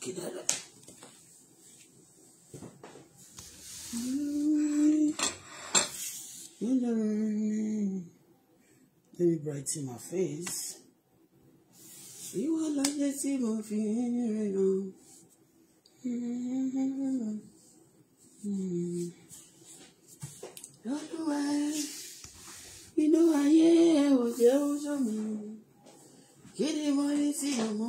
kidala. Let me brighten my face. You are like a fi ń rìnà. Lọ́dúnwá inú ayé ẹ̀ ò jẹ́ ojú mi. Kí ni mo rí tí mo mú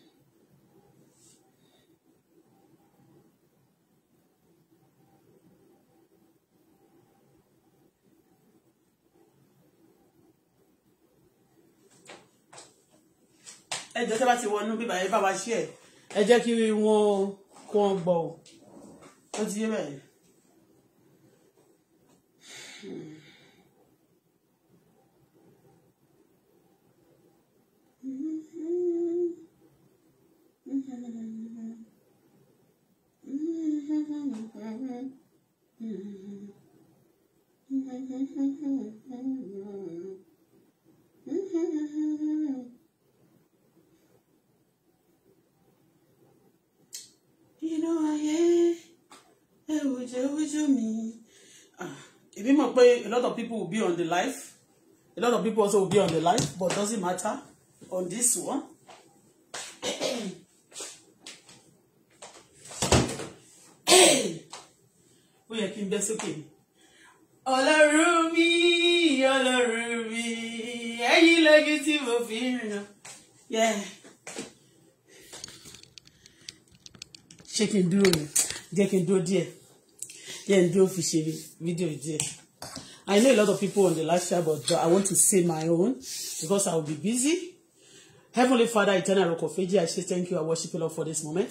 ẹ jọ̀ọ́ tẹ́ bá ti wọnú bíbá ẹ bá wa ṣí ẹ ẹ jẹ́ kí wọ́n wọ́n gbọ́ ọ ó ti yé bẹ́ẹ̀. Mm-hmm. inú ayé ẹ ò jẹ́ ojú mi. Ah, èmi mọ̀ pé a lot of people will be on the life. a lot of people also will be on the life. but doesn't matter on this one. ó yẹ kí n bẹ sókè ni. ọlọ́run mi ọlọ́run mi ẹ̀yin lójú tí mo fi ń rìn. ṣé kí n dúró ni jẹ́ kí n dúró díẹ̀ jẹ́ n dúró fi ṣe fídíò díẹ̀ I know a lot of people on the last chat but I want to say my own because I will be busy Heavenly Father eternal rock of ages I say thank you I worship you Lord for this moment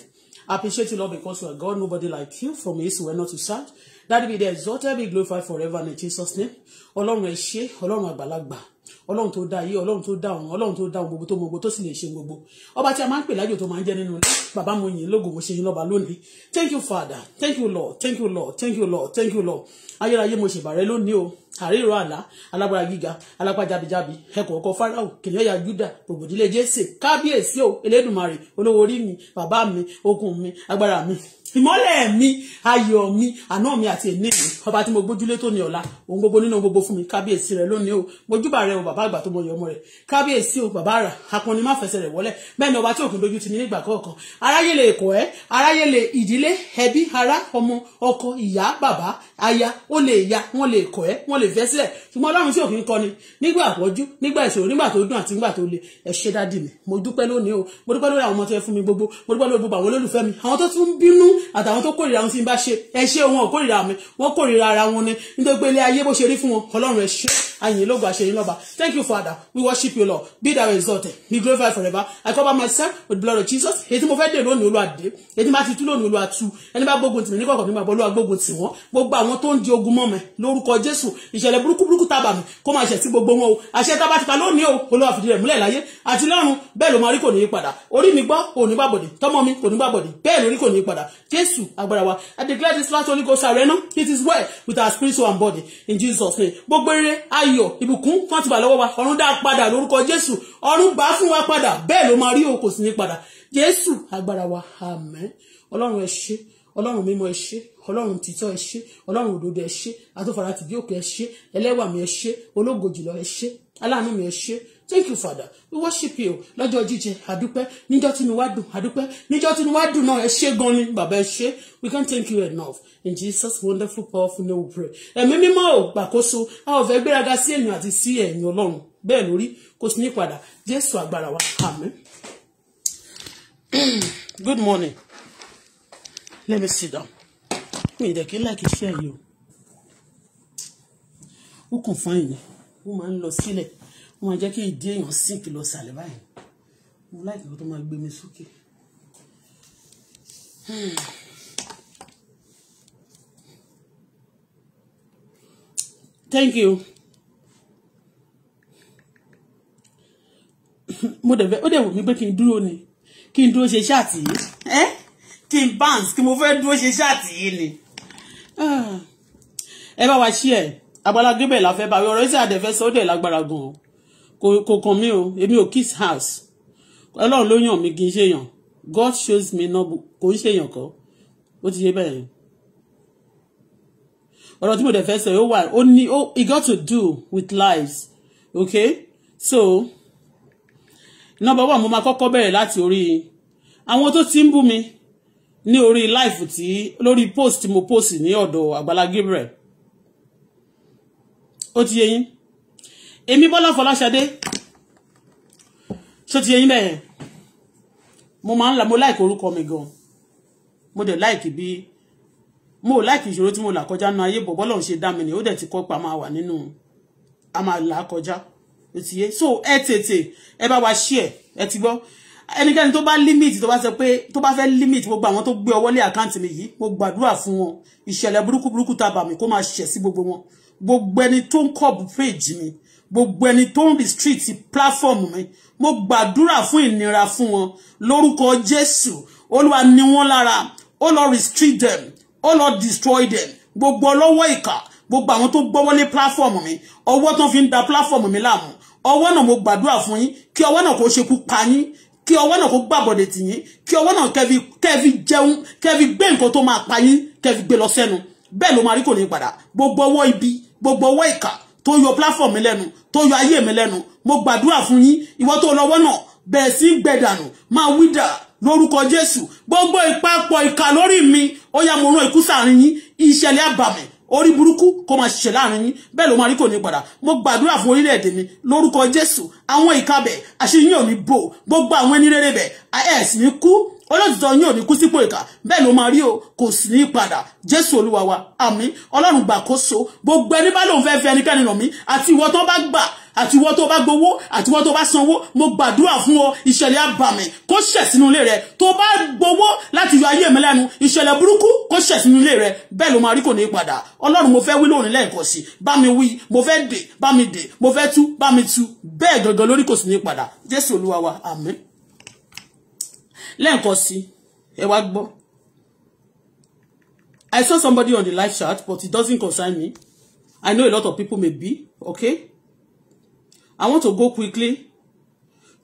I appreciate you Lord because you are God nobody like you from east to west north to south Daddy be there exalted be glorified forever in Jesus name. Ọlọ́run ẹ ṣé, Ọlọ́run àgbàlagbà ọlọ́run tó dá ayé ọlọ́run tó dá ọ̀run ọlọ́run tó dá ohun gbogbo tó mọ gbogbo tó sì lè ṣe gbogbo ọba tí a máa ń pè lájò tó máa ń jẹ́ nínú ilé bàbá mo yìn lógo mo ṣe yín lọ́ba lónìí thank you father thank you lord thank you lord thank you lord thank you lord ayérayé mo ṣèbàrẹ́ lónìí o àríro àlá alágbára gíga alápá jabijabi ẹkọ ọkọ farao kìnìún ọyà juda gbògbòdìlẹ jésè kábíyèsí o elédùmarè olówó orí mi bàbá mi okùn mi agbára mi ìmọ́lẹ̀ mi ayọ̀ mi àná mi àti èmi mi ọba tí mo gbójúlé tó ní ọ̀la òun gbogbo nínú gbogbo fún mi kábíyèsí rẹ lónìí o mojúbà rẹ o bàbá àgbà tó mọ ìyọmọ rẹ kábíyèsí o bàbá àrà akọni má fẹsẹ̀ rẹ̀ wọlẹ̀ bẹ́ẹ̀ ni ọba tí òkun dojú ti ní nígbà kọ̀ọ̀kan aráyé lè kọ̀ ẹ́ ìdílé ẹbí ará ọmọ ọkọ ìyá bàbá aya ó lè ya wọ́n lè kọ̀ ẹ́ wọ́n lè fẹ́ sílẹ̀ ṣùgbọ́n ọlọ́run tí òkun kọni nígbà àpọ́jú nígbà ìṣòro nígbà tó dùn àti nígbà tó le ẹ ṣé dádì mi mo dúpẹ́ lónìí o mo dúpẹ́ lórí àwọn ọmọ tó yẹ fún mi gbogbo mo dúpẹ́ lórí gbogbo àwọn olólùfẹ́ mi àwọn tó tún bínú àtàwọn tó kórìíra wọn tí n bá ṣe ẹ ṣe wọn ò kórìíra mi wọn kórìíra ara wọn ni nítorí pé ilé ayé bó ṣe rí fún wọn ọlọ́run ẹ ṣe àyìn lógo àṣeyìn lọ́ba thank you father we worship you lord be thou exalted be glorified forever i cover myself with the blood of jesus èyí tí mo fẹ́ dè lónìí olúwa dé èyí tí mo bá ti tú lónìí olúwa tú ẹni bá gbógun tì mí nígbàgbọ́ mi máa bọ́ olúwa gbógun tì wọ́n gbogbo àwọn tó ń di ogun mọ́ mi lórúkọ jésù ìṣẹ̀lẹ̀ burúkú burúkú tábà mi kó máa ṣẹ̀ sí gbogbo wọn o àṣẹ tábà ti ta lónìí o olúwa fìdí rẹ̀ múlẹ̀ láyé àti lọ́run bẹ́ẹ̀ ló máa rí kò ní í padà orí mi gbọ́ òní gbàbọ̀dé tọ́mọ mi kò ní gbàbọ̀dé bẹ́ẹ̀ lórí kò ní í padà Jesus, agbára wa I declare this last Holy gospel. arena it is well with our spirit soul and body in Jesus name gbogbo eré ayọ̀ ìbùkún fún àtìgbà lọ́wọ́ wa ọ̀run dá padà lórúkọ Jésù ọ̀run bá fún wa padà bẹ́ẹ̀ ló máa rí o kò sì ní padà Jésù agbára wa amen Ọlọ́run ẹ ṣé Ọlọ́run mímọ́ ẹ ṣé ọlọ́run títọ́ ẹ ṣé ọlọ́run òdodo ẹ ṣé àtòfàrà tìbí òkè ẹ ṣé ẹlẹ́wà mi ẹ ṣé ológo jùlọ ẹ ṣé aláàánú mi ẹ ṣé thank you father we worship you lọ́jọ́ jíjẹ àdúpẹ́ níjọ́ tí mi wá dùn àdúpẹ́ níjọ́ tí mi wá dùn náà ẹ ṣé gan ni bàbá ẹ ṣé we can't thank you enough in jesus wonderful powerful name we pray ẹ̀mí mímọ́ ò gbàkóso a ò fẹ́ gbéraga sí èèyàn àti sí ẹ̀yìn ọlọ́run bẹ́ẹ̀ lórí kò sí ní padà jésù agbára wa amen good morning let me sit down mi ìdẹ̀kí láìkí iṣẹ́ yìí o ó kàn fáyìn ó máa ń lọ sílẹ̀ wọ́n máa jẹ́ kí ìdí èèyàn sink lọ sàlẹ̀ báyìí mo láì kàn tó máa gbé mi sókè. thank you mo dẹ̀ fẹ́ ó dẹ̀ wò mí pé kí n dúró ni kí n dúró ṣe ṣáàtì yìí ẹ́ kí n bounce kí mo fẹ́ dúró ṣe ṣáàtì yìí ni ah. ẹ bá wa ṣí ẹ Agbala Gabriel la fẹ́ bá ọ̀rọ̀ sí àdẹ̀fẹ́ sọ́dẹ̀ lágbára gan-an kò kàn mí o èmi ò kiss house ọlọ́run ló yàn mí kì í ṣèyàn God shows me náà kò ń ṣèyàn kọ́ ó ti yé bẹ́ẹ̀ ọ̀rọ̀ tí mo dẹ̀ fẹ́ sọ ó wà ó ní ó it got to do with lives okay so number one mo máa kọ́kọ́ bẹ̀rẹ̀ láti orí àwọn tó ti ń bú mi ní orí life tí lórí post tí mo post ní ọ̀dọ̀ Àgbàlá Gabriel ó ti yé yín emi Bọ́lá Fọláṣadé ṣó ti yẹ yín bẹ́ẹ̀ mo máa ń la mo láìkí orúkọ mi gan mo dẹ̀ láìkí bí mo láìkí ìṣòro tí mo là kọjá nínú ayé bọ̀ bọ́lọ̀ ń ṣe dá mi ni ó dẹ̀ ti kọ́ máa wà nínú a máa là kọjá ó ti yé so ẹ tètè ẹ bá wa ṣí ẹ ẹ ti gbọ́ ẹnikẹ́ni tó bá límìtì tó bá sọ pé tó bá fẹ́ límìtì gbogbo àwọn tó gbé ọwọ́lé àkáǹtì mi yìí mo gbàdúrà fún wọn ìṣẹ̀lẹ̀ burúkú burúkú tá a bà mí kó máa ṣẹ̀ sí gbogbo wọn gbogbo ẹni tó ń kọ́ọ̀bù péèjì mi gbogbo ẹni tó ń restrict platform mi mo gbàdúrà fún ìnira fún wọn lórúkọ Jésù olúwa ni wọ́n lára ó lọ restrict them ó lọ destroy them gbogbo ọlọ́wọ́ ìkà gbogbo àwọn tó gbọ́wọ́lé platform mi ọwọ́ tó fi ń da platform mi láàmú ọwọ́ náà mo gbàdúrà fún yín kí ọwọ́ náà kò ṣekú pa yín kí ọwọ́ náà kó gbàbọ̀dẹ̀ tì yín kí ọwọ́ náà kẹ́fi kẹ́fi jẹun kẹ́fi gbé nǹkan tó máa pa yín kẹ́fi gbé lọ sẹ́nu bẹ́ẹ̀ ló máa rí kò ní padà gbogbo ọwọ́ ibi gbogbo ọwọ́ ìkà tó yọ platform mi lẹ́nu tó yọ ayé mi lẹ́nu mo gbàdúrà fún yín ìwọ tó lọ́wọ́ náà bẹ̀rẹ̀ sí gbẹ̀dànù máa wídà lórúkọ Jésù gbogbo ìpapọ̀ ìkà lórí mi ó yá mo rán ikú sáàrin yín ìṣẹ̀lẹ̀ àbàmì orí burúkú kó máa ṣiṣẹ́ láàrin yín bẹ́ẹ̀ ló máa rí kò ní padà mo gbàdúrà fún orílẹ̀-èdè mi lórúkọ Jésù àwọn ìkabẹ̀ àṣeyín ò ní bò gbogbo àwọn ẹni rere bẹ̀ ẹ̀ sì ní kú olóòtítọ́ yín ò ní kú sípò ìkà bẹ́ẹ̀ ló máa rí o kò sì ní padà jésù olúwa wa àmín ọlọ́run gbàkóso gbogbo ẹni bá lòun fẹ́ fi ẹnikẹ́ni nà mí àti ìwọ tó bá gbà àti ìwọ tó bá gbowó àti ìwọ tó bá sanwó mo gbàdúrà fún ọ ìṣẹ̀lẹ̀ abàmì kó ṣẹ̀ sínú ilé rẹ tó bá gbowó láti yọ ayé mi lẹ́nu ìṣẹ̀lẹ̀ burúkú kó ṣẹ̀ sínú ilé rẹ bẹ́ẹ̀ ló máa rí kò ní padà ọlọ́run mo fẹ́ wí lónìí lẹ́ẹ̀kan sí bá mi wí mo fẹ́ dè bá mi dè mo fẹ́ tú bá mi tú bẹ́ẹ̀ gangan lórí kò sì ní padà jésù olúwa wa lẹ́ǹkan sí ẹ wá gbọ́ I saw somebody on the live chat but it doesn't concern me I know a lot of people may be okay I want to go quickly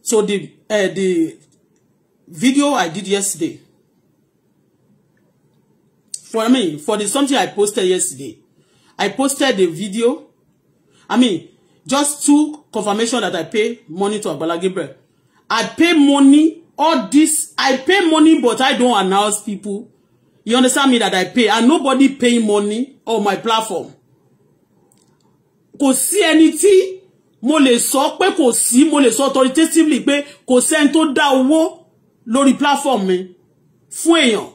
to the uh, the video I did yesterday for me for the something I posted yesterday I posted the video I mean just two confirmation that I pay money to Agbala Gabriel I pay money all this i pay money but i don't announce people you understand me that i pay and nobody pay money on my platform kò sí ẹni tí mo lè sọ pé kò sí mo lè sọ authoritatively pé kò sẹ́ni tó dá owó lórí platform mi fún èèyàn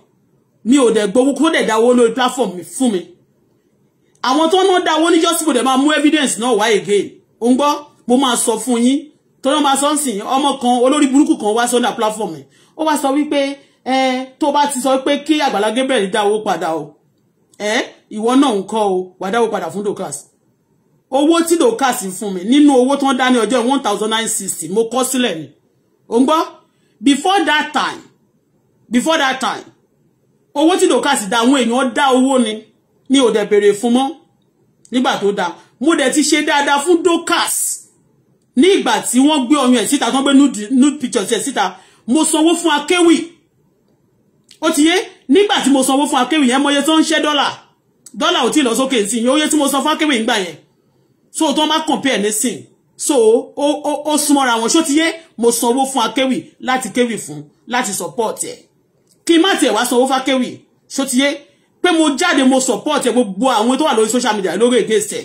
mi ò dẹ̀ gbowó kó dẹ̀ dá owó lórí platform mi fún mi àwọn tó ń dá owó níjọ́sí kò dẹ̀ máa mú evidence náà wá again ó ń gbọ́ mo máa sọ fún yín tó náà máa sọ́nsìn ọmọ kan olórí burúkú kan wá sọ́nà platform ẹ̀ ó wá sọ wípé ẹ tó bá ti sọ pé kí Àgbàlá Gabriel dá owó padà o ẹ ìwọ náà ń kọ́ o wà dáwó padà fún Dorcas owó tí Dorcas fún mi nínú owó tí wọ́n dá ní ọjọ́ one thousand nine sixty mo kọ́ sílẹ̀ ni ò ń gbọ́ before that time before that time owó tí Dorcas dá àwọn èèyàn dá owó ni ni ò dẹ̀ béèrè fún mọ́ nígbà tó dá mo dẹ̀ ti ṣe dáadáa fún Dorcas ní ìgbà tí wọ́n gbé ọyún ẹ̀ síta tán gbé nude pictures ẹ̀ síta mo sanwó fún akéwì ó ti yé nígbà tí mo sanwó fún akéwì yẹn mọye tó ń ṣẹ́ dọ́là dọ́là ò tí ì lọ sókè sí yẹn oyè tí mo san fún akéwì ń yẹn so tó má compare nísìn so ó ó ó súnmọ́ra wọn ṣó ti yé mo sanwó fún akéwì láti kéwì fún láti support ẹ̀ kí n má tiẹ̀ wá sanwó fún akéwì ṣó ti yé pé mo jáde mo support ẹ̀ gbogbo àwọn tó wà lórí social media lórí against ẹ̀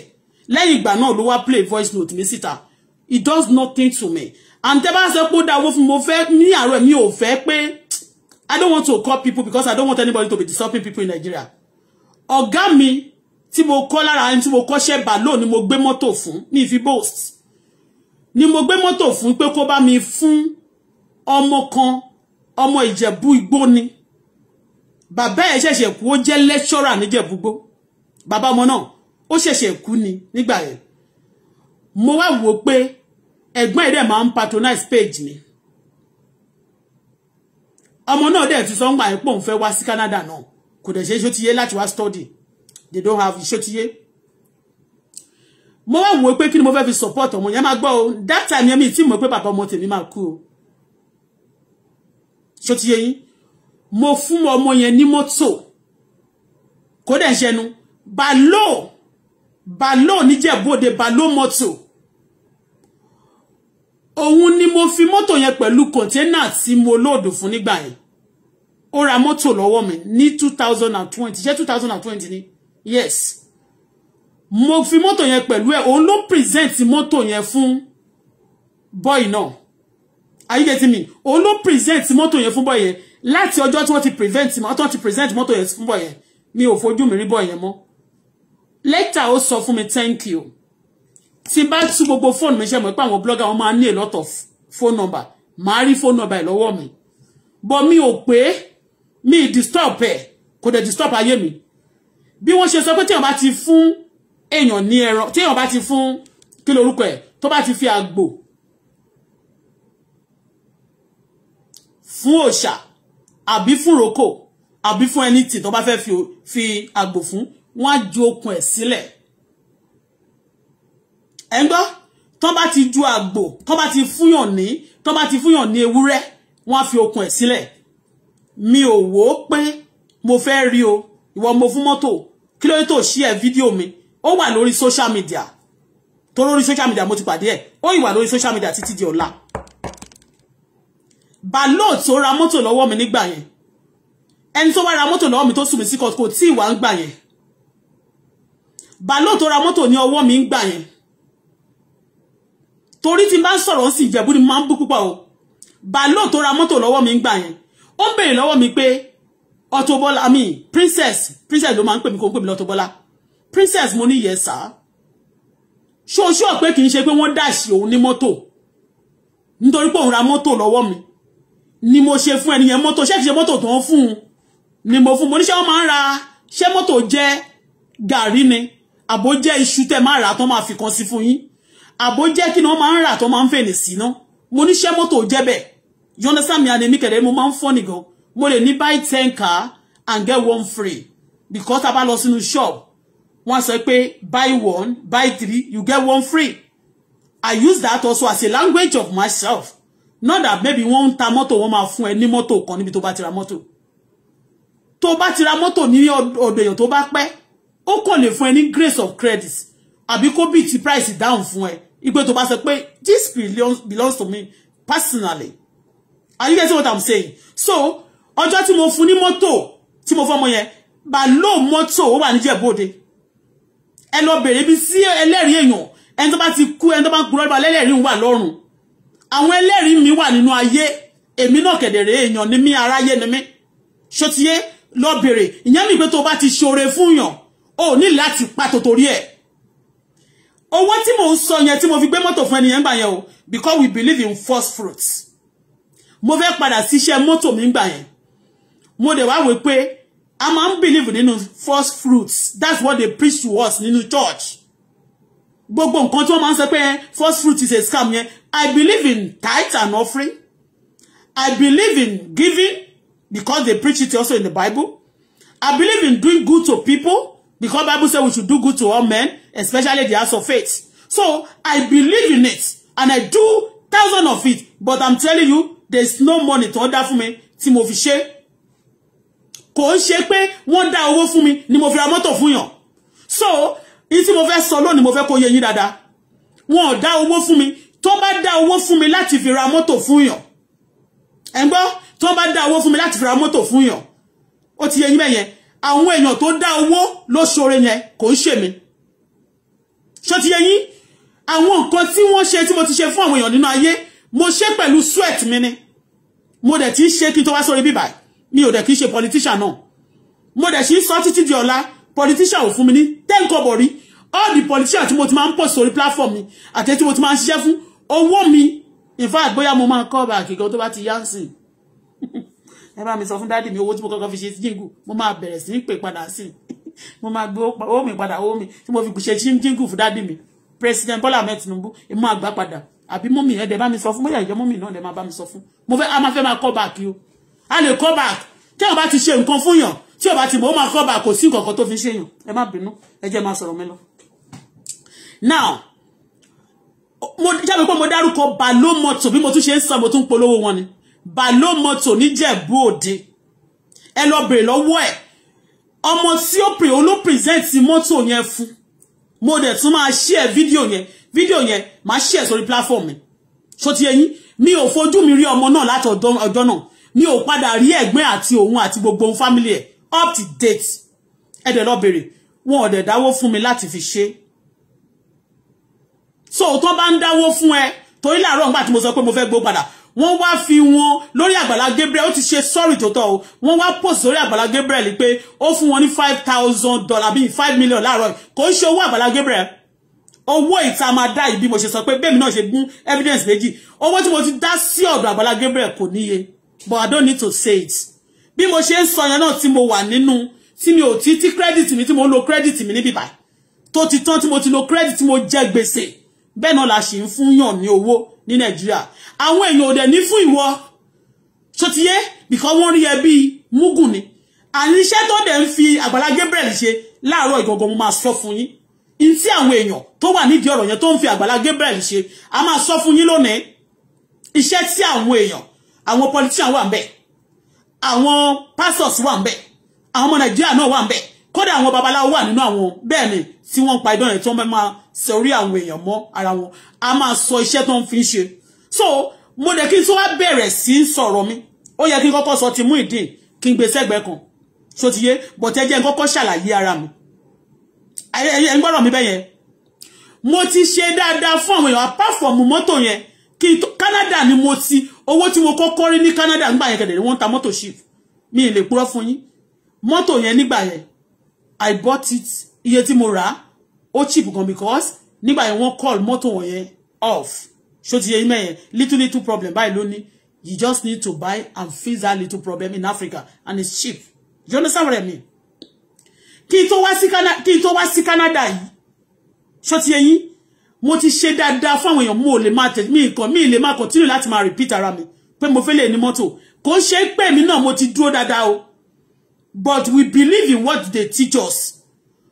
lẹ́yìn ìgbà náà ló wá play voice note mi síta it does nothing to me and tẹ́ bá sọ pé ó dá owó fún mi mo fẹ́ ní àárọ̀ mi ò fẹ́ pé i don't want to call people because i don't want anybody to be disturbing people in nigeria Oga mi tí mo kọ́ lára ẹni tí mo kọ́ṣẹ́ bàlóò ni mo gbé mọ́tò fún ní ìfi boast ni mo gbé mọ́tò fún pé kó bá mi fún Omo kan omo ìjẹ̀bú igbó ni Baba ẹ̀ ṣẹ̀ṣẹ̀ kú ó jẹ́ lẹ́ṣọ́rà níjẹ̀bú igbó bàbá ọmọ náà ó ṣẹ̀ṣẹ̀ kú ni nígbà yẹn mo wá wò pé ẹ̀gbọ́n ẹ̀ dẹ̀ máa ń patronize page mi ọmọ náà dẹ̀ ti sọ ń gbà ẹ̀ pé òun fẹ́ wá sí Canada náà kò dẹ̀ ṣe é ṣótiyé láti study they don't have ṣótiyé mo wá wò pé kí mo fẹ́ fi support ọmọ yẹn máa gbọ́ that time yẹn mi tí mo pé bàbá ọmọ tèmi máa kú o ṣótiyé yín mo fún ọmọ yẹn ní mọ́tò kò dẹ̀ ṣẹnu balo balo níjẹ̀bọ́dẹ balo mọ́tò òun ni mo fi mọ́tò yẹn pẹ̀lú kọ̀ńténà tí mo lóòdù fún nígbà yẹn ó ra mọ́tò lọ́wọ́ mi ní two thousand and twenty ṣé two thousand and twenty ni yes mo fi mọ́tò yẹn pẹ̀lú ẹ̀ òun ló present mọ́tò yẹn fún boy náà are you getting me òun ló present mọ́tò yẹn fún boy yẹn láti ọjọ́ tí wọ́n ti prevent mọ́tò ti present mọ́tò yẹn fún boy yẹn mi ò fojú mi rí boy yẹn mọ́ later ó sọ fún mi thank you tí bá tú gbogbo fóònù mi ṣe mọ̀ pé àwọn blogger wọn máa ní a lot of phone number màá rí phone number lọ́wọ́ mi bọ́ mi ò pé mi disturb ẹ̀ kò dẹ̀ disturb ayé mi bí wọ́n ṣe sọ pé téèyàn bá ti fún èèyàn ní ẹran téèyàn bá ti fún kí lorúkọ ẹ̀ tó bá ti fi àgbò fún òòṣà àbí fún roko àbí fún ẹni tí tó bá fẹ́ fi àgbò fún wọ́n á ju okùn ẹ̀ sílẹ̀ ẹ̀ ń gbọ́ tán bá ti ju àgbò tán bá ti fúyàn ní tán bá ti fúyàn ní ewúrẹ́ wọ́n á fi okùn ẹ̀ sílẹ̀ mi ò wò ó pé mo fẹ́ rí o ìwọ mo fún mọ́tò kí ló dé tó ṣí ẹ fídíò mi ó wà lórí social media tó lórí social media mo ti pàdé ẹ ó ìwà lórí social media títí di ọ̀la balo tó ra mọ́tò lọ́wọ́ mi nígbà yẹn ẹni tó wá ra mọ́tò lọ́wọ́ mi tó sùn mí sí kò tí ìwà ń gbà yẹn balo tó ra mọ́tò ní ọwọ́ mi ń gbà yẹn torí tí n bá ń sọ̀rọ̀ ó sì ìjẹ̀bú ni mo máa ń bú púpọ̀ o bàálò tó ra mọ́tò lọ́wọ́ mi ń gbà yẹn ó ń béèrè lọ́wọ́ mi pé Auto Bola i mean princess princess ló máa ń pè mí kó pè mí lọ́tọ̀ princess mo ní yẹ sá ṣoṣù ọ̀pẹ kì í ṣe pé wọ́n dàṣì òun ní mọ́tò nítorí pé òun ra mọ́tò lọ́wọ́ mi ni mo ṣe fún ẹnìyẹn mọ́tò ṣé kì í ṣe mọ́tò tó ń fún un ni mo fún mo ní ṣé wọ́n máa ń ra ṣé mọ́tò jẹ́ gàrí ni àbó jẹ́ iṣu tẹ́ máa rà tán máa fi kan sí fún yín àbò jẹ́ kí ni wọ́n máa ń rà tó máa ń fèlè sí ná mo níṣẹ́ mọ́tò jẹ́ bẹ́ẹ̀ you understand me àdèmí kẹ̀dẹ̀ mo máa ń fọ́ nìgan mo lè ní buy ten car and get one free because tá a bá lọ sínú shop wọ́n sọ pé buy one buy three you get one free I use that also as a language of myself not that maybe wọ́n ń ta mọ́tò wọ́n máa fún ẹ ní mọ́tò kan níbi tó bá ti ra mọ́tò tó bá ti ra mọ́tò ní ọ̀dọ̀ èèyàn tó bá pẹ́ ó kàn lè fún ẹ ní grace of credit àbí kó bìí ti price down fún ẹ ìpè tó bá sọ pé this belongs, belongs to me personally are you getting what i'm saying so ọjọ́ tí mo fún ní mọ́tò tí mo fọ́mọ yẹn bá lò mọ́tò ó wà níjẹ̀bọ́dé ẹ lọ bèrè bí sí ẹlẹ́rìí èèyàn ẹni tó bá ti kú ẹni tó bá ń kúrọ́ ìbá lẹ́lẹ́rìí wà lọ́rùn àwọn ẹlẹ́rìí mi wà nínú ayé èmi náà kẹ̀dẹ̀rẹ̀ èèyàn ni mí aráyé ni mí ṣó ti yé lọ bèrè ìyẹn mi pé tó bá ti ṣoore fún yàn ó ní láti pàtó torí ẹ̀ owó tí mò ń sọ yẹn tí mo fi gbé mọ́tò fún ẹnìyẹn gbà yẹn o because we believe in first fruits mo fẹ́ padà síṣẹ́ mọ́tò mi gbà yẹn mo dẹ̀ wá wí pé a máa ń believe nínú first fruits that's what they preach to us nínú church gbogbo nǹkan tí wọ́n máa ń sọ pé first fruit is a scam yẹn I believe in tithe and offering I believe in giving because they preach it also in the Bible I believe in doing good to people Because Bible says we should do good to all men, especially the house of faith. So I believe in it and I do thousands of it. But I'm telling you, there's no money to order fún mi tí mo fi ṣe. Kò ń ṣe pé wọ́n dá owó mi ni mo fi ra mọ́tò fún yàn. So, in tí mo fẹ́ sọ lónìí mo fẹ́ kó yé yín dáadáa. Wọ́n dá owó fún mi tó bá dá owó fún mi láti fi ra mọ́tò fún yàn. Ẹ ń gbọ́ tó bá dá owó fún mi láti fi ra mọ́tò fún yàn. Ó ti yé yín bẹ́yẹn àwọn èèyàn tó dá owó ló ṣoore yẹn kò ń ṣèmi ṣé ti yẹ yín àwọn nǹkan tí wọ́n ṣe tí mo ti ṣe fún àwọn èèyàn nínú ayé mo ṣe pẹ̀lú sweat mi ni mo dẹ̀ ti ń ṣe kí n tó wá sórí bíbà mi ò dẹ̀ kí n ṣe politician náà mo dẹ̀ ṣì sọ títí di ọ̀la politician ò fún mi ní tẹ́ǹkọ̀bọ̀ all the politician tí mo ti máa ń pọ̀ sórí platform mi àti tí mo ti máa ń ṣiṣẹ́ fún owó mi in fact bóyá mo máa call back gan tó bá ti yánsìn ẹ bá mi sọ fún dáàdì mi owó tí mo kọ́kọ́ fi ṣe jíngù mo máa bẹ̀rẹ̀ sí ní pè padà sí mo máa gbé owó mi padà owó mi tí mo fi ṣe jíngù fún dáàdì mi president Bola Ahmed Tinubu èmi máa gbà padà àbí mọ́mì ẹ̀ dẹ̀ bá mi sọ fún bóyá ìjọ mọ́mì náà dẹ̀ máa bá mi sọ fún mo fẹ́ a máa fẹ́ máa call back o a lè call back tí o bá ti ṣe nǹkan fún yàn tí o bá ti mọ̀ ó máa call back kò sí nǹkan kan tó fi ṣe yàn ẹ má bínú ẹ jẹ́ máa sọ̀rọ̀ mi lọ. now mo jáde pé mo dárúkọ Balo Motor bí mo tún ṣe ń sọ mo tún polówó wọn ni balo mọ́tò níjẹ̀bú òde ẹ lọ bèrè lọ́wọ́ ẹ̀ ọmọ tí ó pè ó ló present mọ́tò yẹn fún mo dẹ̀ tún máa share video yẹn video yẹn máa share sórí platform mi so ti ẹ̀yin mi ò fojú mi rí ọmọ náà láti ọjọ́ náà mi ò padà rí ẹ̀gbẹ́ àti òun ati gbogbo òun family ẹ̀ up to date ẹ dẹ̀ lọ bèrè wọn ò dẹ̀ dáwó fún mi láti fi ṣe so tó bá ń dáwó fún ẹ torí láàárọ̀ nígbà tí mo sọ pé mo fẹ́ gbó padà wọ́n wá fi wọn lórí Àgbàlá Gabriel ó ti ṣe sọ́ọ̀rì tó tọ́ o wọ́n wá post lórí Àgbàlá Gabriel pé ó fún wọn ní five thousand dollar bíi five million láàárọ̀ kò ń ṣe owó Àgbàlá Gabriel owó ìta máa dá ìbí mo ṣe sọ pé bẹ́ẹ̀mi náà ṣe gún evidence méjì owó tí mo ti dá sí ọ̀dọ̀ Àgbàlá Gabriel kò níye but I don't need to say it bí mo ṣe ń sọ yẹn náà tí mo wà nínú tí mi ò tí tí credit mi tí mo ń lo credit mi níbí báyìí tó ti tán tí mo ti lo credit mo jẹ gbèsè bẹ́ẹ̀ náà la ṣì ń fún yàn ní owó ní Nigeria, àwọn èèyàn ò dẹ̀ ní fún ìwọ so ti yé bìkọ́ wọ́n rí ẹ bíi múgùn ni àní iṣẹ́ tó dẹ̀ ń fi Àgbàlá Gabriel ṣe láàárọ̀ ìgangan mo máa sọ fún yín in tí àwọn èèyàn tó wà nídìí ọ̀rọ̀ yẹn tó ń fi Àgbàlá Gabriel ṣe a máa sọ fún yín lónìí iṣẹ́ tí àwọn èèyàn àwọn politician wà ń bẹ̀ àwọn pastors wà ń bẹ̀ àwọn ọmọ nàìjíríà náà wà ń bẹ̀ kódà àwọn babaláwo wà nínú àwọn bẹ́ẹ̀ ni tí wọ́n pa idán yẹn tí wọ́n máa sọ àwọn èèyàn mọ́ ara wọn a máa sọ iṣẹ́ tó ń fi ṣe so mo lè kí n tó wá bẹ̀rẹ̀ sí í sọ̀rọ̀ mi ó yẹ kí n kọ́kọ́ sọ ti mú ìdí kí n gbé sẹ́gbẹ̀ẹ́ kan so ti yé bọ̀tẹ́ jẹ́ n kọ́kọ́ ṣàlàyé ara mi ẹ ń gbọ́rọ̀ mi bẹ́yẹn mo ti ṣe dáadáa fún àwọn èèyàn apart mọ́tò yẹn kí Canada ni mo ti owó tí mo kọ́kọ́ rí ní Canada nígbà yẹn kẹ̀dẹ̀ wọ́n ta mọ́tò ship mi ì lè purọ́ fún yín mọ́tò yẹn nígbà yẹn I bought it iye tí mo rà ó cheap gan because nígbà yẹn wọ́n call mọ́tò wọ̀nyẹn off ṣó ti yẹ yín mẹ́yẹn little little problem báyìí lónìí you just need to buy and fix that little problem in Africa and it's cheap you understand what I mean kí n tó wá sí Canada kí n tó wá sí Canada yìí ṣó ti yẹ yín mo ti ṣe dáadáa fáwọn èèyàn mo lè máa tẹ̀lé mi nǹkan mi lè máa continue láti máa repeat ara mi pé mo fẹ́ lè ní mọ́tò kò ń ṣe pé mi náà mo ti dúró dáadáa o but we believe in what they teach us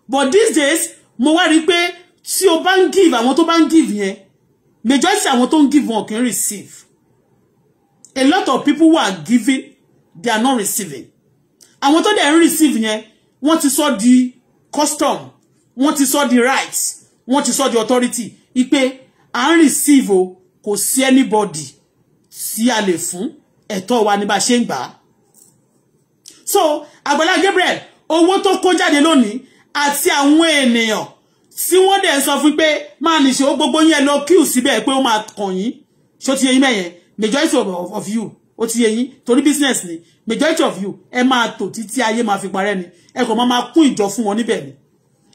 but these days mo wá rí pé tí o bá ń give àwọn tó bá ń give yẹn majority àwọn to ń give wọn can receive a lot of people who are giving they are not receiving àwọn tó dẹ̀ ń receive yẹn wọ́n ti sọ di custom wọ́n ti sọ di rights wọ́n ti sọ di authority I ipe à ń receive o kò sí anybody tí a lè fún ẹ̀tọ́ wa ní bá ṣe ń gbà so Agbala Gabriel owó tó kó jáde ati àti àwọn ènìyàn tí wọ́n dẹ̀ sọ fún pé máa nìṣe ó gbogbo yẹn lọ kíù síbẹ̀ pé ó máa kàn yín ṣó ti yẹ yín majority of, of you ó ti yẹ yín business ni majority of you ẹ máa tò títí ayé máa fi parẹ́ ni ẹ kò máa máa kún ìjọ fún wọn níbẹ̀ ni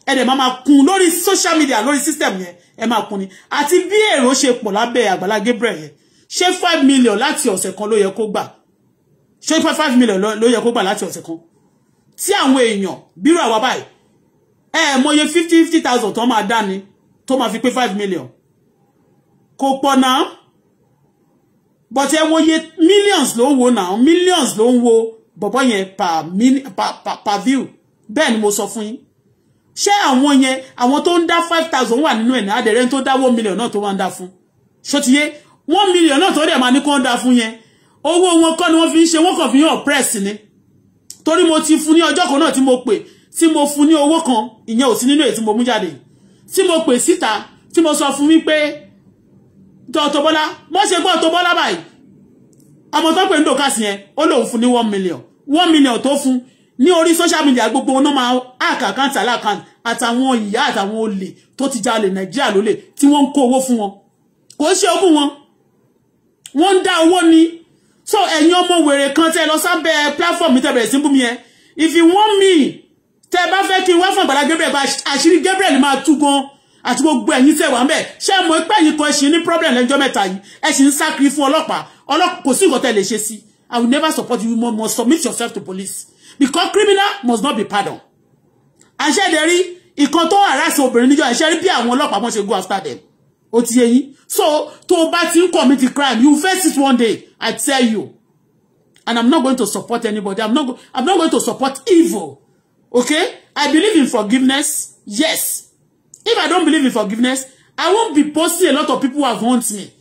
ẹ dẹ̀ máa máa kún lórí social media lórí system yẹn ẹ máa kún ni àti bí èrò ṣe pọ̀ lábẹ́ Àgbàlá Gabriel yẹn ṣé five million Lati ose kan ló yẹ kó gbà ṣé five five million ló yẹ kó gbà láti ọ̀sẹ̀ kan tí àwọn èèyàn bírò àwa báyìí ẹ mọye fifty fifty thousand tó máa dání tó máa fi pé five million kò pọ̀ náà but ẹ wòye millions ló ń wo náà millions ló ń wo bọ̀bọ̀ yẹn per per per per view bẹ́ẹ̀ ni mo sọ fún yín ṣé àwọn yẹn àwọn tó ń dá five thousand wà nínú ẹ̀ ní adẹ̀rẹ́ tó dá one million náà tó wá ń dá fún ṣó ti yé one million náà tó dẹ̀ máa ní kó ń dá fún yẹn owó wọn kọ́ ni wọ́n fi ń ṣe wọ́n kàn fi hàn press ni torí mo ti fún ní ọjọ́ kan náà tí mo pè tí mo fún ní owó kan ìyẹn ò sí nínú èyí tí mo mú jáde tí mo pè síta tí mo sọ fún mi pé Auto mo ṣe gbọ́ Auto báyìí ọmọ tó pè ń dòkásì yẹn ó lóun fún ní one million one million tó fún ní orí social media gbogbo wọn náà máa hack account aláàkántì àtàwọn ìyá àtàwọn olè tó ti jalè nàìjíríà lólè tí wọ́n ń kó owó fún wọn kò ṣe ogún wọn wọ́n ń dá owó ni so ẹ̀yin ọmọ wèrè kan tẹ́ lọ sábẹ́ platform mi tẹ́ bẹ̀rẹ̀ sí bú mi yẹn if you want me tẹ́ bá fẹ́ kí n wá fún Àgbàlá Gabriel bá àṣírí Gabriel máa tú gan àti gbogbo ẹ̀yin tẹ́ wà ń bẹ̀ ṣé mo pẹ́ yìí kan ẹ ṣì ní problem lẹ́jọ́ mẹ́ta yìí ẹ ṣì ń sákiri fún ọlọ́pàá ọlọ́pàá kò sí nǹkan tẹ́ lè ṣe sí I will never support you you must submit yourself to police because criminal must not be pardoned àṣẹ ìdẹ́rí ìkan tó harass obìnrin níjọ́ àṣẹ rí bí àwọn ọlọ́pàá wọn ṣe go after them ó ti yé so to bá ti ń commit crime you face it one day i tell you and i'm not going to support anybody i'm not i'm not going to support evil okay i believe in forgiveness yes if i don't believe in forgiveness i won't be posting a lot of people who have haunt me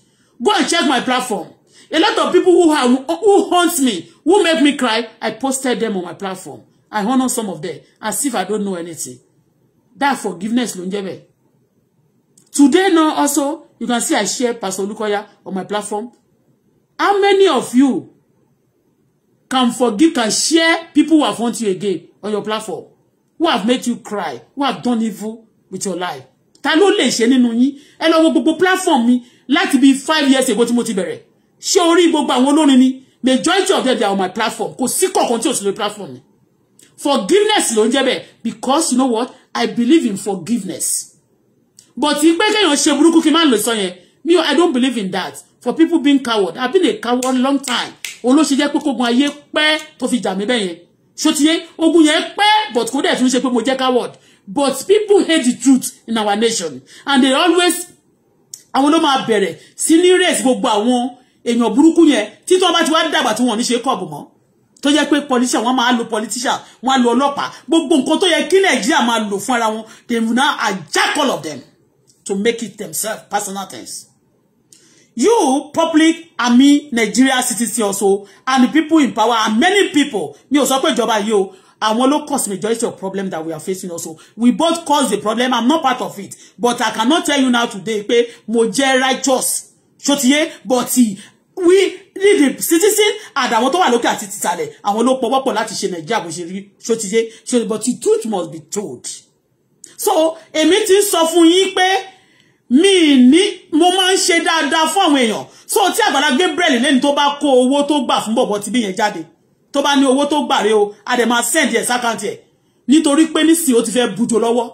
go and check my platform a lot of people who have who haunt me who make me cry i posted them on my platform i honor some of them as if i don't know anything that forgiveness ló ń Today now also, you can see I share Pastor Olukoya on my platform. How many of you can forgive, can share people who have hurt you again on your platform? Who have made you cry? Who have done evil with your life? Ta ló lè ṣe nínú yín? Ẹ lọ wo platform mi láti be five years ago tí mo ti bẹ̀rẹ̀. Ṣé orí gbogbo àwọn olórin ni? Majority of them they are on my platform. Kò sí kọ̀ọ̀kan tí ò sí lórí platform mi. Forgiveness lo ń jẹ́ because you know what? I believe in forgiveness but pé kéèyàn ṣe burúkú kí n má lè sọ i don't believe in that for people being coward i've been a coward long time olóṣè jẹ́ koko kógun ayé pẹ́ tó fi jà mí bẹ́ẹ̀ yẹn ṣòtìyẹ ogun yẹn pẹ́ but kò dẹ̀ tún ṣe mo jẹ́ coward but people hate the truth in our nation and they always àwọn ló máa bẹ̀rẹ̀ sí ní race gbogbo àwọn èèyàn burúkú yẹn tí tó bá ti wá dàgbà tí wọn ò ní ṣe kọ́ọ̀bù mọ́ tó politician wọ́n máa politician wọ́n á lo ọlọ́pàá gbogbo nǹkan tó yẹ kí nàìjíríà máa lò fún ara wọn they will now all of them to make it themselves personal things. You, public, and me, Nigeria citizens also, and the people in power, and many people, mi ò sọ pé ìjọba yìí o, àwọn ló cause majority of problem that we are facing also. We both cause the problem, I'm not part of it, but I cannot tell you now today pe. mo jẹ́ righteous, ṣòtìyé, but we the citizen and àwọn tó wà lókè àti tìsàlẹ̀ àwọn ló pọwọ́pọ̀ láti but the truth must be told. So, a meeting ń sọ fún mi ni mo máa ń ṣe dáadáa fún àwọn èèyàn so tí Àgbàlá Gabriel lẹ́ni tó bá kó owó tó gbà fún bọ̀bọ̀ tí bí yẹn jáde tó bá ní owó tó gbà rèé o a dẹ̀ máa send ẹ̀ sákàǹtì ẹ̀ nítorí pé nísìnyí ó ti fẹ́ bujo lọ́wọ́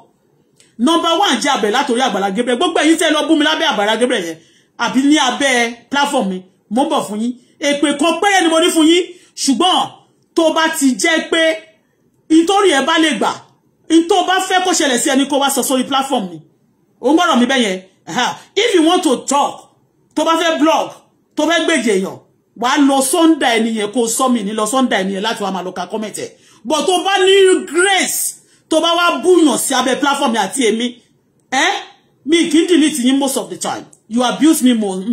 nọmba one jẹ́ abẹ̀ látòrí Àgbàlá Gabriel gbogbo ẹ̀yin tẹ́ lọ bú mi lábẹ́ Àgbàlá Gabriel yẹn àbí ní abẹ́ platform mi mo ń bọ̀ fún yín èpè kan ni mo ní fún yín ṣùgbọ́n tó bá ti jẹ́ pé nítorí ẹ bá lè gbà ní tó bá fẹ́ kó ṣẹlẹ̀ sí ẹni kó wá sọ platform mi ó ń gbọ́dọ̀ mi if you want to talk tó bá fẹ́ blog tó fẹ́ gbèjè èèyàn wà á lọ sọ́ndà ẹni yẹn kó sọ mi ní lọ sọ́ndà ẹni yẹn láti wá máa lọ ka comment but tó bá ní grace tó bá wá búyàn sí abẹ́ platform àti èmi ẹ́ mi kì í delete yín most of the time you abuse me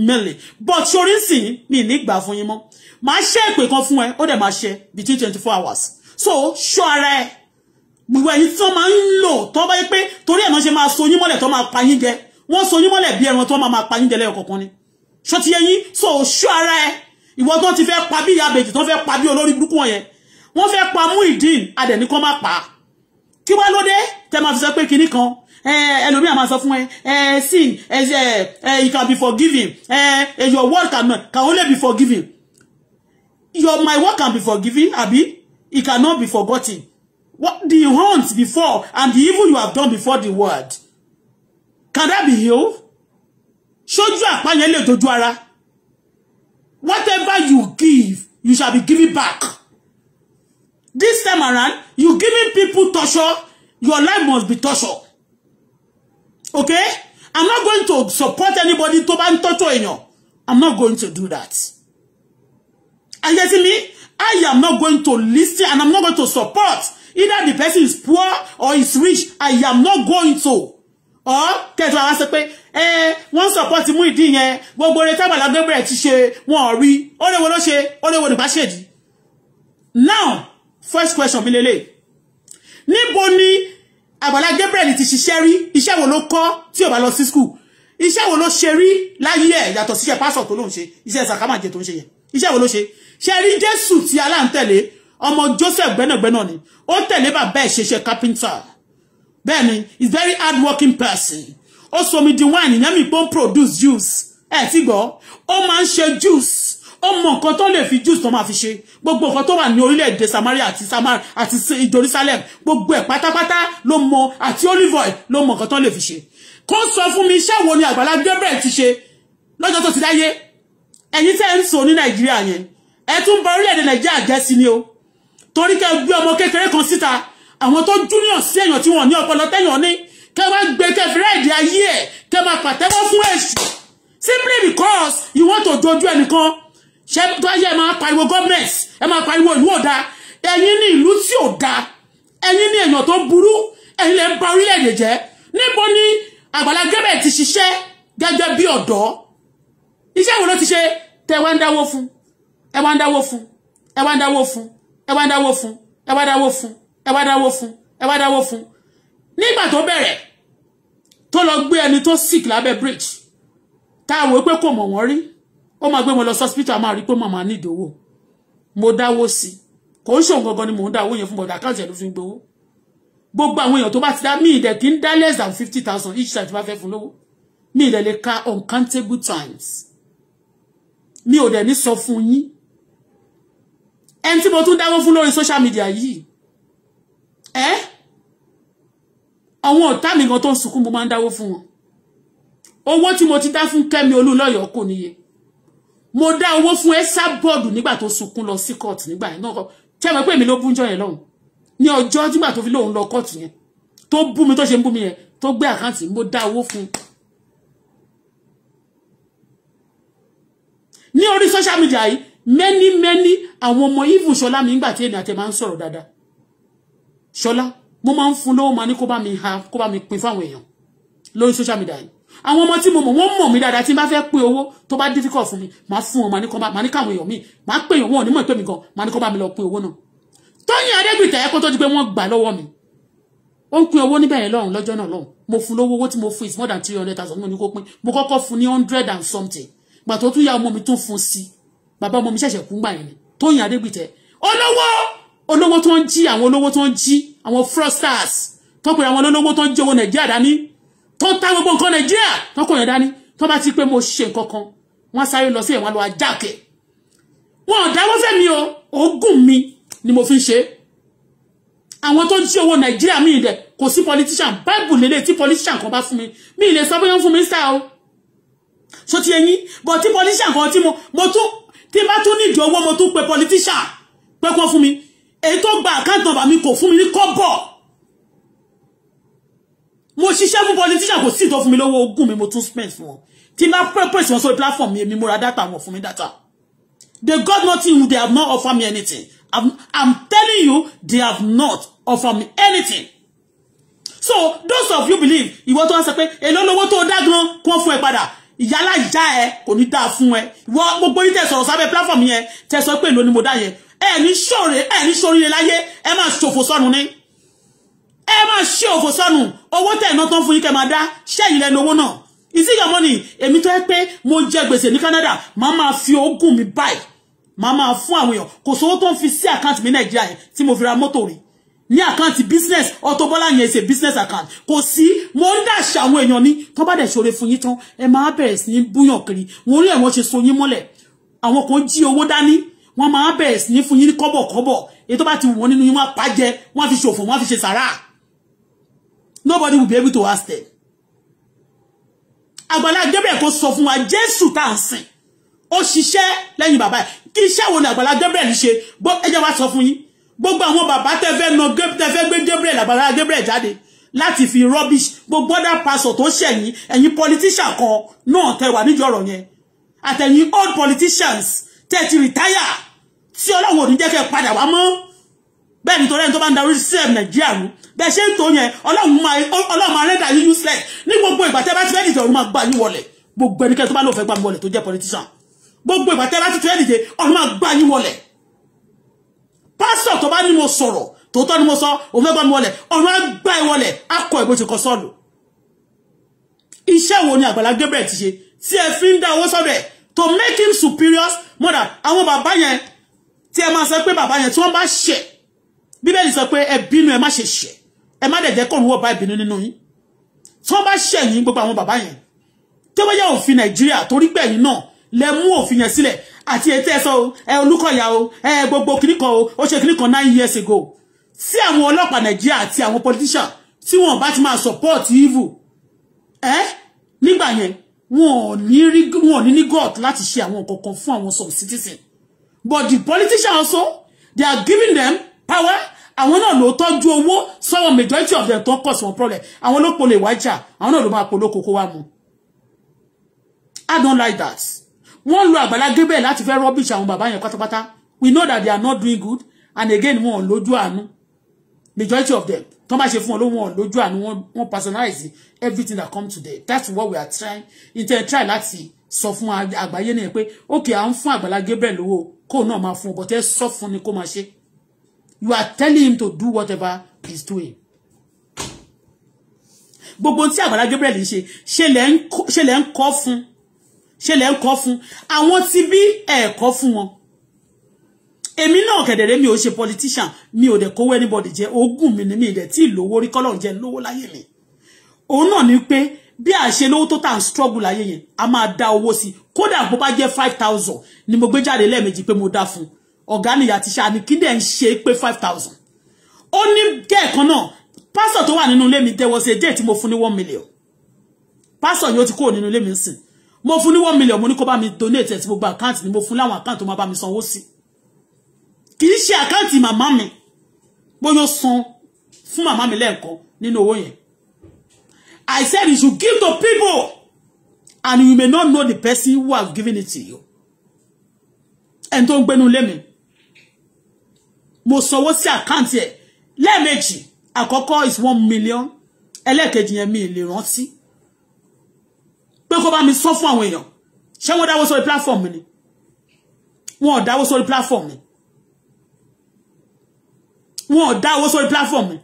mainly but ṣorí sìn mi ní gbà fún yín mọ́ màá ṣe ìpè kan fún ẹ ó dẹ̀ máa ṣe between twenty four hours so ṣọ́ ara ẹ gbogbo ẹ̀yin tí wọ́n máa ń lò tó bá yẹ pé torí ẹ̀nà ṣe máa so yín mọ́lẹ̀ tó máa pa yín jẹ wọ́n so yín mọ́lẹ̀ bí ẹran tó máa máa pa yín jẹ lẹ́yọ̀kọ̀kan ni ṣó ti yẹ yín so ṣó ara ẹ ìwọ tó ti fẹ́ pa bí ìyá àbèjì tó fẹ́ pa bí olórí burúkú wọn yẹn wọ́n fẹ́ pa Muyideen adẹ̀ni kan máa pa á kí wá lóde tẹ máa fi sọ pé kinní kan ẹlòmí àmà sọ fún ẹ sin you can be forgiven your word can, can only be forgiven your my word can be forgiven àbí it cannot be forgotten What the hunt before and the evil you have done before the world. Can that be you? Ṣojú àpáyẹ lè dojú Whatever you give, you shall be given back. This time around, you giving people torture, your life must be torture. Okay? I'm not going to support anybody to ban ń in you. I'm not going to do that. Are you getting me? I am not going to listen and I'm not going to support either the person is poor or is rich I am not going to or kẹtù àwọn sọ pé ẹ wọ́n support mú ìdí yẹn gbogbo rẹ tábà lágbẹbẹrẹ ti ṣe wọn ò rí ó léwo ló ṣe ó léwo nípa ṣèdí now first question mi lélẹ̀ níbo ni Àgbàlá Gabriel ti ṣiṣẹ́ rí Iṣẹ wo ló kọ́ tí ò bá lọ sí school iṣẹ́ wo ló ṣe rí láyé ẹ̀ yàtọ̀ síṣẹ́ pásọ̀ tó lóun ṣe iṣẹ́ sàkámàjẹ tó ń ṣe yẹn iṣẹ́ wo ló ṣe ṣe rí Jésù ti aláǹtẹ̀lé ọmọ Joseph gbẹ́nàgbẹ́nà ni ó tẹ̀lé bàbá ẹ̀ ṣe ṣe carpenter bẹ́ẹ̀ ni is very hard working person ó somi di wine ìyẹn mi pé produce juice ẹ̀ ti gbọ́ ó máa ń ṣe juice ó mọ nǹkan tó lè fi juice tó máa fi ṣe gbogbo nǹkan tó wà ní orílẹ̀-èdè Samaria àti samar àti Jerusalem gbogbo ẹ̀ pátápátá ló mọ àti olive oil ló mọ nǹkan tó lè fi ṣe kó sọ fún mi iṣẹ́ wo ni Àgbàlá Gabriel ti ṣe lọ́jọ́ tó ti dáyé ẹ̀yin tẹ́ ń sọ ní Nàìjíríà yẹn ẹ tún bà orílẹ̀-èdè Nàìjíríà jẹ́ sí ni o torí kẹ́ gbé ọmọ kékeré kan síta àwọn tó júnior sí èèyàn tí wọ́n ní ọpọlọ téèyàn ní kẹ́ wá gbé kẹ́ fi rẹ́ẹ̀dì ayé ẹ̀ kẹ́ máa pàtẹ́wọ́ fún èṣù simply because you want to dojú ẹnìkan ṣe tó ayé ẹ máa pariwo government ẹ máa pariwo ìlú ọ̀dà ẹ̀yin ní ìlú tí ò da ẹ̀yin ní èèyàn tó burú ẹ̀yin lè ń ba orílẹ̀-èdè jẹ́ níbo ni Àgbàlá Gabriel ti ṣiṣẹ́ gẹ́gẹ́ bí ọ̀dọ́ iṣẹ́ wo ló ti ṣe tẹ wá ń dáwó fún ẹ wá ń dáwó fún ẹ wá ń dáwó fún ẹ wá dáwó fun. ẹ wá dáwó fun. ẹ wá dáwó fun. ẹ wá dáwó fun. nígbà to bẹ̀rẹ̀ To lọ gbé ẹni to sick lábẹ́ bridge táwọn pé kò mọ̀ wọ́n rí ó máa gbé wọn lọ hospital máa rí pé màmá ní ìdòwò mo dáwó sí kò ń ṣòun gangan ni mò ń dáwó yẹn fún bọ̀dà àkáǹtì ẹ̀ ló fi gbogbo àwọn èèyàn tó bá ti dá mí ìdẹ̀ kí ń less than fifty thousand each time tí wọ́n fẹ́ fún lówó mí ìdẹ̀ lè ka uncountable times mi ò dẹ̀ ní sọ fún yín ẹni tí mo tún dáwó fún lórí social media yìí ẹ àwọn ọ̀tá mi gan tó ń sunkún mo máa ń dáwó fún wọn owó tí mo ti dá fún Kẹ́mi Olúnlọ́yọ̀ kò níye mo dá owó fún ẹ́sà bọ́ọ̀dù nígbà tó sunkún lọ sí kóòtù nígbà yẹn náà tí a mọ̀ pé èmi ló bújọ yẹn lọ́hùn ní ọjọ́ nígbà tó fi lóun lọ kóòtù yẹn tó bú mi tó ṣe ń bú mi yẹn tó gbé àkáǹtì mo dá owó fún un ní orí social media yìí many many àwọn ọmọ even ṣọlá mi nígbà tí èmi àtẹ máa ń sọ̀rọ̀ dáadáa ṣọlá mo máa ń fún lówó máa ní kó mi ha kó bá mi pín fáwọn èèyàn lórí social media yìí àwọn ọmọ tí mo mọ̀ wọ́n mọ̀ mí dáadáa tí n bá fẹ́ pé owó tó difficult fún mi màá fún wọn màá ní káwọn èèyàn mi Ma pè èèyàn wọn ò ní mọ̀ pé mi gan màá ní kó bá mi lọ pín owó náà Tóyìn Adégbìtà ẹ̀kọ́ tó di pé wọ́n gbà lọ́wọ́ mi ó ń pín owó níbẹ̀ yẹn lọ́rùn lọ́jọ́ náà mo fún lówó owó tí mo fún is more than three hundred thousand mo ní kó pín mo kọ́kọ́ fún ní hundred and something gbà tó tún yá ọmọ mi tún fún sí bàbá ọmọ mi ṣẹ̀ṣẹ̀ kú gbà yẹn ni Tóyìn Adégbìtẹ́ olówó olówó tó ń jí àwọn olówó tó ń jí àwọn frosters, tó ń pè àwọn olówó tó ń jí owó Nàìjíríà dání tó ń ta gbogbo nǹkan Nàìjíríà tó ń kò yẹn dání tó bá ti pé mo ṣe nǹkan kan wọ́n sáré lọ sí ẹ̀wọ̀n lọ ajáàkẹ́ wọn ò dáwọ́ fẹ́ mi o oògùn mi ni mo fi ń ṣe àwọn tó jí owó Nàìjíríà mi dẹ̀ kò sí politician bible lélẹ̀ tí politician kan bá fún mi mi lè sọ bóyá fún mi sáà o so ti ẹyin but tí politician kan tí mo mo tún tí bá tún nídìí owó mo tún pe politician pé kó fún mi èyí tó gba àkáǹtì nọ́mbà mi kò fún mi ní kọ́bọ̀ mo ṣiṣẹ́ fún politician kò sí ìtọ́ fún mi lówó ogún mi mo tún spend fún wọn tí bá purpose wọn sórí platform mi èmi mo data wọn fún mi data they got nothing they have not offered me anything I'm, I'm telling you they have not offered me anything so those of you believe ìwọ tó wá sọ pé èlò lówó tó dá gan kó fún ẹ padà ìyálà ìjà ẹ kò ní dáa fún ẹ ìwọ gbogbo yín tẹ́ sọ̀rọ̀ sábẹ́ platform yẹn tẹ́ sọ pé èlò ni mo dá yẹn ẹ ní ṣòre ẹ ní ṣoríire láyé ẹ máa ṣòfò sọnù ni ẹ máa ṣe òfò sọnù owó tẹ̀ iná tán fún yín kẹ́ máa dá ṣẹ́yìn lẹ́nu owó náà is it your money èmi tó yẹ pé mo jẹ gbèsè ní Canada màá máa fi ogún mi báyìí màá máa fún àwọn èèyàn kò sówó tó ń fi sí àkáǹtì mi Nàìjíríà yẹn tí mo fi ra mọ́tò rí ní àkáǹtì business Auto Bola yẹn ṣe business account kò sí mo ń dàṣà àwọn èèyàn ní tó bá dẹ̀ ṣoore fún yín tán ẹ máa bẹ̀rẹ̀ sí ní búyàn kiri wọn orí ẹ̀wọ̀n ṣe so yín mọ́lẹ̀ àwọn kan jí owó dání wọn máa bẹ̀rẹ̀ sí ní fún yín ní kọ́bọ̀kọ́bọ̀ èyí tó bá ti wù wọ́n nínú yín wọ́n á pàjẹ́ wọ́n fi ṣòfò wọ́n fi ṣe sàrà nobody will be able to ask them Àgbàlá Gabriel kò sọ fún wa Jésù tá à ń sìn ó ṣiṣẹ́ lẹ́yìn bàbá ẹ̀ kí iṣẹ́ wo ni Àgbàlá Gabriel ṣe gbọ́ ẹ jẹ́ wá sọ fún yín gbogbo àwọn bàbá tẹ́fẹ́ na tẹ́fẹ́ gbé Gabriel àgbàlá Gabriel jáde láti fi rubbish gbogbo other pastor tó ṣẹ̀yìn ẹ̀yin politician kan náà tẹ wà níjọ ọ̀rọ̀ yẹn àtẹ̀yìn old politicians tẹ́ ti retire tí ọlọ́run ò ní jẹ́ kẹ́ padà wá mọ́ bẹ́ẹ̀ nítorí ẹni tó bá ń darí sí ẹ̀m Nàìjíríà rú bẹ́ẹ̀ ṣe ń tó yẹn ọlọ́run máa rẹ́dà yín useless ní gbogbo ìgbà tẹ́ bá ti fẹ́ dìde ọ̀run máa gbà yín wọlẹ̀ gbogbo ẹnikẹ́ni tó bá lóò fẹ́ gbà mí wọlẹ̀ tó jẹ́ politician gbogbo ìgbà tẹ́ bá ti fẹ́ dìde ọ̀run máa gbà yín wọlẹ̀ pásítọ̀ tó bá ní mo sọ̀rọ̀ tòótọ́ ni mo sọ òun fẹ́ gbọ́ mi wọlé ọ̀run á gbá ẹ wọlé á kọ ìbò ti kọ sọ́ọ̀lù iṣẹ́ wo ni Àgbàlá Gabriel ti ṣe tí ẹ fi ń dá owó sọ́dọ̀ ẹ̀ to make him superior Mother, than àwọn bàbá yẹn tí ẹ máa sọ pé bàbá yẹn tí wọ́n bá ṣẹ̀ bíbélì sọ pé ẹ bínú ẹ má ṣe ṣẹ̀ ẹ má dẹ̀ jẹ́ kọ́ọ̀nù wọ̀ bá ìbínú nínú yín tí wọ́n bá ṣẹ̀ yín gbogbo àwọn bàbá yẹn tó bá yẹ òfin Nàìjíríà torí pé ẹ̀yin náà lẹ mú òfin yẹn sílẹ̀ àti ètò ẹ̀sọ́ o ẹ olúkọ̀yà o ẹ gbogbo kìnnìkan o ó ṣe kìnnìkan nine years ago sí àwọn ọlọ́pàá nàìjíríà àti àwọn politician tí wọ́n bá ti máa support evil ẹ nígbà yẹn wọn ò ní ní god láti ṣe àwọn kankan fún àwọn some citizen but the politician also they are giving them power àwọn náà ló tọ́jú owó sọ́wọ́ majority of them tó ń cause wọn problem àwọn ló polè wájà àwọn náà ló máa polókoko wá mu i don't like that wọ́n lo Agbala Gabriel láti fẹ́ rubbish àwọn bàbá yẹn pátápátá we know that they are not doing good and again wọn lójú àánú majority of them tọ́n bá ṣe fún olówó wọn lójú àánú wọn personalize everything that come to them that's what we are trying intent try láti sọ fún àgbáyé nìyẹn pé okay à ń fún Agbala Gabriel lówó kó náà máa fún but ẹ sọ fún ni kó máa ṣe you are telling him to do whatever he's is doing gbogbo tí Agbala Gabriel ṣe ṣe lẹ́ ń kọ́ fún ṣe lẹ́ ń kọ́ fún àwọn tí bí ẹ̀ẹ̀kọ́ fún wọn èmi náà kẹ̀dẹ̀rẹ́ mi ò ṣe politician mi ò dẹ̀ kówó anybody jẹ ogún mi ni mi dẹ̀ tí ìlówó rí kọ́lọ̀ jẹ lówó láyé mi òun náà ni pé bí a ṣe lówó tó tà ń struggle láyé yẹn a máa dá owó sí kódà bó bá jẹ́ five thousand ni mo gbé jáde lẹ́ẹ̀mejì pé mo dá fún ọ̀gá nìyà ti ṣáà ní kí dẹ̀ ń ṣe pé five thousand ó ní kẹ́ẹ̀kan náà pásọ̀ tó wà nínú ilé mi there was a day tí mo fún ní one million pásọ̀ yóò ti kúrò nínú ilé mi ń sìn mo fún ní one million mo ni kó bá mi donate sí gbogbo àkáǹtì ni mo fún láwọn àkáǹtì tó máa mi sanwó sí kì í ṣe àkáǹtì màmá mi bóyá san fún màmá mi lenko nínú owó yẹn I said you should give to people and you may not know the person who has given it to you ẹni tó ń gbénu lé mi mo sanwó sí àkáǹtì ẹ̀ lẹ́ẹ̀mejì àkọ́kọ́ is one million ẹlẹ́ẹ̀kejì yẹn mi ì lè rántí pé kó bá mi sọ fún àwọn èèyàn ṣé wọ́n dáwó sórí platform mi ni wọn ò dáwó platform mi wọn ò dáwó sórí platform mi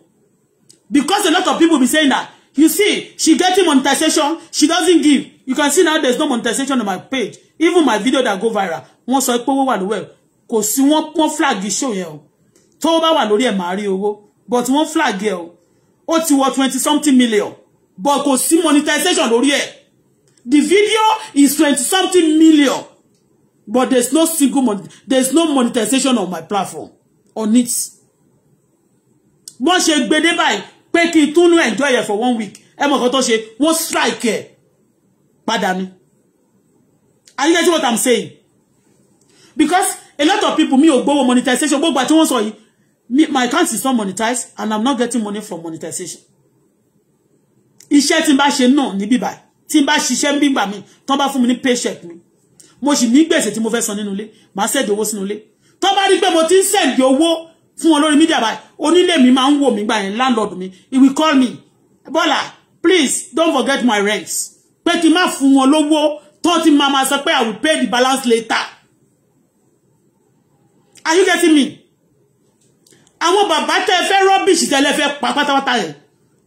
because a lot of people be saying that you see she getting monetization she doesn't give you can see now there's no monetization on my page even my video that go viral wọ́n so pé owó wà lówó ẹ̀ kò sí wọ́n flag show yẹn o tó bá wà lórí ẹ̀ máa rí owó but wọ́n flag ẹ̀ o ó ti wọ twenty something million but kò sí monetization lórí ẹ̀. The video is 20 something million. But there's no single mon there's no monetization on my platform on it. Wọ́n ṣe gbede báyìí pé kí tún nu enjoy for one week. Ẹ mọ̀ kan tó ṣe wọ́n strike ẹ. Padà ni. Are you getting what I'm saying? Because a lot of people me ò gbowó monetization gbogbo àti wọ́n sọ yìí me, my account is not monetized and I'm not getting money from monetization. Iṣẹ́ tí n bá ṣe náà ní bíbáyìí. Tin ba bá ṣiṣẹ́ ń bí gbà mí tán bá fún mi ní paycheck mi mo sì ní gbèsè tí mo fẹ́ san nínú ilé màá sẹ́ẹ̀dì owó sínú ilé tán bá rí pé mo ti ń sẹ́ẹ̀dì owó fún wọn lórí mídíà mi ma ń wò mí gbà landlord mi he will call me Bola, please don't forget my rents. pé kí ma má fún wọn lówó tán ti máa máa sọ pé I will pay the balance later are you getting me àwọn bàbá tẹ fẹ́ rọ́bìṣì tẹ́lẹ̀ fẹ́ pa pátápátá yẹn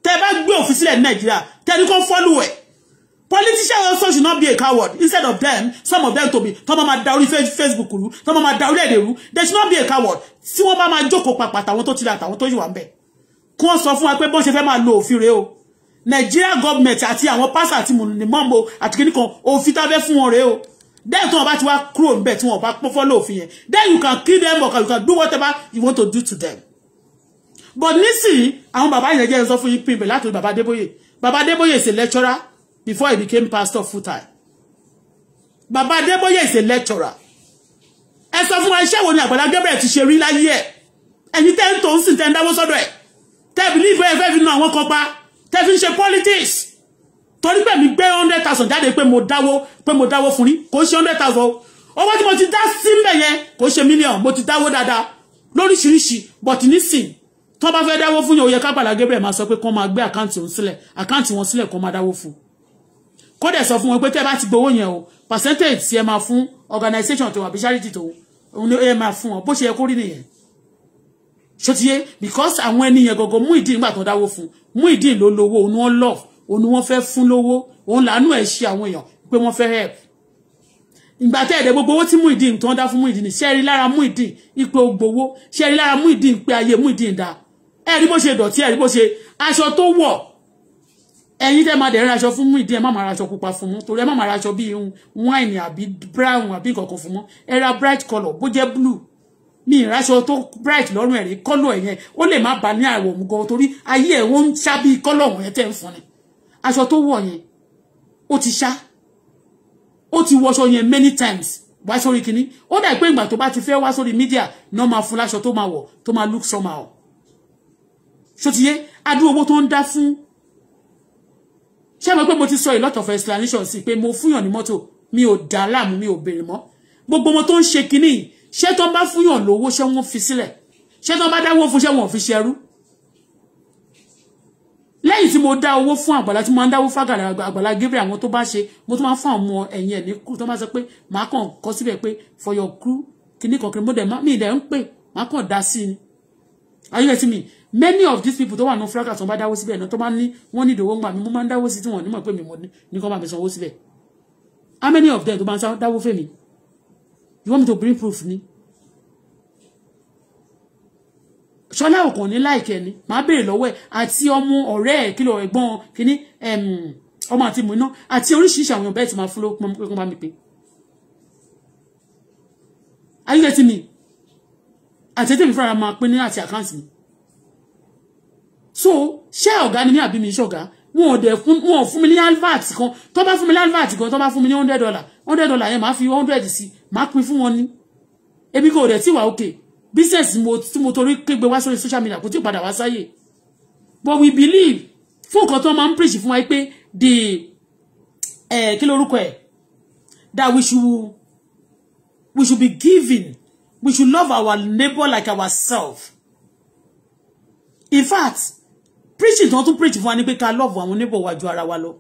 tẹ bá gbé òfin sílẹ̀ ní Nàìjíríà tẹ ní kó fọ́lù politicians also should not be a coward instead of them some of them to be tọ́mọ máa da orí facebook rú tọ́mọ máa da orí èdè they should not be a coward tí wọ́n bá máa jókòó papà tàwọn tó tilẹ̀ àtàwọn tó yìí wà ń bẹ̀ kí wọ́n sọ fún wa pé bọ́n ṣe fẹ́ máa lo òfin rèé o nigeria government àti àwọn pásá àti mọ̀nìmọ́mọ́ àti kìnnì kan òfin tá a fẹ́ fún wọn rèé o then tí wọ́n bá ti wá kúrò níbẹ̀ tí wọ́n bá pọ́fọ́ lófin yẹn then you can kill them or you can do whatever you want to do to them but nísìnyí àwọn bàbá yẹn jẹ́ sọ fún yín pin ibẹ̀ láti bàbá adébóyè bàbá adébóyè is a lecturer before he became pastor full time. Bàbá Adébóyè is a lecturer. Ẹ sọ fún wa iṣẹ́ wo ni Àgbàlá Gabriel ti ṣe rí láyé ẹ̀? Ẹ̀yin tẹ́ ń tó ń sìn tẹ́ ń dáwọ́ sọ́dọ̀ ẹ̀. Tẹ́ bìlíìfù ẹ̀ fẹ́ fi na àwọn kan pa. Tẹ́ fi ń politics. Torí pé mi gbé hundred thousand jáde pé mo dáwọ́ pé mo dáwọ́ fún rí kò ṣe hundred thousand. Owó tí mo ti dá sílẹ̀ yẹn kò ṣe mílíọ̀n mo ti dáwọ́ dáadáa lóríṣiríṣi but nísìn tó bá fẹ́ dáwọ́ fún yẹn ó yẹ k'Àgbàlá Gabriel máa sọ pé kó máa gbé àkáǹtì òun sílẹ̀ àkáǹtì wọn sílẹ̀ kó máa dáwọ́ fún un kó dẹ̀ sọ fún wọn pé tẹ́ bá ti gbowó yẹn o percentage tí ẹ máa fún organization tó àbí charity tó òun ni ẹ máa fún ọ bó ṣe yẹ kó rí nìyẹn ṣòtíyé because àwọn ènìyàn gọ̀gọ̀ mú ìdí nígbà tó dáwó fún mú ìdí ló lówó òun wọn lọ òun wọn fẹ́ fún lówó òun làánú ẹ̀ ṣe àwọn èèyàn pé wọ́n fẹ́ help ìgbà tẹ́ ẹ̀dẹ̀ gbogbo owó tí mú ìdí tó ń dá fún mú ìdí ni ṣe rí lára mú ìdí ipe ògbówó ṣe rí lára mú ìdí pé ayé mú ìdí ń da ẹ rí bó ṣe dọ̀tí ẹ rí bó ṣe aṣọ tó wọ̀ ẹ̀yin ma máa dẹ̀ raṣọ fún mú ìdí ẹ̀ má máa raṣọ pupa fún mú torí ẹ̀ má máa raṣọ bí wine àbí brown àbí kankan fún mú ẹ ra bright colour bó jẹ́ blue mi ìraṣọ tó bright lọ́rùn ẹ̀rí kọ́lọ̀ ẹ̀yẹn ó lè má bà ní àwọ̀ mú gan torí ayé ẹ̀ wọ́n ń ṣá bí kọ́lọ̀ wọ̀nyẹn tẹ́ ń fún ni aṣọ tó wọ̀ yẹn ó ti ṣá ó ti wọṣọ yẹn many times wá sórí kinní ó dà pé ìgbà tó bá ti fẹ́ wá sórí media náà máa fún láṣọ tó máa wọ̀ tó máa look somehow ṣó ti yé adú owó tó ń dá fún ṣé mo pé mo ti sọ a lot of explanation sí pe mo fúnyàn ní mọ́tò mi o dá láàmú mi o béèrè mọ́ gbogbo ọmọ tó ń ṣe kinní ṣé tó bá fúnyàn lówó ṣé wọ́n fi sílẹ̀ ṣé tó bá dáwó fún ṣé wọ́n fi ṣẹrú lẹ́yìn tí mo dá owó fún àgbàlá tí mo máa ń dáwó fágàlà àgbàlá Gabriel àwọn tó bá mo tún máa ń fún àwọn ẹ̀yìn ẹ̀ ní kú tó máa sọ pé màá kàn kọ síbẹ̀ for your crew kinní kankan mo dẹ̀ má mi ìdẹ̀ ń pè màá kàn dá sí i are you getting me many of these people tó wà ní fúlákà tó ń bá dáwó síbẹ̀ náà tó máa ń ní wọ́n ní ìdòwò ń gbà mí mo máa ń dáwó sí tí wọ́n nímọ̀ pé mi mo ní kọ́ bá mi sanwó síbẹ̀ how many of them tó máa ń dáwó fẹ́ mi you want me to bring proof ni ṣọlá òkàn ní láìkẹ ni màá béèrè lọ́wọ́ ẹ̀ àti ọmọ ọ̀rẹ́ ẹ̀ kí lọ ẹ̀gbọ́n kínní ọmọ àti mùínà àti oríṣiríṣi àwọn èèyàn bẹ́ẹ̀ ti máa fún lókun pé kó bá mi pé are you getting me àti ètò ìfúnra máa pín ní àti àkáǹtì mi so ṣé ọ̀gá ni mí àbí mi ṣọ̀gá wọn ò dẹ̀ fún wọn ò fún mi ní alvat kan tó bá fún mi ní alvat kan tó bá fún mi ní hundred dollar hundred dollar yẹn máa fi hundred sí máa pín fún wọn ní èmi kò dẹ̀ tí wà òkè business mo tí mo torí kégbe wá sórí social media kò tí ì padà wá sáyè but we believe fún nǹkan tó máa ń preach fún wa pé the eh, kí lórúkọ ẹ̀ that we should we should be giving We should love our neighbor like ourselves. In fact, preaching don't preach for wa ni love àwọn neighbor wa ju ara wa lọ.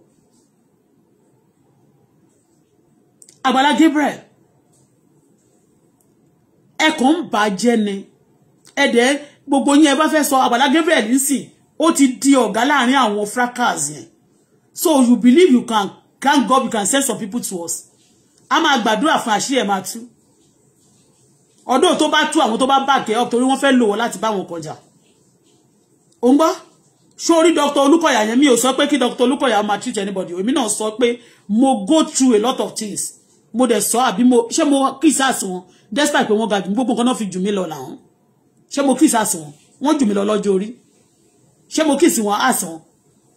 Àgbàlá Gabriel, ẹ kàn ń bàjẹ́ ni. Ẹ̀dẹ̀ gbogbo yín ẹ bá fẹ́ sọ Àgbàlá Gabriel nísìn, ó ti di ọ̀gá láàrin àwọn fracas yẹn. So you believe you can, thank God you can send some people to us. A máa gbàdúrà fún àṣírí ẹ̀ ọdún tó bá tú àwọn tó bá bàkẹ́ ọ́ torí wọ́n fẹ́ lò wọ́n láti bá wọn kọjá ò ń gbọ́ sórí dr olúkọ̀yà yẹn mi ò sọ pé kí dr olúkọ̀yà máa treat anybody èmi náà sọ pé mo go through a lot of things mo dẹ̀ sọ àbí mo ṣé mo kíṣàs wọn despite pé wọ́n ga jù mí gbogbo nǹkan náà fi jù mí lọ làwọn ṣé mo kíṣàs wọn wọ́n jù mí lọ lọ́jọ́ orí ṣé mo kíṣì wọn às wọn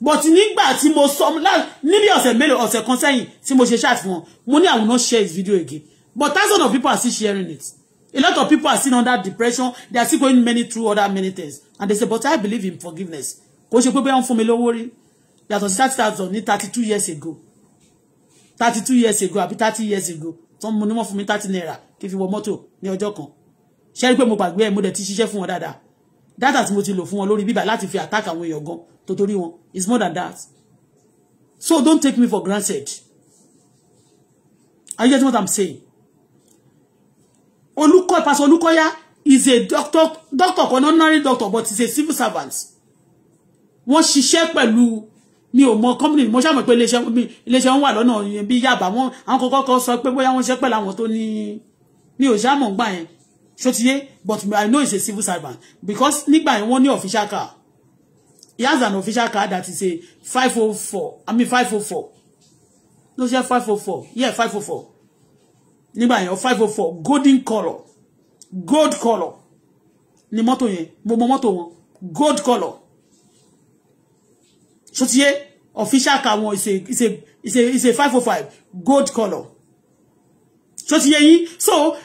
but nígbà tí mo sọ níbi ọ̀sẹ̀ mélòó ọ̀sẹ̀ kan sẹ́yìn tí mo ṣe ṣáàtì wọn mo ní àwọn náà share his video again but thousands of people are still sharing it A lot of people are still under depression. They are still going many through other many things. And they say, but I believe in forgiveness. Because you pé bẹ́ẹ̀ ń fún mi lówó rí. Yàtọ̀ sí thirty thousand ní thirty years ago. 32 years ago be 30 years ago. Some money ní wọ́n fún mi thirty naira kí n fi wọ mọ́tò ní ọjọ́ kan. Ṣé rí pé mo gbàgbé ẹ̀ mo dẹ̀ ti ṣiṣẹ́ fún wọn dáadáa. Data tí mo ti lò fún attack and when you're gone. Totally one. It's more than that. So don't take me for granted. Are you getting what I'm saying? Olukoya, Pastor Olukoya is a doctor, doctor, an ordinary doctor, but he's a civil servant. Wọ́n ṣiṣẹ́ pẹ̀lú mi ò mọ company mo ṣàmọ̀ pé iléeṣẹ́ wọn wà lọ́nà yẹn bí yàbá wọn àwọn kọ́kọ́ kan sọ pé bóyá wọ́n ṣiṣẹ́ pẹ̀lú àwọn tó ní mi ò ṣàmọ̀ gbà yẹn ṣótiyé but I know he's a civil servant because nígbà yẹn wọ́n ní official car he has an official car that is a five oh four I mean five oh four no ṣe five oh four yeah five oh four nígbà yẹn five oh four golden colour gold colour ni mọ́tò yẹn mo mọ mọ́tò wọn gold colour sotiye official car wọn is a is a is a is a five oh five gold colour sotiye yín so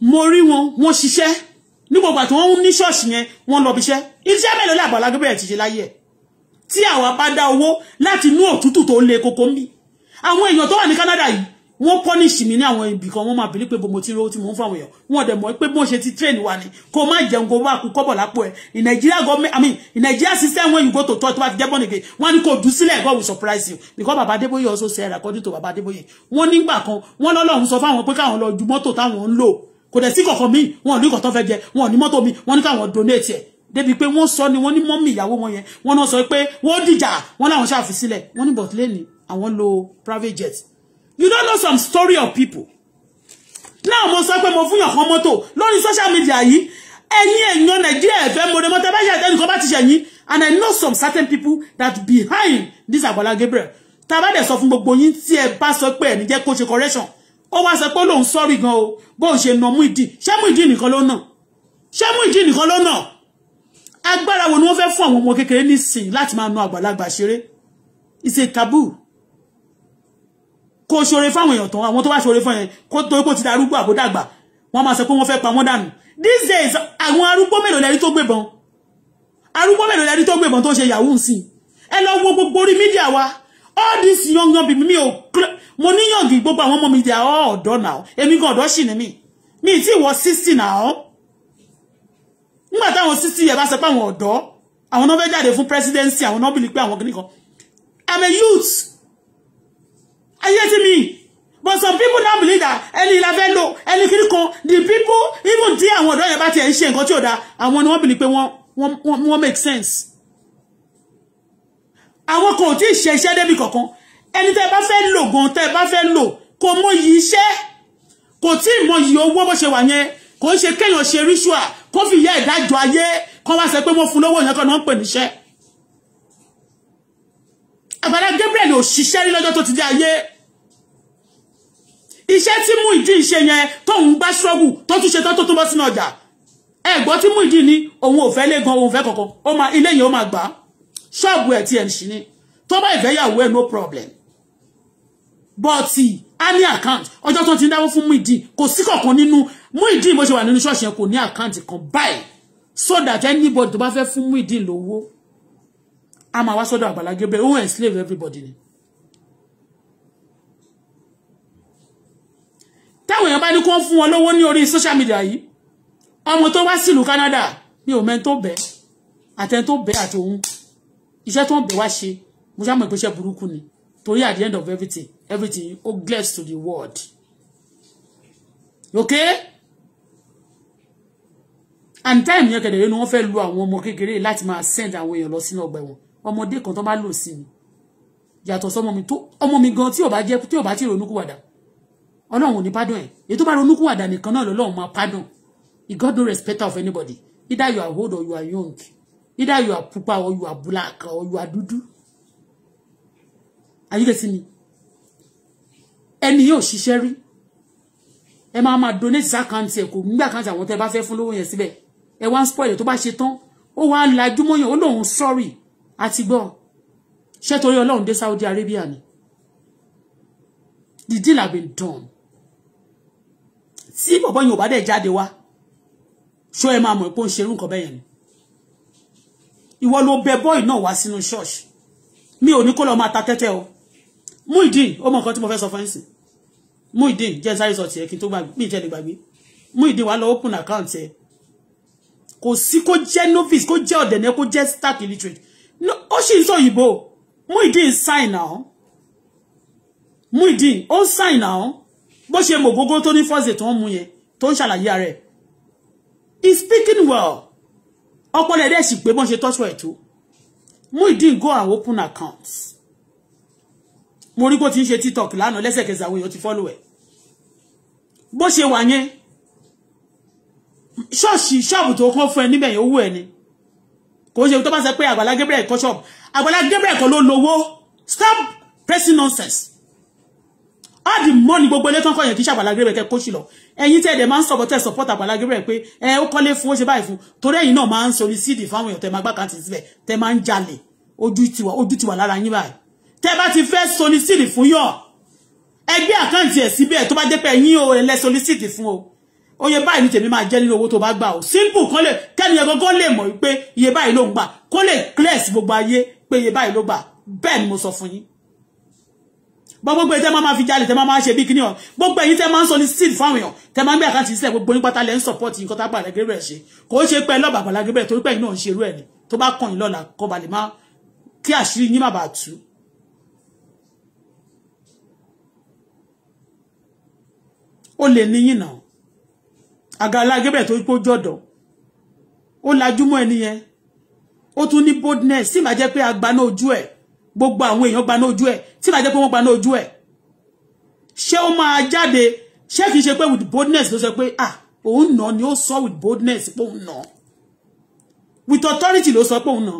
mo rí wọn wọ́n ṣiṣẹ́ nígbà ìgbà tí wọ́n ń ní ṣọ́ọ̀ṣì yẹn wọ́n lọ bíṣẹ́ iṣẹ́ mélòó ní Àgbàlá Gabriel ti ṣe láyé ẹ̀ tí àwa bá dá owó láti inú òtútù tó le koko ń àwọn èèyàn tó wà ní Canada yìí wọ́n punish mi ní àwọn ibì kan wọ́n máa bìlí pé mo ti rówó tí mo ń fáwọn èèyàn wọ́n dẹ̀ mọ̀ pé bó ṣe ti train wa ni kó má jẹun kó má kú kọ́bọ̀ lápò ẹ̀ in Nigeria government I mean in Nigeria system when you go to talk tó bá ti jẹ́ bọ́ọ̀nì pé wọ́n ní kò dùn sílẹ̀ God will surprise you because Baba Adébóyè also said according to Baba Adébóyè wọ́n nígbà kan wọ́n lọ́lọ́run sọ fáwọn pé káwọn lọ ju mọ́tò táwọn ń lò kò dẹ̀ sí kọ̀ọ̀kan míì wọn ò ní kọ̀ọ̀tàn fẹ́ jẹ wọn ò ní mọ́tò míì wọ́n ní káwọn donate ẹ̀ débi pé wọ́n sọ ni wọ́n ní mọ́mì ìyàwó wọn yẹn wọ́n náà sọ pé wọ́n dìjà wọ́n láwọn ṣàfisílẹ̀ wọ́n ní bọ̀tí lẹ́ni àwọn lo private jet you don't know some story of people Now mo sọ pé mo fún yàn kan mọ́tò lórí social media yìí ẹ̀yin èèyàn nàìjíríà ẹ̀fẹ́ mo ní mọ́tò bá ṣe ẹnìkan bá ti ṣẹ̀yìn and I know some certain people that behind this Agbala Gabriel tá a bá dẹ̀ sọ fún gbogbo yín tí ẹ bá sọ pé ẹ̀ ní jẹ́ kó ṣe correction ó wá sọ pé lòun sọ́rí gan o bó She nà mú ìdí ṣé mú ìdí nìkan ló nà ṣé mú ìdí nìkan ló nà agbára wo ni wọ́n fẹ́ fún àwọn ọmọ kékeré nísìnyí láti máa na àgbàlagbà ṣeré it's a taboo kó ṣoore fáwọn èèyàn tán àwọn tó wá ṣoore fún yẹn kó tó kó ti darúgbó àbódàgbà wọ́n máa sọ pé wọ́n fẹ́ pa wọ́n dànù these days àwọn arúgbó mélòó lẹ́rí tó gbébọn arúgbó mélòó lẹ́rí tó gbébọn to ṣe yahoo sí ẹ lọ wo gbogbo orí mídíà wa all this young young people mi ò mo níyànjú gbogbo àwọn ọmọ mi they are now èmi gan ọ̀dọ́ ṣì ni mi mi ti wọ sixty now nígbà táwọn sixty yẹn bá sọ pé àwọn ọ̀dọ́ àwọn náà fẹ́ jáde fún presidency àwọn náà bìlí pé àwọn kìnnìkan i'm a youth Are you getting me? But some people don't believe that ẹni ìlàfẹ́ lò ẹni kiri kan the people even tí and ọ̀dọ́ yẹn bá tiẹ̀ ń ṣe nǹkan that. And one àwọn ni wọ́n bìlí pé wọ́n make sense. Àwọn kan continue tí ì ṣe iṣẹ́ débi kankan ẹni tẹ́ ẹ bá fẹ́ lò gan tẹ́ ẹ bá fẹ́ lò kò mọyì iṣẹ́ kò tí ì mọyì owó bó ṣe wà yẹn kò ń ṣe kéèyàn ṣe ritual kó fi ìyá ìdájọ́ ayé kó wá sọ pé wọ́n fún lówó yẹn kan àgbàlá Gabriel ò ṣiṣẹ́ rí lọ́jọ́ tó ti dé ayé iṣẹ́ tí mú ìdí ìṣe yẹn tóun gbá ṣọ́gù tó tún ṣe tán tó bọ́ sínú ọjà ẹ̀gbọ́n tí mú ìdí ni òun ò fẹ́ lé gan òun fẹ́ kankan ó máa ilé yẹn ó máa gbà ṣọ́ọ̀bù ẹ̀ tí ẹ̀ ń ṣí ni tó bá ìfẹ́ yàwó ẹ̀ no problem but a ní account ọjọ́ tó ti ń dáwó fún mú ìdí kò sí kankan nínú mú ìdí bó ṣe wà nínú ṣọ́ọ̀ṣì yẹn kò ní account kan báyìí so that anybody tó bá fẹ́ fún mú ìdí lówó I'm a máa wá sọ́dọ̀ Àgbàlá Gabriel ó enslave everybody ni. táwọn èèyàn bá ní kó fún wọn lówó ní orí social media yìí ọmọ tó wá sílùú Canada mi meant to be. I àtẹni to be. àti òun iṣẹ́ tó ń bẹ̀ wá ṣe mo ṣá mọ̀ pé iṣẹ́ at the end of everything everything ó glares to the world okay and time yẹn kẹ̀dẹ̀ yẹn ni wọ́n fẹ́ lu àwọn ọmọ kékeré láti máa send àwọn èèyàn lọ sínú ọgbà ẹ̀wọ̀n ọmọdé kan tó bá lò sí mi yàtọ̀ sọmọ mi tó ọmọ mi gan tí ò bá jẹ́ tí ò bá ti ronúkúwàdà ọlọ́run ò ní pardon ẹ̀ èyí tó bá ronúkúwàdà nìkan náà lọ́lọ́run máa pardon he got no respect of anybody either you are old or you are young either you are pupa or you are black or you are dúdú are you getting ẹni yóò ṣiṣẹ́ rí ẹ máa máa donate account ẹ kò nígbà kan àwọn tẹ bá fẹ́ fún lówó yẹn síbẹ̀ ẹ wá ń spoil tó bá ṣe tán ó wá ń lajú mọ́yàn ó lóun sorry àti gbọ́ ṣé torí ọlọ́run dé Saudi Arabia ni the deal have been done tí bọ̀bọ̀ yìí ò bá dẹ̀ jáde wá ṣó ẹ máa mọ̀ pé ó ń ṣerú nǹkan bẹ́yẹn ni ìwọ ló bẹ bọ́ọ̀ì náà wá sínú ṣọ́ọ̀ṣì mi ò ní kó lọ máa ta tẹ́tẹ́ o Muideen ó mọ nǹkan tí mo fẹ́ sọ fún ẹ̀sìn Muideen jẹ́ sáré sọ tiẹ̀ kí n tó gbàgbé mi ìjẹ́ lè gbàgbé Muideen wà lọ open account ẹ̀ kò sí kó jẹ́ novice kó jẹ́ ọ̀dẹ̀nẹ́ kó jẹ́ stark illiterate ó sì ń sọ òyìnbó Muyideen sign now Muyideen ó sign now bó ṣe mọ̀ gógó tó ní fọ́ọ̀sì tó ń mu yẹn tó ń ṣàlàyé rẹ̀ he speaking well ọpọlọ ẹ̀dẹ́ sì pé bọ́n ṣe tọ́sọ ẹ̀ tó Muyideen go and open account mo rí kó ti ń ṣe tiktok lánàá lẹ́sẹ̀kẹsẹ̀ àwọn èèyàn ti follow ẹ̀ bó ṣe wà yẹn ṣọ́ọ̀ṣì ṣọ́ọ̀bù tó kọ́ fún ẹ níbẹ̀ yẹn owó ẹ ni kò ṣe tó bá sọ pé Agbala Gabriel kọ́ ṣọ́ọ̀bù Agbala Gabriel kọ́ ló lówó stop pressing nonsense all the money gbogbo ilé tán kọ́ yẹn kì í ṣe Agbala Gabriel kẹ́ kó ṣì lọ ẹ̀yin tẹ́ ẹ̀ dẹ̀ máa ń sọ̀bọ̀ tẹ́ support Agbala Gabriel pé ẹ ó kọ́lé fún ó ṣe báyìí fún torí ẹ̀yin náà máa ń sori síìdì fáwọn èèyàn tẹ́ máa gbákan tì síbẹ̀ tẹ́ máa ń jalè ojú tiwa ojú tiwa lára yín báyìí tẹ́ bá ti fẹ́ solicit fún yọ̀ ẹgbẹ́ àkáǹtì ẹ̀ síbẹ̀ tó bá jẹ́ pé ẹ̀yin o ẹ̀ lẹ́ solicit fún o oye báyìí ni tèmi máa jẹ́ nínú owó tó bá gbà ó simple kan lè kẹ́ni ẹ̀gọ́ kan lè mọ̀ pé iye báyìí ló ń gbà kó lè clear sí gbogbo ayé pé iye báyìí ló gbà bẹ́ẹ̀ ni mo sọ fún yín bọ́ gbogbo ẹ̀ tẹ́ máa fi jalè tẹ́ máa ṣe bí kíní ọ̀ gbogbo ẹ̀yin tẹ́ máa ń sọ ní seed fáwọn èèyàn tẹ́ máa ń gbé àkáǹtì sílẹ̀ gbogbo yín pátá lẹ́ ń support yín kọ́tà gbà lẹ́gẹ́rẹ́ ṣe kò ó ṣe pẹ́ lọ́ba àgbàlá gẹ́gẹ́ lè níyìn náà Àgbàlá lagbe to ipo jọ̀dọ̀ o lajúmọ́ ẹni yẹn ó tún boldness Si màá jẹ́ pé a gbaná ojú ẹ̀ gbogbo àwọn èèyàn gbaná ojú ẹ̀ tí màá jẹ́ pé wọ́n gbaná ojú ẹ̀ ṣé ó máa jáde ṣé kìí ṣe pé with boldness ló sọ pé ah o nà ni o so with boldness pé òun nà with authority ló so pé òun nà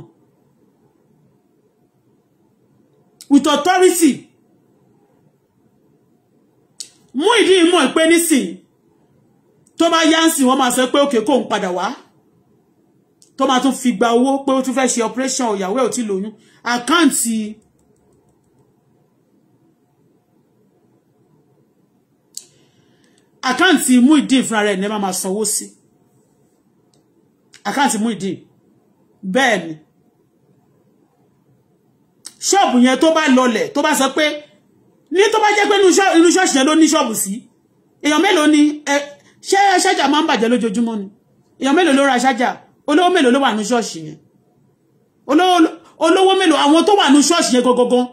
with authority mú ìdí mo pé nísìnyí tó máa yánsì wọ́n máa sọ pé òkè kóun padà wá tó máa tún fi gba owó pé ó tún fẹ́ ṣe operation ìyàwó ẹ̀ ò tí lóyún àkáǹtì àkáǹtì Muyideen fúnra rẹ̀ ní ẹ máa sanwó sí àkáǹtì Muyideen bẹ́ẹ̀ ni ṣọ́ọ̀bù yẹn tó bá lọlẹ̀ tó bá sọ pé ní tó bá jẹ́ pé inú ṣọ́ọ̀ṣì yẹn ló ní ṣọ́ọ̀bù sí èèyàn mélòó ni ẹ ṣé ṣájà máa ń bàjẹ́ lójoojúmọ́ ni èèyàn mélòó ló ra ṣájà olówó mélòó ló wà ní ṣọ́ọ̀ṣì yẹn olówó mélòó àwọn tó wà ní ṣọ́ọ̀ṣì yẹn gangan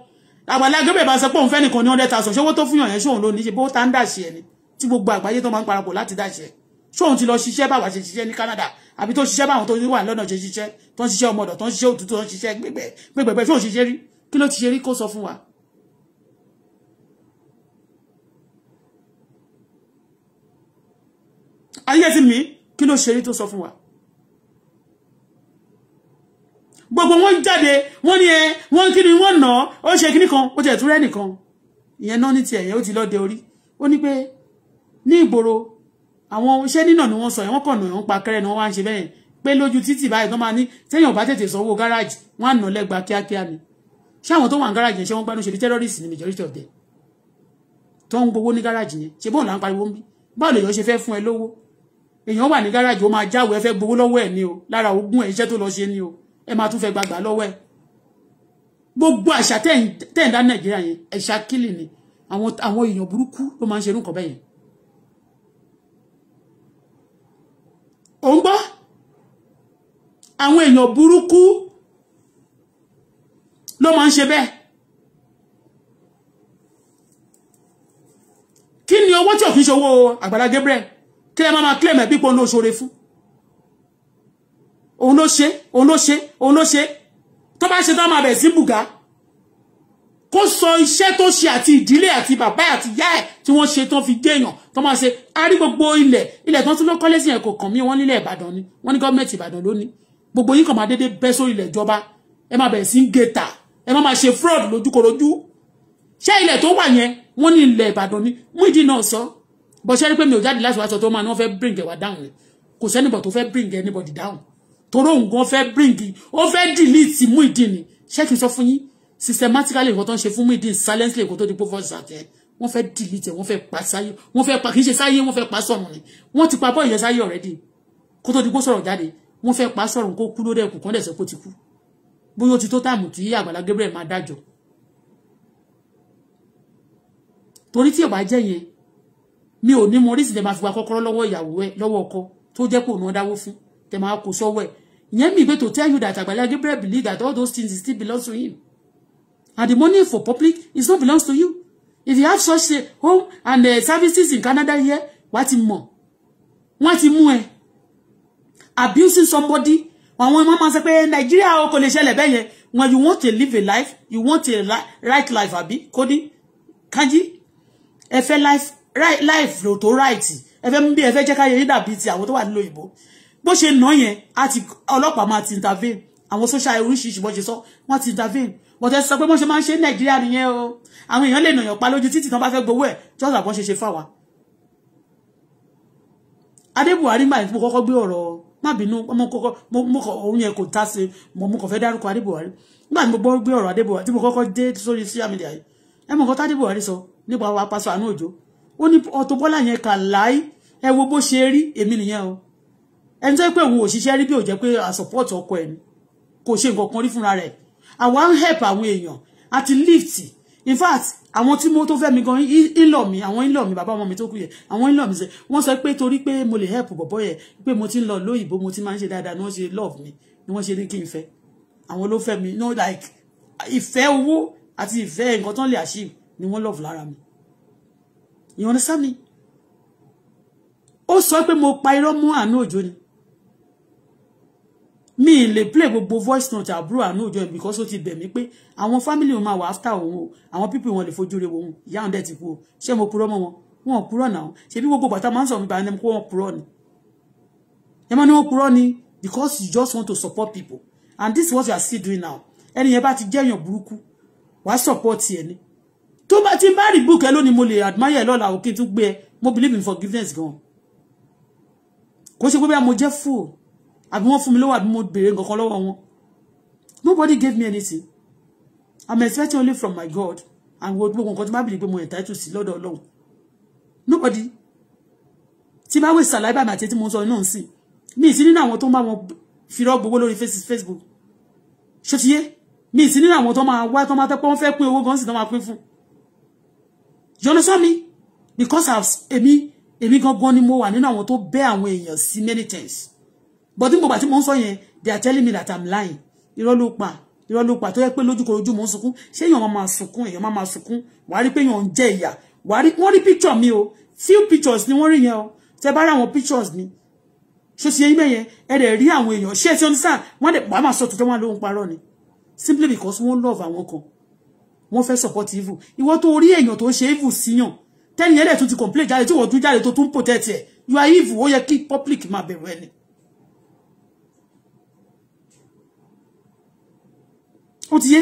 Àgbàlá Gabriel bá sọ pé òun fẹ́ nìkan ní hundred thousand ṣówó tó fún yàn yẹn ṣóun ló ní ṣe bó tá ń dàṣẹ ẹni tí gbogbo àgbáyé tó máa ń parapọ̀ láti dàṣẹ ṣóun ti lọ ṣiṣẹ́ báwa ṣe ṣiṣẹ́ ní Canada àbí tó ṣiṣẹ́ báwọn tó wà lọ́nà ṣe ṣiṣẹ́ tó ń ṣiṣẹ́ ọmọdọ̀ tó ń ṣiṣẹ́ òtútù tó ń ṣiṣẹ́ gbẹgbẹ gbẹgbẹ ṣóun ṣiṣẹ́ rí kí ló ti ṣe rí kó sọ fún wa ayé sí mi kí ló ṣe rí tó sọ fún wa gbogbo wọn jáde wọn ní ẹ wọn kí ni wọn nà ó ṣe kíní kan ó tẹ̀ tún rẹ́ nìkan ìyẹn náà ní tiẹ̀ yẹn ó ti lọ́ọ́ de orí ó ní pé ní ìgboro àwọn iṣẹ́ nínà ni wọ́n sọ yẹn wọ́n kàn nà wọ́n pa kẹ́rẹ́ ni wọ́n wá ń ṣe bẹ́yẹn pé lójú títì báyìí tó máa ní téèyàn bá tètè sanwó gáràjì wọ́n á nà lẹ́gba kíákíá ni ṣé àwọn tó wà ní gáràjì yẹn ṣé wọ́n gbádùn ṣe bí terrorist ni majority of them tó ń gbowó ní gáràjì yẹn ṣe bóun là ń pariwo ń bí báwo lèèyàn ṣe fẹ́ fún ẹ lówó èèyàn wà ní gáràjì ó máa jáwèé ẹ fẹ́ gbowó lọ́wọ́ ẹ̀ ni o lára ogún ẹ̀ iṣẹ́ tó lọ ṣe ni o ẹ máa tún fẹ́ gbàgbà lọ́wọ́ ẹ̀ gbogbo àṣà tẹ̀ nàìjíríà yẹn ẹ̀ṣà kílì ni àwọn èèyàn burúkú ló máa ń ṣerú nǹkan bẹ́yẹn ò ń gbọ́ àwọn èèyàn burúkú ló máa ń ṣe bẹ́ẹ̀ kí ni owó tí ò kí ń Àgbàlá Gabriel tẹ́ ẹ máa máa claim ẹ̀ pípọ̀ ní oṣoore fún òun ló ṣe òun ló ṣe òun ló ṣe tó bá ṣe tó máa bẹ̀ sí bùgá kó sọ iṣẹ́ tó ṣe àti ìdílé àti bàbá àti ìyá ẹ̀ tí wọ́n ṣe tó fi déèyàn tó máa ṣe a rí gbogbo ilẹ̀ ilẹ̀ tó ń tún lọ kọ́lé sí yẹn kò kàn mí wọ́n nílẹ̀ Ìbàdàn ni wọ́n ní gọ́ọ̀mẹ̀ntì Ìbàdàn lónìí gbogbo yín kàn máa dédé bẹ́ sórí ilẹ̀ ìjọba ẹ máa bẹ̀rẹ̀ sí ń gẹ̀ta ẹ máa máa ṣe fraud lójúkorojú ṣé ilẹ̀ tó wà yẹn wọ́n ní ilẹ̀ Ìbàdàn ni Muyideen náà sọ bọ́ ṣe rí pé mi ò jáde láti wá sọ tó máa ní wọ́n fẹ́ bring ẹ̀wà down ni kò sẹ́nìbọ̀ tó fẹ́ bring anybody down torí òun gan fẹ́ bring ó fẹ́ delete Muyideen ni ṣé kí n sọ fún yín systematically nǹkan tó ń ṣe fún silence silently nǹkan tó di pé voice àtẹ wọ́n fẹ́ delete ẹ̀ wọ́n fẹ́ pa sáyé wọ́n fẹ́ pa kì í ṣe sáyé wọ́n fẹ́ pa sọ̀run ni wọ́n ti pa bọ́ ìyẹn sáyé already kó tó di pé sọ̀rọ̀ jáde wọ́n fẹ́ pa sọ̀run kó kú lórí ẹ̀kú kan dẹ̀ sọ pé ó ti kú bóyá ó ti tó táàmù tí Àgbàlá Gabriel máa dájọ́ torí tí ò bá jẹ́ yẹn mi ò ní mo rí sì tẹ fi gba kọ́kọ́rọ́ lọ́wọ́ ìyàwó ẹ lọ́wọ́ ọkọ tó jẹ́ pé òun dáwó fún tẹ máa kó sọ́wọ́ ẹ̀ ìyẹn mi ìgbé to tell you that Agbala Gabriel believe that all those things still belong to him and the money for public is not belongs to you if you have such a home and uh, services in Canada here wàá ti mọ̀ wọ́n ti mú ẹ abusing somebody àwọn ọmọ máa ń sọ pé o kò lè ṣẹlẹ̀ bẹ́ẹ̀ yẹn when you want to live a life you want a right life àbí kódí kájí ẹ life life lò tó right ẹ fẹ́ mú bí ẹ fẹ́ jẹ́ ká yẹ yín dàbí ti àwọn tó wà nílò ìbò bó ṣe nà yẹn àti ọlọ́pàá máa ti intervene àwọn social oríṣiríṣi bó ṣe sọ wọ́n ti intervene but ẹ sọ pé wọ́n ṣe máa ń ṣe ní nàìjíríà nìyẹn o àwọn èèyàn lè nàyàn pa lójú títì tán bá fẹ́ gbowó ẹ̀ jọ́sà kan ṣe ṣe fáwa. adébùhárí máa mo kọ́kọ́ gbé ọ̀rọ̀ má bínú mo kọ́kọ́ mo kọ́ òun yẹn kò tá sí mo mo kàn fẹ́ dárúkọ adébùhárí nígbà tí mo gbọ́ gbé ọ̀rọ̀ adébùhárí tí mo kọ́kọ́ dé sórí social media yìí ẹ mọ̀ nǹkan tádébùhárí sọ nípa wa pásọ àánú òjò ó ní Auto Bola yẹn kà láì ẹ wo bó ṣe rí èmi nìyẹn o ẹni tó yẹ pé òun ò ṣiṣẹ́ rí bí ò jẹ́ pé a support ọkọ ẹ̀ ni kò ṣe nǹkan kan rí fúnra rẹ̀ àwa ń help àwọn èèyàn àti lift in fact àwọn tí mo tó fẹ́ mi gan ìlọ̀ mi àwọn ìlọ̀ mi bàbá ọmọ mi tó kú yẹ àwọn ìlọ̀ mi sẹ wọ́n sọ pé torí pé mo lè help bọ̀bọ̀ yẹ pé mo ti ń lọ lóyìnbó mo ti máa ń ṣe dáadáa ni wọ́n ṣe love mi ni wọ́n ṣe ní kí n fẹ́ àwọn ló fẹ́ mi no like ìfẹ́ owó àti ìfẹ́ nǹkan tán lè achieve ni wọ́n love lára mi You understand me? Ó sọ pé mo pa irọ́ mú Àánú Òjó ni. Mi lè play gbogbo voice note àbúrò Àánú Òjó because ó ti bẹ̀ mí pé àwọn family wọn máa wà after òun o. Àwọn people wọn lè fojú re wọn. Ìyá òun dẹ̀ ti kú o. Ṣé mo purọ́ mọ́ wọn? Wọn ò purọ́ náà. Ṣebí gbogbo bàtà máa ń sọ̀rọ̀ nípa ẹni pé wọ́n purọ́ ni. Ẹ máa ní wọ́n ni because you just want to support people. And this is what you are still doing now. Ẹni yẹn bá ti jẹ́ èèyàn burúkú, wàá support ẹ ni tó bá ti bá rí book ẹ lónìí mo lè admire ẹ lọ́la òkè tó gbé ẹ mo believe in forgiveness gan kò ṣe pé bí mo jẹ́ fò àbí wọ́n fún mi lówó àbí mo béèrè nǹkan kan lọ́wọ́ wọn nobody gave me anything i'm expecting only from my god and gbogbo nǹkan tí má bìrì pé mo entitled sí lọ́dọ̀ ọlọ́run nobody tí bá wèsì àlàyé bàmí àti tí mo sọ náà sí mi ìsí nínú àwọn tó máa wọn fi rọ́gbowó lórí facebook ṣé ti yé mi ìsí nínú àwọn tó máa wá tó máa tẹ́pọ́ wọn fẹ́ pín owó gan sí tó máa pín fún un you understand me because I've Emi, Emi èmi gangan ni mo wà nínú àwọn to bẹ́ àwọn èèyàn sí many things but tí mo bá tí mo ń sọ they are telling me that I'm lying irọ́ ló pa irọ́ ló pa tó yẹ pé lójúkọ̀ ojú mo ń sunkún ṣé èèyàn máa máa sunkún èèyàn máa máa sunkún wàá rí pé èèyàn ń jẹ ìyà wàá rí wọ́n rí picture mi o few pictures ni wọ́n rí yẹn o tẹ bá rí àwọn pictures mi So ṣe yín mẹ́yẹn ẹ dẹ̀ rí àwọn èèyàn ṣé ẹ ti understand wọ́n dẹ̀ wàá so, to tuntun wọn lóhun parọ́ ni simply because wọ́n love àwọn kan wọ́n fẹ́ support evil ìwọ tó rí èèyàn tó ń ṣe evil síyàn tẹ́ni ẹ̀dẹ̀ tún ti complain jáde tí wọ́n tún jáde tó tún protect ẹ̀ you are evil ó yẹ kí public máa bẹ̀rù ẹni. ó ti yé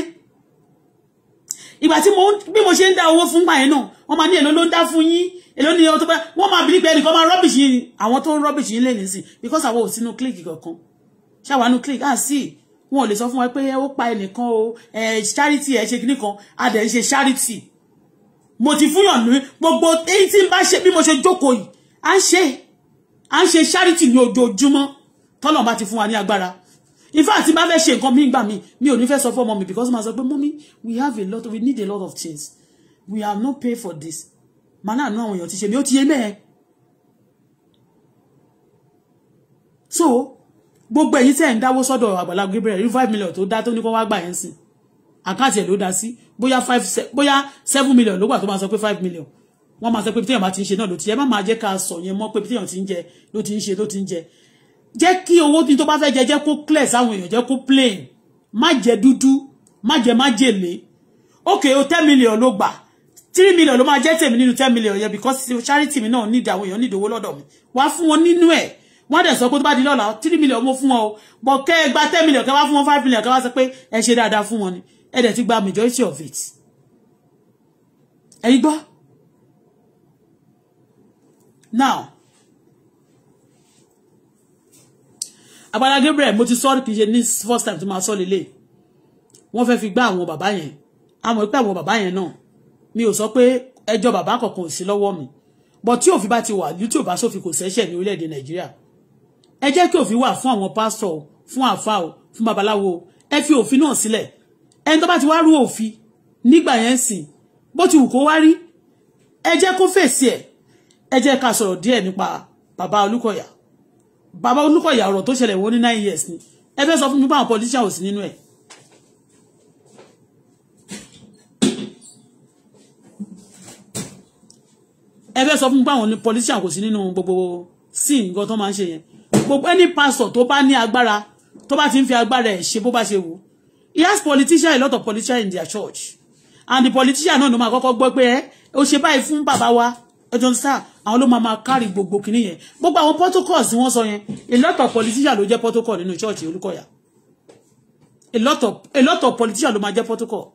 ìgbà tí mo bí mo ṣe ń dá owó fún gbà yẹn náà m'a máa ní èlò ló ń dá fún yín èlò ní ọtọ́ pé wọ́n máa bìlí pé ẹnìkan máa rubbish yín àwọn tó ń rubbish yín lè nísìn because àwọn ò sínú click kankan ṣáwa nu click ah see wọn ò lè sọ fún wa pé ó pa ẹnìkan o charity ẹ ṣe kíní a dẹ̀ ń ṣe charity mo ti fúnyàn ní gbogbo èyí tí n bá ṣe bí mo ṣe jókòó yìí à ń ṣe à ń ṣe charity ní ojoojúmọ́ tọ́lọ̀ bá ti fún wa ní agbára in bá fẹ́ ṣe nǹkan mi gbà mí mi ò ní fẹ́ sọ fún ọmọ mi because ma sọ pé mọ́mí we have a lot of, we need a lot of things we have no pay for this màá náà nú àwọn èèyàn ti ṣe mi ó ti yé mẹ́ẹ̀ so gbogbo ẹ̀yin tẹ̀ ń dáwó sọ́dọ̀ Agbala Gabriel rí five million tó dá tó ní kó wá gbà yẹn sìn àkáǹtì ẹ̀ ló dá sí bóyá five bóyá seven million ló gbà tó máa sọ pé five million wọ́n máa sọ pé téèyàn bá ti ń ṣe náà ló ti jẹ má máa jẹ́ ká sọ yẹn mọ́ pé téèyàn ti ń jẹ ló ti ń ṣe ló ti ń jẹ jẹ́ kí owó tí tó bá fẹ́ jẹ jẹ́ kó clear sáwọn èèyàn jẹ́ kó plain má jẹ dúdú má jẹ májèlé ok o ten million ló gbà three million ló máa jẹ́ tèmi nínú ten million yẹn because charity mi náà nídìí àwọn èèyàn nídìí owó lọ́dọ̀ mi wàá fún wọn nínú ẹ̀ wọ́n dẹ̀ sọ pé tó bá di lọ́la three million mo fún wọn o bọ̀ kẹ́ ẹ gba ten million kẹ́ wá fún wọn five million kẹ́ wá sọ pé ẹ ṣe dáadáa fún wọn ni ẹ dẹ̀ ti gba majority of it ẹ̀yin gbọ́ now Agbala Gabriel mo ti sọ kì í ṣe ní first time tó máa sọ lélẹ̀ wọ́n fẹ́ fi gbá àwọn bàbá yẹn àmọ́ pé àwọn bàbá yẹn náà mi ò sọ pé ẹjọ́ bàbá kankan ò sí lọ́wọ́ mi bọ̀ tí òfin bá ti wà ní tí ò bá sófin kò sẹ́ṣẹ̀ ní orílẹ̀-èdè Nàìjíríà ẹ jẹ́ kí òfin wà fún àwọn pásítọ̀ o fún àfa o fún babaláwo o ẹ fi òfin náà sílẹ̀ ẹni tó bá ti wá rú òfin nígbà yẹn sìn bó ti wù kó wá rí ẹ jẹ́ kó fèsì ẹ̀ ẹ jẹ́ ká sọ̀rọ̀ díẹ̀ nípa bàbá Olúkọ̀yà bàbá Olúkọ̀yà ọ̀rọ̀ tó ṣẹlẹ̀ wọ́n ní nine years ni ẹ fẹ́ sọ fún mi pé àwọn politician ò sí nínú ẹ̀ ẹ fẹ́ sọ fún mi pé àwọn politician kò sí nínú gbogbo sin nǹkan tó máa ń ṣe yẹn gbogbo any pastor tó bá ní agbára tó bá ti ń fi agbára ẹ̀ ṣe bó bá ṣe wù he has politicians a lot of politicians in their church and the politician náà ló máa kọ́kọ́ gbọ́ pé ẹ ó ṣe báyìí fún bàbá wa ẹjọ́ sá àwọn ló máa máa kárì gbogbo kìíní yẹn gbogbo àwọn protocols tí wọ́n sọ yẹn a lot of politicians ló jẹ́ protocol nínú church Olúkọ̀yà a lot of a lot of politicians ló máa jẹ́ protocol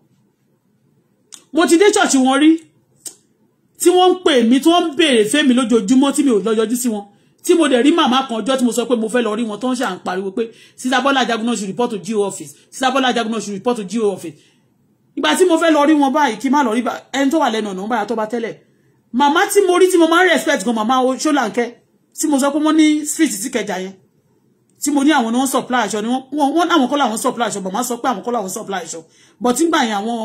mo ti dé church wọn rí tí wọ́n ń pè mí tí wọ́n ń béèrè fẹ́mi lójoojúmọ́ tí mi ò lọ yọjú sí wọn tí mo dẹ̀ rí màmá kan ọjọ́ tí mo sọ pé mo fẹ́ lọ rí wọn tó ń ṣà pariwo pé sísá bọ́lá ajagunná report to GO office sísá bọ́lá ajagunná ṣe report to GO office ìgbà tí mo fẹ́ lọ rí wọn báyìí kí má lọ ba ẹni tó wà lẹ́nu ọ̀nà báyà tó bá tẹ́lẹ̀ màmá tí mo rí tí mo máa ń respect gan màmá ṣólàǹkẹ́ tí mo sọ pé wọ́n ní street tí kẹjà yẹn tí mo ní àwọn ni wọ́n supply aṣọ ni wọ́n àwọn kọ́ làwọn supply aṣọ màmá sọ pé àwọn kọ́ làwọn supply aṣọ but nígbà yẹn àwọn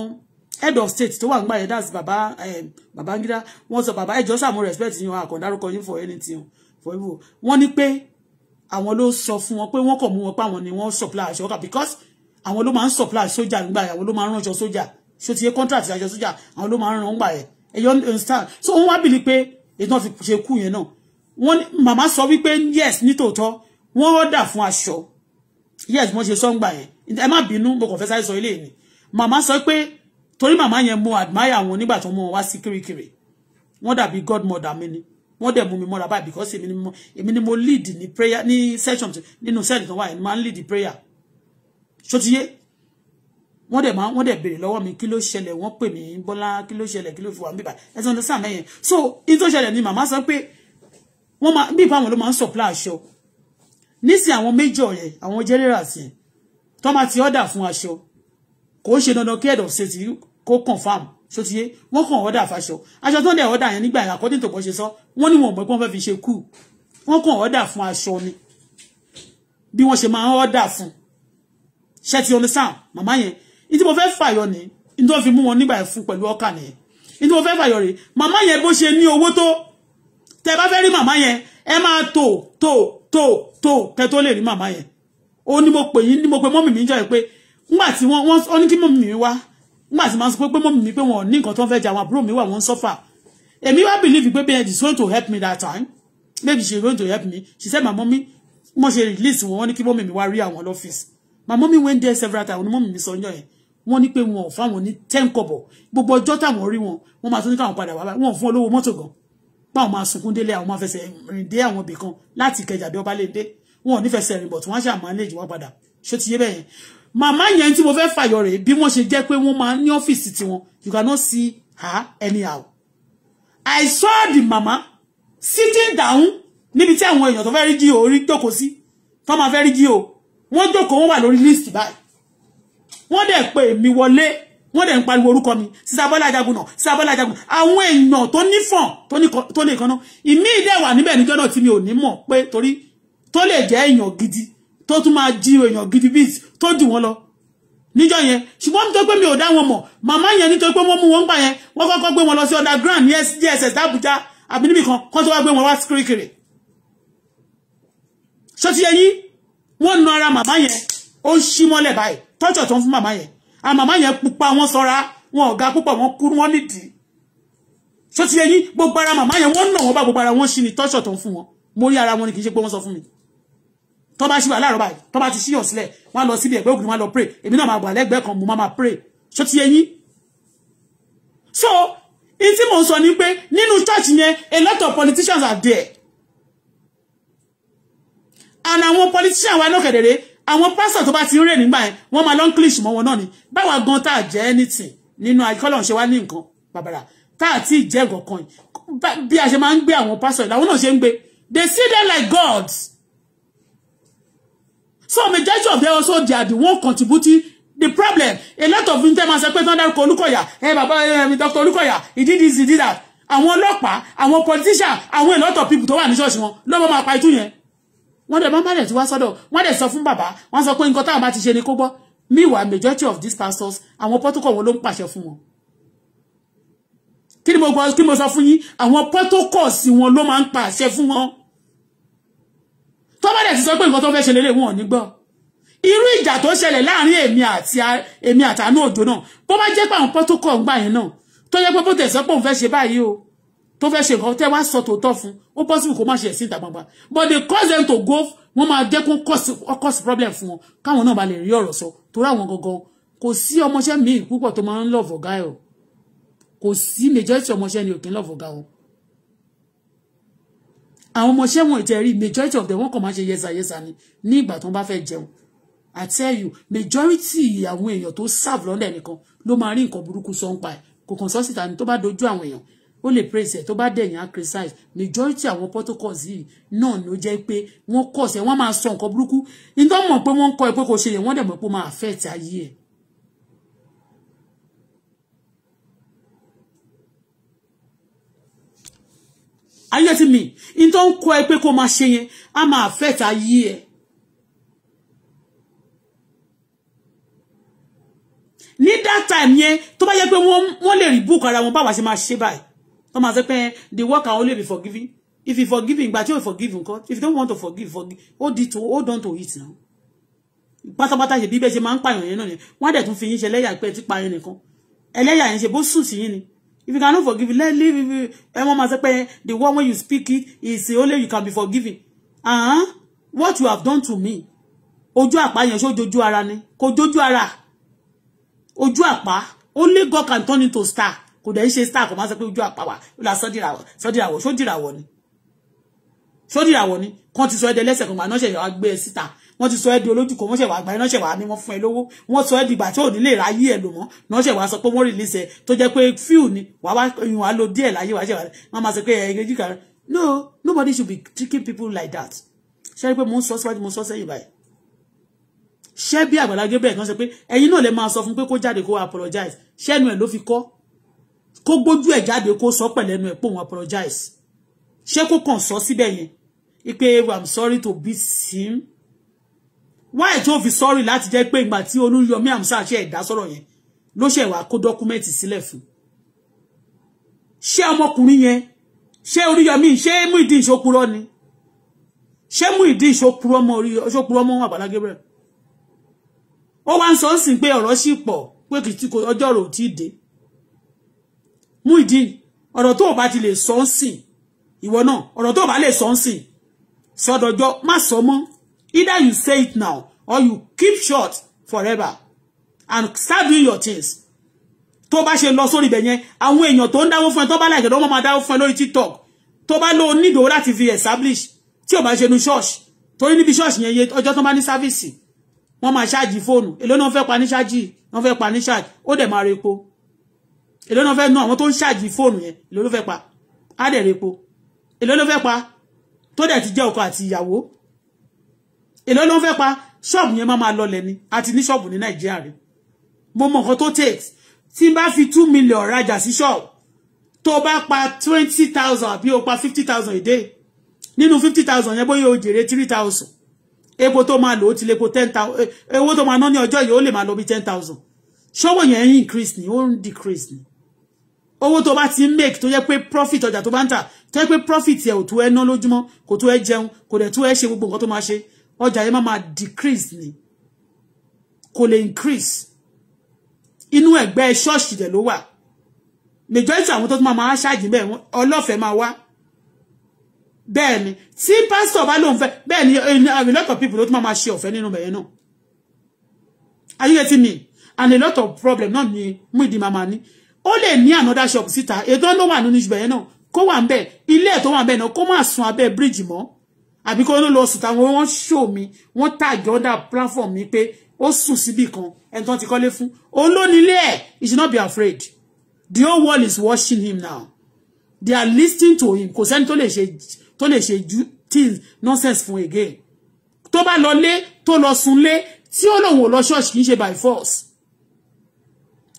head of state tó wà nígbà yẹn that's baba eh, Babangida wọ́n sọ baba ẹjọ́ sàmú respect yín àkàndárúkọ yín for anything for even wọ́n ní pé àwọn ló sọ fún wọn pé wọ́n kọ̀ mú wọn pé àwọn ni wọ́n supply aṣọ ọkà because àwọn ló máa ń supply sójà nígbà yẹn àwọn ló máa ń ránṣọ sójà ṣó ti yẹ contract aṣọ sójà àwọn ló máa ń ràn gbà yẹn ẹyọ understand so wọ́n wá bìlí pé ètò fi ṣe kú yẹn náà wọ́n màmá sọ wípé yes nítòótọ́ wọ́n rọ́dà fún aṣọ yes wọ́n ṣe sọ́ngbà yẹn ẹ má bínú mo kàn fẹ́ sáré sọ ilé mi màmá sọ pé torí màmá yẹn mo admire àwọn onígbà tó mú wọn wá sí kirikiri wọ́n dàbí godmother mi ni wọ́n dẹ̀ mú mi mọ́ra báyìí because èmi ni mo èmi ni mo lead ní prayer ní section nínú sẹ́ẹ̀lì tó wà yẹn máa ń lead prayer ṣótiyé wọ́n dẹ̀ máa wọ́n dẹ̀ béèrè lọ́wọ́ mi kí ló ṣẹlẹ̀ wọ́n pè mí bọ́lá kí ló ṣẹlẹ̀ kí ló fi wà níbà ẹ̀sìn ọ̀dọ́ sàmẹ́ yẹn so in tó ṣẹlẹ̀ ni màmá sọ pé wọ́n máa bí ìbáwọn ló máa ń supply aṣọ nísìn àwọn major yẹn àwọn generals yẹn tó máa ti order fún aṣọ kò ń ṣe dandan kí head of state kó confam so ti ye wọ́n kàn order fáṣọ aṣọ ton de order yẹn nígbà according to bó ṣe sọ wọ́n ní wọ́n mọ̀ pé wọ́n fẹ́ fi ṣe cool wọ́n kàn order fún aṣọ ni bí wọ́n ṣe máa order fún ṣé ti understand màmá yẹn in tí mo fẹ́ fàyọ ni in tó fi mú wọn nígbà fún pẹ̀lú ọkà ni in tí mo fẹ́ fàyọ rẹ̀ màmá yẹn bó ṣe ní owó tó tẹ́ bá fẹ́ rí màmá yẹn ẹ máa tò tò tò tò kẹ́ tó lè rí màmá yẹn ó ní mo pè yín ní mo pè mọ́mì mi jọ pé ńgbà tí wọ́n wọ́n ní kí mọ́mì mi wá nígbà tí màá sọ pé mọ́mì mi pé wọn ò ní nǹkan tó ń fẹ́ jẹ àwọn àbúrò mi wà wọ́n ń suffer èmi wá believe pé bẹ́ẹ̀ is going to help me that time maybe she going to help me she said my mommy wọ́n ṣe release wọn wọ́n ní kí mọ́mì mi wá rí àwọn lọ́fíìsì my mommy went there several times onímọ̀mì mi sọ yàn yẹn wọ́n ní pé wọn ò fáwọn ní ten kọ̀bọ̀ gbogbo ọjọ́ táwọn rí wọn wọ́n máa tún ní káwọn padà wá báyìí wọ́n fún olówó mọ́tò gan báwọn máa sunkún délé àwọn máa fẹsẹ̀ rìn dé àwọn ibì kan láti ìkẹjà bí ọba lè dé wọn ò ní rìn bọ̀ tí wọ́n ṣàmọ́ lè jù padà ṣé ti yé bẹ́ẹ̀ yẹn màmá yẹn tí mo fẹ́ fàyọ rẹ̀ bí wọ́n ṣe jẹ́ pé wọ́n máa ní ọ́fíìsì tiwọn you cannot see her anyhow I saw the mama sitting down níbi tí àwọn èèyàn tó fẹ́ rí jí o rí jókòó sí tó máa fẹ́ rí jí o wọ́n jókòó wọ́n wà lórí list báyìí wọ́n dẹ̀ pè mí wọlé wọ́n dẹ̀ ń pariwo orúkọ mi sísá bọ́lá ajagun náà sísá bọ́lá ajagun àwọn èèyàn tó nífọ̀n tó ní ìkànnà ìmí ìdẹ̀ wà níbẹ̀ níjọ́ náà tí mi ò ní mọ̀ pé torí tó lè jẹ́ èèyàn gidi tó tún máa jí èèyàn gidi bíi tó jù wọ́n lọ níjọ́ yẹn ṣùgbọ́n nítorí pé mi ò dá wọn mọ̀ màmá yẹn nítorí pé wọ́n mú wọn gbà yẹn wọ́n kọ́kọ́ gbé wọn lọ sí underground ní dss Àbújá àbí níbì kan kó tó wá gbé wọn wá Kirikiri ṣó ti yẹ yín wọ́n nu ara màmá yẹn ó ń ṣí mọ́lẹ̀ báyìí tọ́jọ̀ tó ń fún màmá yẹn àwọn màmá yẹn pupa wọn sọra wọn ọ̀gá púpọ̀ wọn kúrú wọn nídìí ṣó ti yẹ yín gbogbo ara màmá yẹn wọ́n nà wọn bá gbogbo ara wọn ṣí ni tọ́jọ̀ tó ń fún wọn mo rí ara wọn ni kì í ṣe pé wọ́n sọ fún mi tó bá ṣí wà báyìí tó bá ti ṣíyàn sílẹ̀ wọ́n lọ síbi ẹ̀gbẹ́ ògùn wọn lọ pray èmi náà máa wà lẹ́gbẹ̀ẹ́ kan mo máa pray ṣó ti yé so in tí mò ń sọ ni pé nínú church yẹn a lot of politicians are there and àwọn politicians wa lókèdèrè àwọn pásítọ̀ tó bá ti ń rè nígbà yẹn wọ́n máa lọ ń clish mọ́ wọn náà ni báwa gan tá a jẹ́ anything nínú àìkọ́lọ̀ ṣe wá ní nǹkan bàbàrà tá a ti jẹ́ nǹkan kan bí a ṣe máa ń gbé àwọn pásítọ̀ ìlàwọ́ náà ṣe ń gbé they see them like gods so majority of them also they are the one contributing the problem a lot of them ma sọ pé tán dárúkọ Olúkọ̀yà ẹ bàbá ẹ Dr. Olúkọ̀yà eh, eh, he did this he did that àwọn ọlọ́pàá àwọn politician àwọn a lot of people tó wà ní ṣọ́ọ̀ṣì wọn lọ́wọ́ máa pa itú yẹn wọ́n dẹ̀ máa ń bàdẹ̀ tí wá sọ́dọ̀ wọ́n dẹ̀ sọ fún bàbá wọ́n sọ pé nǹkan táwọn bá ti ṣe ni kó gbọ́ meanwhile majority of these pastors àwọn protocol wọn ló ń pàṣẹ fún wọn kí ni mo sọ fún yín àwọn protocols wọn ló máa ń pàṣẹ fún wọn tó bá dẹ̀ ti sọ pé nǹkan tó fẹ́ ṣe lélẹ̀ wọn ò ní gbọ́ irú ìjà tó ṣẹlẹ̀ láàrin èmi àti èmi àtàánú òjò náà bó bá jẹ́ pé àwọn pọ́tókọ̀ ń gbà yẹn náà tó yẹ pé bó tẹ̀sọ́ pé òun fẹ́ ṣe báyìí o tó fẹ́ ṣe nǹkan tẹ́ wá sọ tòótọ́ fún ó possible kó má ṣe ẹ̀sìn ìta gbangba but they cause them to go wọ́n máa jẹ́ cause problem fún wọn káwọn náà bá lè rí ọ̀rọ̀ sọ torí àwọn gangan kò sí ọmọṣẹ́ míì púpọ̀ tó máa ń love ọ̀gá ẹ̀ o kò sí majority ọmọṣẹ́ ni ò kí ń love ọ̀gá wọn àwọn ọmọọṣẹ́ wọn ìtẹ̀rí majority of them wọ́n kàn máa ṣe yẹsà yẹsà ni ní ìgbà tó ń bá fẹ́ jẹun I tell you majority àwọn èèyàn tó serve lọ́lẹ̀ nìkan ló máa rí nǹkan burúkú sọ ń pa ẹ̀ kò kàn sọ ni tó bá dojú àwọn èèyàn ó lè praise ẹ̀ tó bá dẹ̀yìn á criticize majority àwọn protocols yìí náà ló jẹ́ pé wọ́n kọ̀ sí ẹ̀ wọ́n máa sọ nǹkan burúkú nítorí mọ̀ pé wọ́n kọ́ ẹ pé kò ṣe yẹn wọ́n dẹ̀ mọ̀ pé ó máa affect ayé ẹ̀ are you getting me in tó ń kọ́ ẹ pé kó máa ṣe yẹn á that time yẹn tó bá yẹ pé wọ́n lè rí book ara wọn báwa ṣe máa ṣe báyìí wọ́n the work can only be forgiving if you forgiving, but tí o forgive nǹkan if you don't want to forgive forgive hold it to hold on to it now pátápátá ṣe bí bẹ́ẹ̀ ṣe máa ń pààyàn yẹn náà ni wọ́n á dẹ̀ tún fi yín ṣe ẹlẹ́yà pé ẹ ti pààyàn nìkan ẹlẹ́yà yẹn ṣe bó sùn sí yín ni if you cannot forgive let leave ẹ wọn máa sọ the one when you speak it is the only you can be forgiven uh-huh. what you have done to me Oju àpá yẹn ṣó jojú ara ni kò jojú ara Oju apa. only God can turn into star kò dẹ̀ ń star kò máa sọ pé ojú àpá wà la là sọ́dìràwọ̀ la ṣó dìràwọ̀ ni ṣó dìràwọ̀ ni kàn ti sọ ẹ̀dẹ̀ lẹ́sẹ̀ kan màá náà ṣẹ̀yà wá gbé ẹ e síta wọ́n ti sọ ẹ́ di olójúkọ wọ́n ṣẹ̀wá àgbà iná ṣẹ̀wá ni wọ́n fún ẹ lówó wọ́n sọ ẹ́ di ìgbà tí ò ní lè ráyé ẹ̀ lò mọ́ náà ṣẹ̀wá sọ pé wọ́n release ẹ tó jẹ́ pé fíù ni wàá wá yùn wá lo díẹ̀ láyé wàá ṣẹ̀wá wọ́n máa sọ pé ẹ̀ ẹ̀jú kan no nobody should be tricking people like that ṣe rí pé mo ń sọ síwájú mo sọ sẹ́yìn báyìí ṣé bí Àgbàlá Gabriel kan ṣe pé ẹ̀yin náà lè máa sọ fún pé kó jáde kó apologize ṣẹ́nu ẹ̀ ló fi kọ́ kó gbójú ẹ̀ jáde kó sọ pẹ̀lẹ́nu ẹ̀ pé òun apologize ṣé kó kàn sọ síbẹ̀ yẹn ipe i'm sorry to beat him why tó fi sorry láti jẹ́ pé ìgbà tí Olúyọmí Amsa ṣe ẹ̀dá sọ̀rọ̀ yẹn ló ṣe wá kó document sílẹ̀ fún ṣé ọmọkùnrin yẹn ṣé Olúyọmí ṣé Muideen ìṣòkúrọ́ ni ṣé Muideen ìṣòkúrọ́ mọ́ orí ìṣòkúrọ́ mọ́ wọn Àgbàlá Gabriel ó wá ń sọ sí pé ọ̀rọ̀ sì pọ̀ pé kìtì kò ọjọ́ rò tí dé Muideen ọ̀rọ̀ tó o bá ti lè sọ ń sìn ìwọ náà ọ̀rọ̀ tó o bá lè sọ ń sìn sọdọjọ́ má sọ mọ́ Either you say it now or you keep short forever and start doing your things. Tó bá ṣe lọ sórí ibẹ̀ yẹn, àwọn èèyàn tó ń dáwó fún ẹ tó bá láìkẹ́ tó máa dáwó fún ẹ lórí TikTok. Tó bá fi establish tí ò bá ṣe nu ṣọ́ọ̀ṣì. Torí níbi ṣọ́ọ̀ṣì yẹn yé ọjọ́ tó bá ní sáfíìsì. Wọ́n máa ṣáàjì fóònù. Èló náà fẹ́ pa ní ṣáàjì. Wọ́n fẹ́ pa ní charge Ó dẹ̀ máa repo. Èló náà fẹ́ ná àwọn tó ń ṣáàjì fóònù yẹn. Èló ló fẹ́ pa. Á dẹ̀ repo. Èló ló fẹ́ pa. Tó dẹ̀ ti jẹ́ ọkọ àti ìyàwó èló ló ń fẹ́ pa ṣọ́ọ̀bù yẹn má máa lọlẹ̀ ni àti ní ṣọ́ọ̀bù ní nàìjíríà rẹ̀ mo mọ nǹkan tó takes tí n fi two million rajà sí ṣọ́ọ̀bù tó bá pa twenty thousand àbí o pa fifty thousand èdè nínú fifty thousand yẹn bóyá o jèrè three thousand epo to ma lò ti le po ten thousand e, owó tó máa ná ní ọjọ́ yìí ó lè máa lọ bí ten thousand ṣọ́ọ̀bù yẹn ń increase ni ó decrease ni owó tó bá ti make to jẹ́ pé profit oja to bá ń tà tó jẹ́ profit ẹ̀ o tu e ná lójúmọ́ ko tu e jẹun ko dẹ̀ tó ẹ ṣe gbogbo nǹkan tó máa ṣe ọjà yẹn máa decrease ni kò lè increase inú ẹ̀gbẹ́ ṣọ́ọ̀ṣì dẹ̀ ló wà majority àwọn tó tún máa máa ṣáàjì bẹ́ẹ̀ wọn ọlọ́fẹ̀ẹ́ máa wá bẹ́ẹ̀ ni tí pásítọ̀ bá lóun fẹ́ bẹ́ẹ̀ ni a lot of people ló tún máa máa ṣe ọ̀fẹ́ nínú bẹ̀yẹn náà are you getting me and a lot of problem náà ni mú ìdí màmá ni ó lè ní another shop síta ètò ló wà nínú ìṣubẹ̀yẹn náà kó wà ń bẹ̀ ilé ẹ̀ tó wà ń bẹ̀ náà kó má sun abẹ́ bíríìjì mọ́ àbí kó lọ sùn táwọn wọ́n show mi wọ́n tag under platform mi pé ó sùn síbì kan ẹni tán ti kọ́lé fún òun ló nílé ẹ̀ you should not be afraid the whole world is watching him now they are listening to him kò sẹ́ni tó lè ṣe tó lè ṣe ju things nonsense fún again tó bá lọ lé tó lọ sùn lé tí ó lòun ò lọ ṣọ́ọ̀ṣì kì í ṣe by force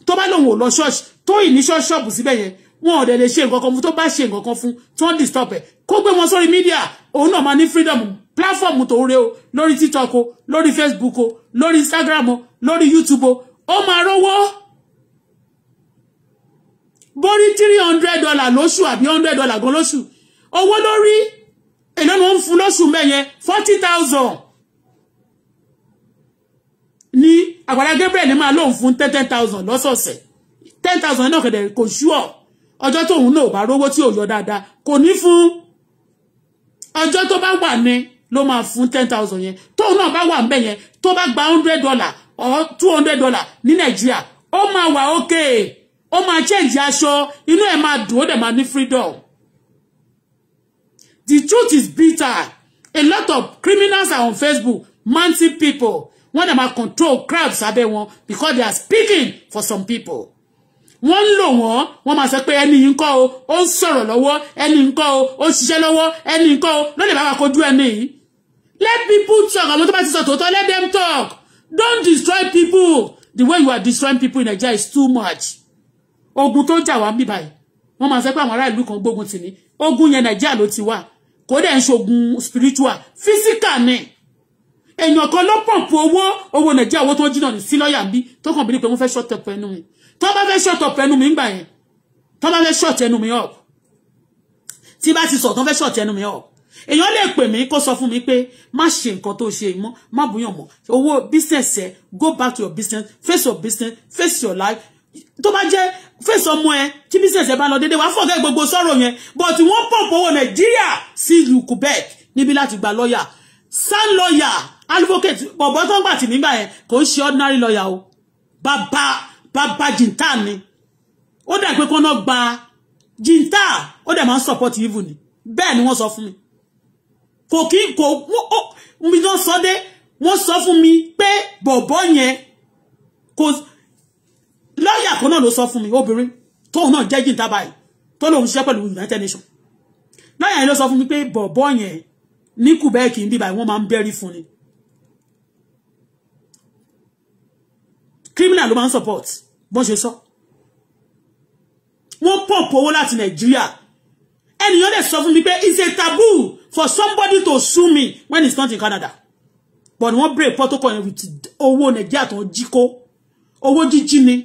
tó bá lòun ò lọ ṣọ́ọ̀ṣì tó ì ní ṣọ́ọ̀ṣọ́ọ̀bù síbẹ̀ yẹn wọn ò dẹ̀ lè ṣe nǹkan kan fún tó bá ṣe nǹkan kan fún tó ń disturb ẹ̀ kó gbé wọn sórí mídíà òun náà máa ní freedom platform tó rẹ o lórí tiktok o lórí facebook o lórí instagram o lórí youtube o ó máa rówó bórí three hundred dollar lóṣù àbí hundred dollar gan lóṣù owó lórí èlò ló ń fún lóṣù mẹ́yẹn forty thousand ní Àgbàlá Gabriel ní máa lóun fún ten ten thousand lọ́sọ̀ọ̀sẹ̀ ten thousand náà kẹ̀dẹ̀ kò ṣúọ̀ ọjọ́ tóun náà bá rówó tí ò yọ dáadáa kò ní fún ọjọ́ tó bá wà ní ló máa fún ten thousand yẹn tóun náà bá wà ń bẹ̀ yẹn tó bá gba hundred dollar or two hundred dollar ní nàìjíríà ó máa wà ókè ó máa change aṣọ inú ẹ̀ máa dùn ó dẹ̀ máa ní freedom the truth is bitter a lot of criminals are on facebook mounting people wọ́n dẹ̀ máa control crowds abẹ́ wọn because they are speaking for some people wọ́n ń lò wọ́n wọ́n máa sọ pé ẹni yìí ń kọ́ o ó ń sọ̀rọ̀ lọ́wọ́ ẹni ń kọ́ o ó ń ṣiṣẹ́ lọ́wọ́ ẹni ń o ló lè kojú ẹni yìí let people talk àwọn tó bá ti sọ tòótọ́ let them talk don't destroy people the way you are destroying people in Nigeria is too much ogun tó jà wá ń bì báyìí wọ́n máa sọ pé àwọn ará ìlú kan gbógun tì ní ogun yẹn Nàìjíríà ló ti wà kò dẹ̀ ń ṣogun spiritual physical ni èèyàn kan ló pọ̀npù owó owó Nàìjíríà owó tó ń jìnnà sí lọ́ọ̀yà ń bí tó kàn bí ni pé wọ́n fẹ́ ṣọ́tẹ̀pọ̀ ẹnu mi tó bá fẹ́ shut up ẹnu mi ńgbà yẹn tó bá fẹ́ shut ẹnu mi up tí bá ti sọ tó fẹ́ shut ẹnu mi up èèyàn lè pè mí kó sọ fún mi pé má ṣe nǹkan tó ṣe mọ́ má bùyàn mọ́ owó business ẹ go back to your business face your business face your life tó bá jẹ́ face ọmọ ẹ tí business ẹ bá lọ déédéé wàá fọ̀gẹ́ gbogbo sọ̀rọ̀ yẹn but wọ́n pọ̀pọ̀ owó nàìjíríà sí ìlú Quebec níbi láti gba lọ́ọ̀yà san lawyer, advocate bọ̀bọ̀ tó ń gbà tì nígbà yẹn kò ń ṣe ordinary lawyer. o bàbá bàbá jìntà ni ó dà pé kó náà gba jìntà ó dẹ̀ máa ń support evil ni bẹ́ẹ̀ ni wọ́n sọ fún mi kò kí kò mi náà sọ dé wọ́n sọ fún mi pé bọ̀bọ́ yẹn kò lọ́ọ̀yà kan náà ló sọ fún mi obìnrin tóun náà jẹ́ jìntà báyìí tó lóun ṣiṣẹ́ pẹ̀lú United Nations lọ́ọ̀yà yẹn ló sọ fún mi pé bọ̀bọ́ yẹn ní kùbẹ́ẹ̀kì ń bíbáyìí wọ́n máa ń bẹ́rí fún ni criminal ló máa ń support bó ṣe sọ wọ́n pump owó láti nàìjíríà ènìyàn lè sọ fún mi pé it's a taboo for somebody to sue me when it's not in Canada but wọ́n break protocol yẹn with owó nàìjíríà tó ń jí kó owó jíjí ni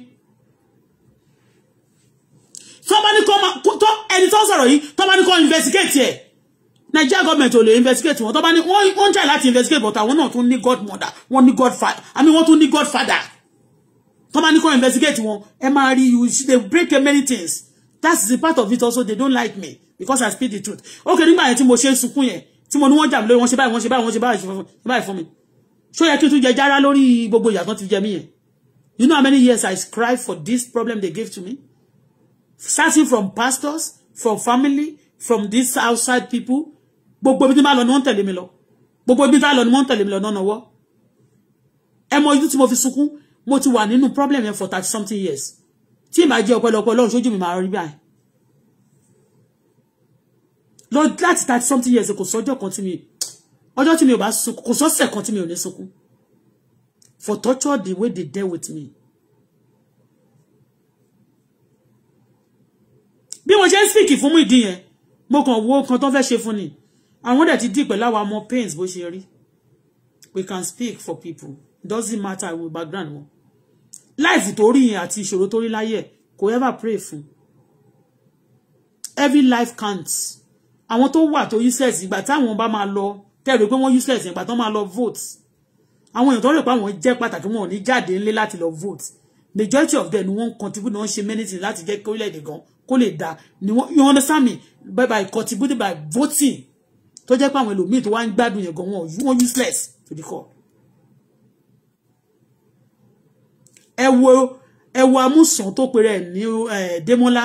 tọ́ba ní kọ́ ẹni tó ń sọ̀rọ̀ yìí tọ́ba ní kọ́ investigate ẹ̀ Nigeria government ò lè investigate wọn tọ́ba ní wọ́n ń jà láti investigate but àwọn náà tún ní godmother wọ́n ní godfather àmì wọ́n tún ní godfather tó and ní investigate One ẹ you see they break many things that's the part of it also they don't like me because I speak the truth okay nígbà yẹn tí mo ṣe ń sunkún yẹn want mo ní wọ́n jà mí lórí wọ́n ṣe báyìí wọ́n ṣe báyìí wọ́n ṣe báyìí báyìí fún mi ṣó yẹ kí n tún jẹ jára lórí you know how many years I cry for this problem they gave to me starting from pastors from family from these outside people Bobo, ibi tí máa lọ ni me, tẹ̀lé Bobo, lọ gbogbo ibi tí máa me, ni wọ́n tẹ̀lé mi lọ náà náwọ́ ẹ mọ ojú tí mo fi sunkún mo ti wà nínú problem yẹn for thirty something years tí màá jẹ́ ọ̀pọ̀lọpọ̀ Ọlọ́run sójú mi máa rí báyìí lọ láti thirty something years kò sọ́jọ́ kan tí mi ọjọ́ tí mi ò bá sunkún kò sọ́sẹ̀ kan tí mi ò ní sunkún for torture the way they deal with me. bí mo ṣe ń speak fún mú ìdí yẹn mo kàn wo kan tó fẹ́ ṣe fún ni àwọn dẹ̀ ti dì pẹ̀lú àwọn ọmọ pains bó ṣe rí we can speak for people doesn't matter our background wọn. Well life tó rí yẹn àti ìṣòro tó rí láyé kò ever pray fún every life counts àwọn tó wà tó useless ìgbà táwọn bá máa lọ tẹ́rù pé wọ́n useless ìgbà tó máa lọ vote àwọn èèyàn tó rò pé àwọn jẹ́ pàtàkì wọn ò ní jáde ńlé láti lọ vote majority of them ni wọ́n contribute náà ṣe many things láti jẹ́ kí orílẹ̀-èdè gan kó lè dáa ni wọ́n you understand me by by contributing by voting tó jẹ́ pé àwọn ẹlòmíì tó wá ń gbádùn yẹn gan wọn ò useless to the core. ẹ wo ẹ wo amúsàn tó pèrè ní Démọ́lá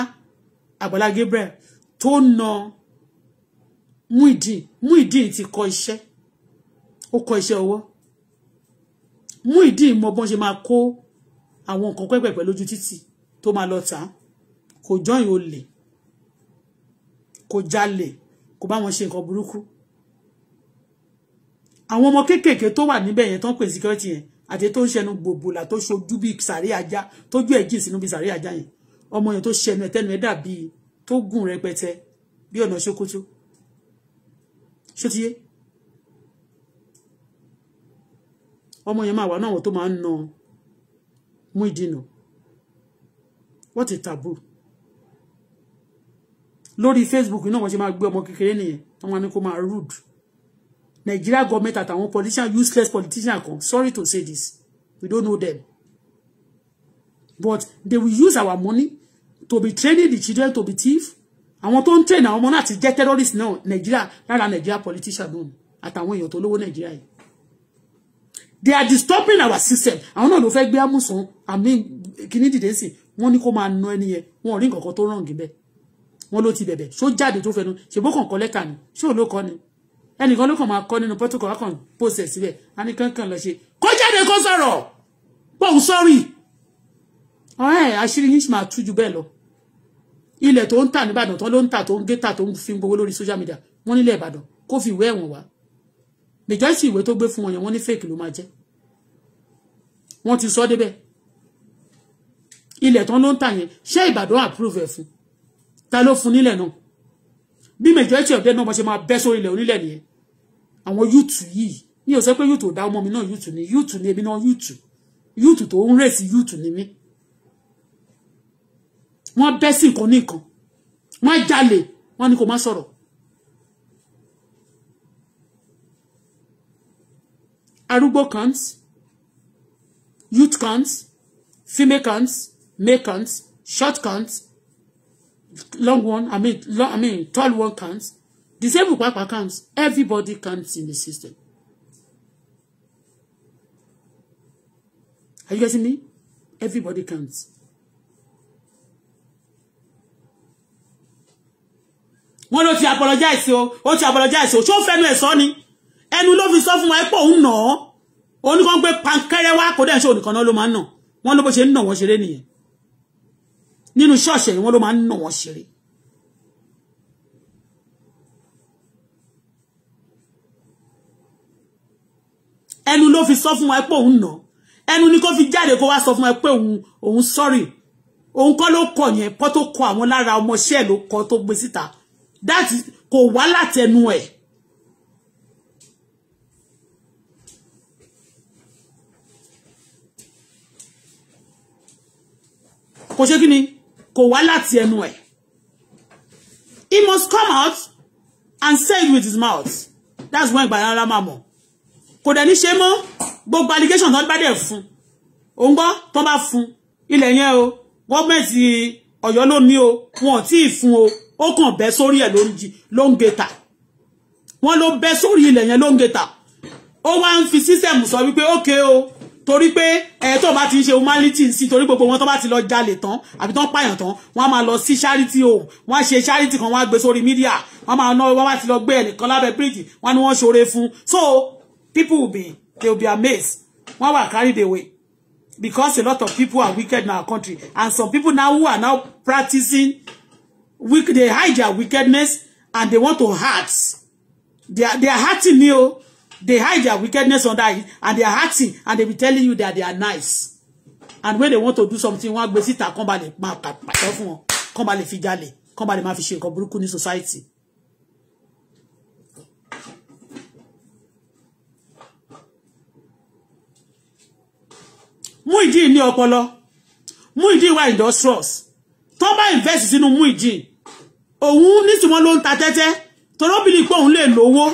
Àgbàlá Gabriel tó na Muideen Muideen ti kọ iṣẹ́ ó kọ iṣẹ́ ọwọ́ Muideen mọ bọ́n ṣe máa kó àwọn nǹkan pẹ́pẹ̀pẹ́ lójú títì tó máa lọ tà kò jọyìn olè kò jalè kò bá wọn ṣe nǹkan burúkú àwọn ọmọ kéékèèké tó wà níbẹ̀ yẹn tán pè security yẹn àti tó ń ṣẹnu gbòbòlà tó ṣojú bíi sàrí ajá tójú ẹ̀ jìn sínú bíi sàrí ajá yẹn ọmọ yẹn tó ṣẹnu ẹ̀ tẹ́nu ẹ̀ dàbí tó gùn rẹpẹtẹ bí ọ̀nà ṣókótó ṣótiyé ọmọ yẹn máa wà náà wọn tó máa ń na mú ìdìnà what a taboo lórí Facebook náà wọ́n ṣe máa gbé ọmọ kékeré nìyẹn wọ́n máa ní kó máa rude Nigeria government àtàwọn politician useless politician kan sorry to say this we don't know them but they will use our money to be training the children to be thief I want to train our money náà get jẹ́ terrorist náà Nigeria lára Nigeria politician náà àtàwọn you to know Nigeria they are disturbing our system I náà ló fẹ́ gbé amúsùn àmì kìíní dìde sí wọ́n ní kó máa na ẹni yẹn wọn ò rí nǹkan kan tó ràn gíbẹ̀ wọ́n ló ti bẹ̀bẹ̀ ṣó jáde tó fẹnu ṣèbó kàn kọ́ lẹ́tà ni ṣó ló kọ́ ẹnìkan ló kàn máa kọ́ nínú protocol wákàn pòsẹ̀ síbẹ̀ a ní kankan lọ ṣe kó jáde kó sọ̀rọ̀ bóun sọ́rí ọ̀hẹ́ àṣírí yín máa tú ju bẹ́ẹ̀ lọ ilẹ̀ tó ń tà nìbàdàn tó ló ń tà tó ń gé tà tó ń fi gbowó lórí social media wọ́n nílẹ̀ ìbàdàn kó fi ìwé ẹ̀wọ̀n wá majority ìwé tó gbé fún wọn yẹn wọ́n ní fake ló máa jẹ́ wọ́n ti sọ débẹ̀ ilẹ̀ tó ló ń tà yẹn ṣé ìbàdàn approve ẹ̀ fún ta ló fún nílẹ̀ náà bí majority ọ̀dẹ́ náà wọ́n ṣe máa bẹ́ sórí ilẹ̀ onílẹ̀ nìyẹn àwọn yúùtù yìí mi ò sọ pé yúùtù ò dá ọmọ mi náà yúùtù ni yúùtù ni èmi náà yúùtù yúùtù tó ń rèsì yúùtù ni mí wọ́n bẹ́ sí nǹkan ní nǹkan wọ́n jalè wọ́n ní kò má sọ̀rọ̀ arúgbó counts youth counts female counts male counts short counts long one i mean long, i mean tall one counts The same disabled papa counts everybody counts in the system are you getting me everybody counts wọ́n ló ti apologize o ó ti apologize o ṣó fẹnu ẹ sọ ni ẹnu ló fi sọ fún wa pé òun nà ọ oníkan pé pankẹrẹ wa kó dẹ̀ ṣe ònìkan náà ló máa ń nà wọ́n ló bó ṣe ń nà wọ́n ṣeré nìyẹn nínú ṣọ́ọ̀ṣì wọ́n ló máa ń nà wọ́n ṣeré ẹnu ló fi sọ fún wa pé òun nà ẹnu ni kó fi jáde kó wá sọ fún wa pé òun òun sorry òun kọ́ ló kọ̀ yẹn kọ́ tó kọ àwọn lára ọmọọṣẹ́ ló kọ tó gbé síta that kò wá látẹnu ẹ̀. kò ṣe kí ni kò wá láti ẹnu ẹ̀ he must come out and say it with his mouth that's when gbanara máa mọ̀ kò dẹ̀ ní ṣe mọ́ gbogbo allegation tó ń bá dẹ̀ fún òun gbọ́ tó bá fún ilẹ̀ yẹn o gọ́ọ̀mẹ̀ntì ọ̀yọ́ ló ní o wọn ò tí ì fún o ó kàn bẹ́ sórí ẹ̀ ló ń ge ta wọn ló bẹ́ sórí ilẹ̀ yẹn ló ń ge ta ó wá ń fi sísẹ̀mù sọ wípé ókè o torí pé ẹ̀ tó bá ti ń ṣe humanity sí torí gbogbo wọn tó bá ti lọ jalè tán àbí tán pààyàn tán wọn á máa lọ sí charity o wọn á ṣe charity kan wọn á gbé sórí mídíà wọn á máa ná wọn bá ti lọ gbé ẹnìkan lábẹ́ bíríìjì wọn ni wọn ṣoore fún so people will be they will be amazed we are carried away because a lot of people are wicked in our country and some people now who are now practicing weak they hide their wickedness and they want to hurt they are they are hurting you they hide their wickedness under it and they are hurting and they be telling you that they are nice and when they want to do something one gbé síta kán balẹ̀ come pàṣẹ fún wọn kán balẹ̀ the jalè kán balẹ̀ society Muyideen ní ọpọlọ Muyideen wa industrious tó bá invest sínú Muyideen òun nísìmọ́ ló ń ta tẹ́tẹ́ torọ́bìnrin pé òun lè lówó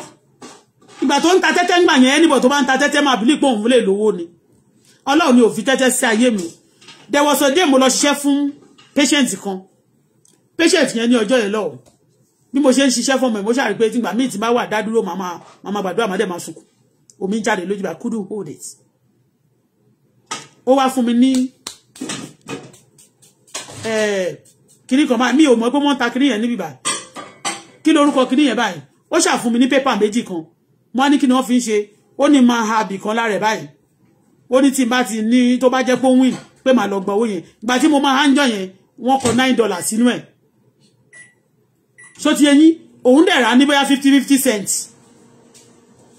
ìgbà tó ń ta tẹ́tẹ́ ń gbà yẹn ẹnìbọ̀ tó bá ń ta tẹ́tẹ́ máa bìlí pé òun lè lówó ni ọlọ́run ni ò fi tẹ́tẹ́ sí ayé mi there was a day mo lọ ṣiṣẹ́ fún patient kan patient yẹn ní ọjọ́ yẹn lọ́wọ́ bí mo ṣe ń ṣiṣẹ́ fún ọmọ ẹ̀ mo ṣàrí pé nígbà míì tí bá wà dádúró màmá màmá gbàdúrà màdẹ́ máa sunkún omi jáde lójú bá couldn't hold it ó wá fún mi ní kinní kan báyìí mi ò mọ̀ pé wọ́n kini ta kinní yẹn níbí báyìí kí lórúkọ kinní yẹn báyìí ó ṣàfún mi ní pépà méjì kan wọ́n á ní kí ni wọ́n fi ń ṣe ó ní máa ha abì kan lára ẹ̀ báyìí ó ní tí ti ní tó bá jẹ́ pé ó wìn pé màá lọ gbọ́ owó yẹn ìgbà mo máa há ń jọ yẹn wọ́n kọ nine dollars sínú ẹ̀ so ti ẹyin òun dẹ̀ rà ní bóyá fifty fifty cents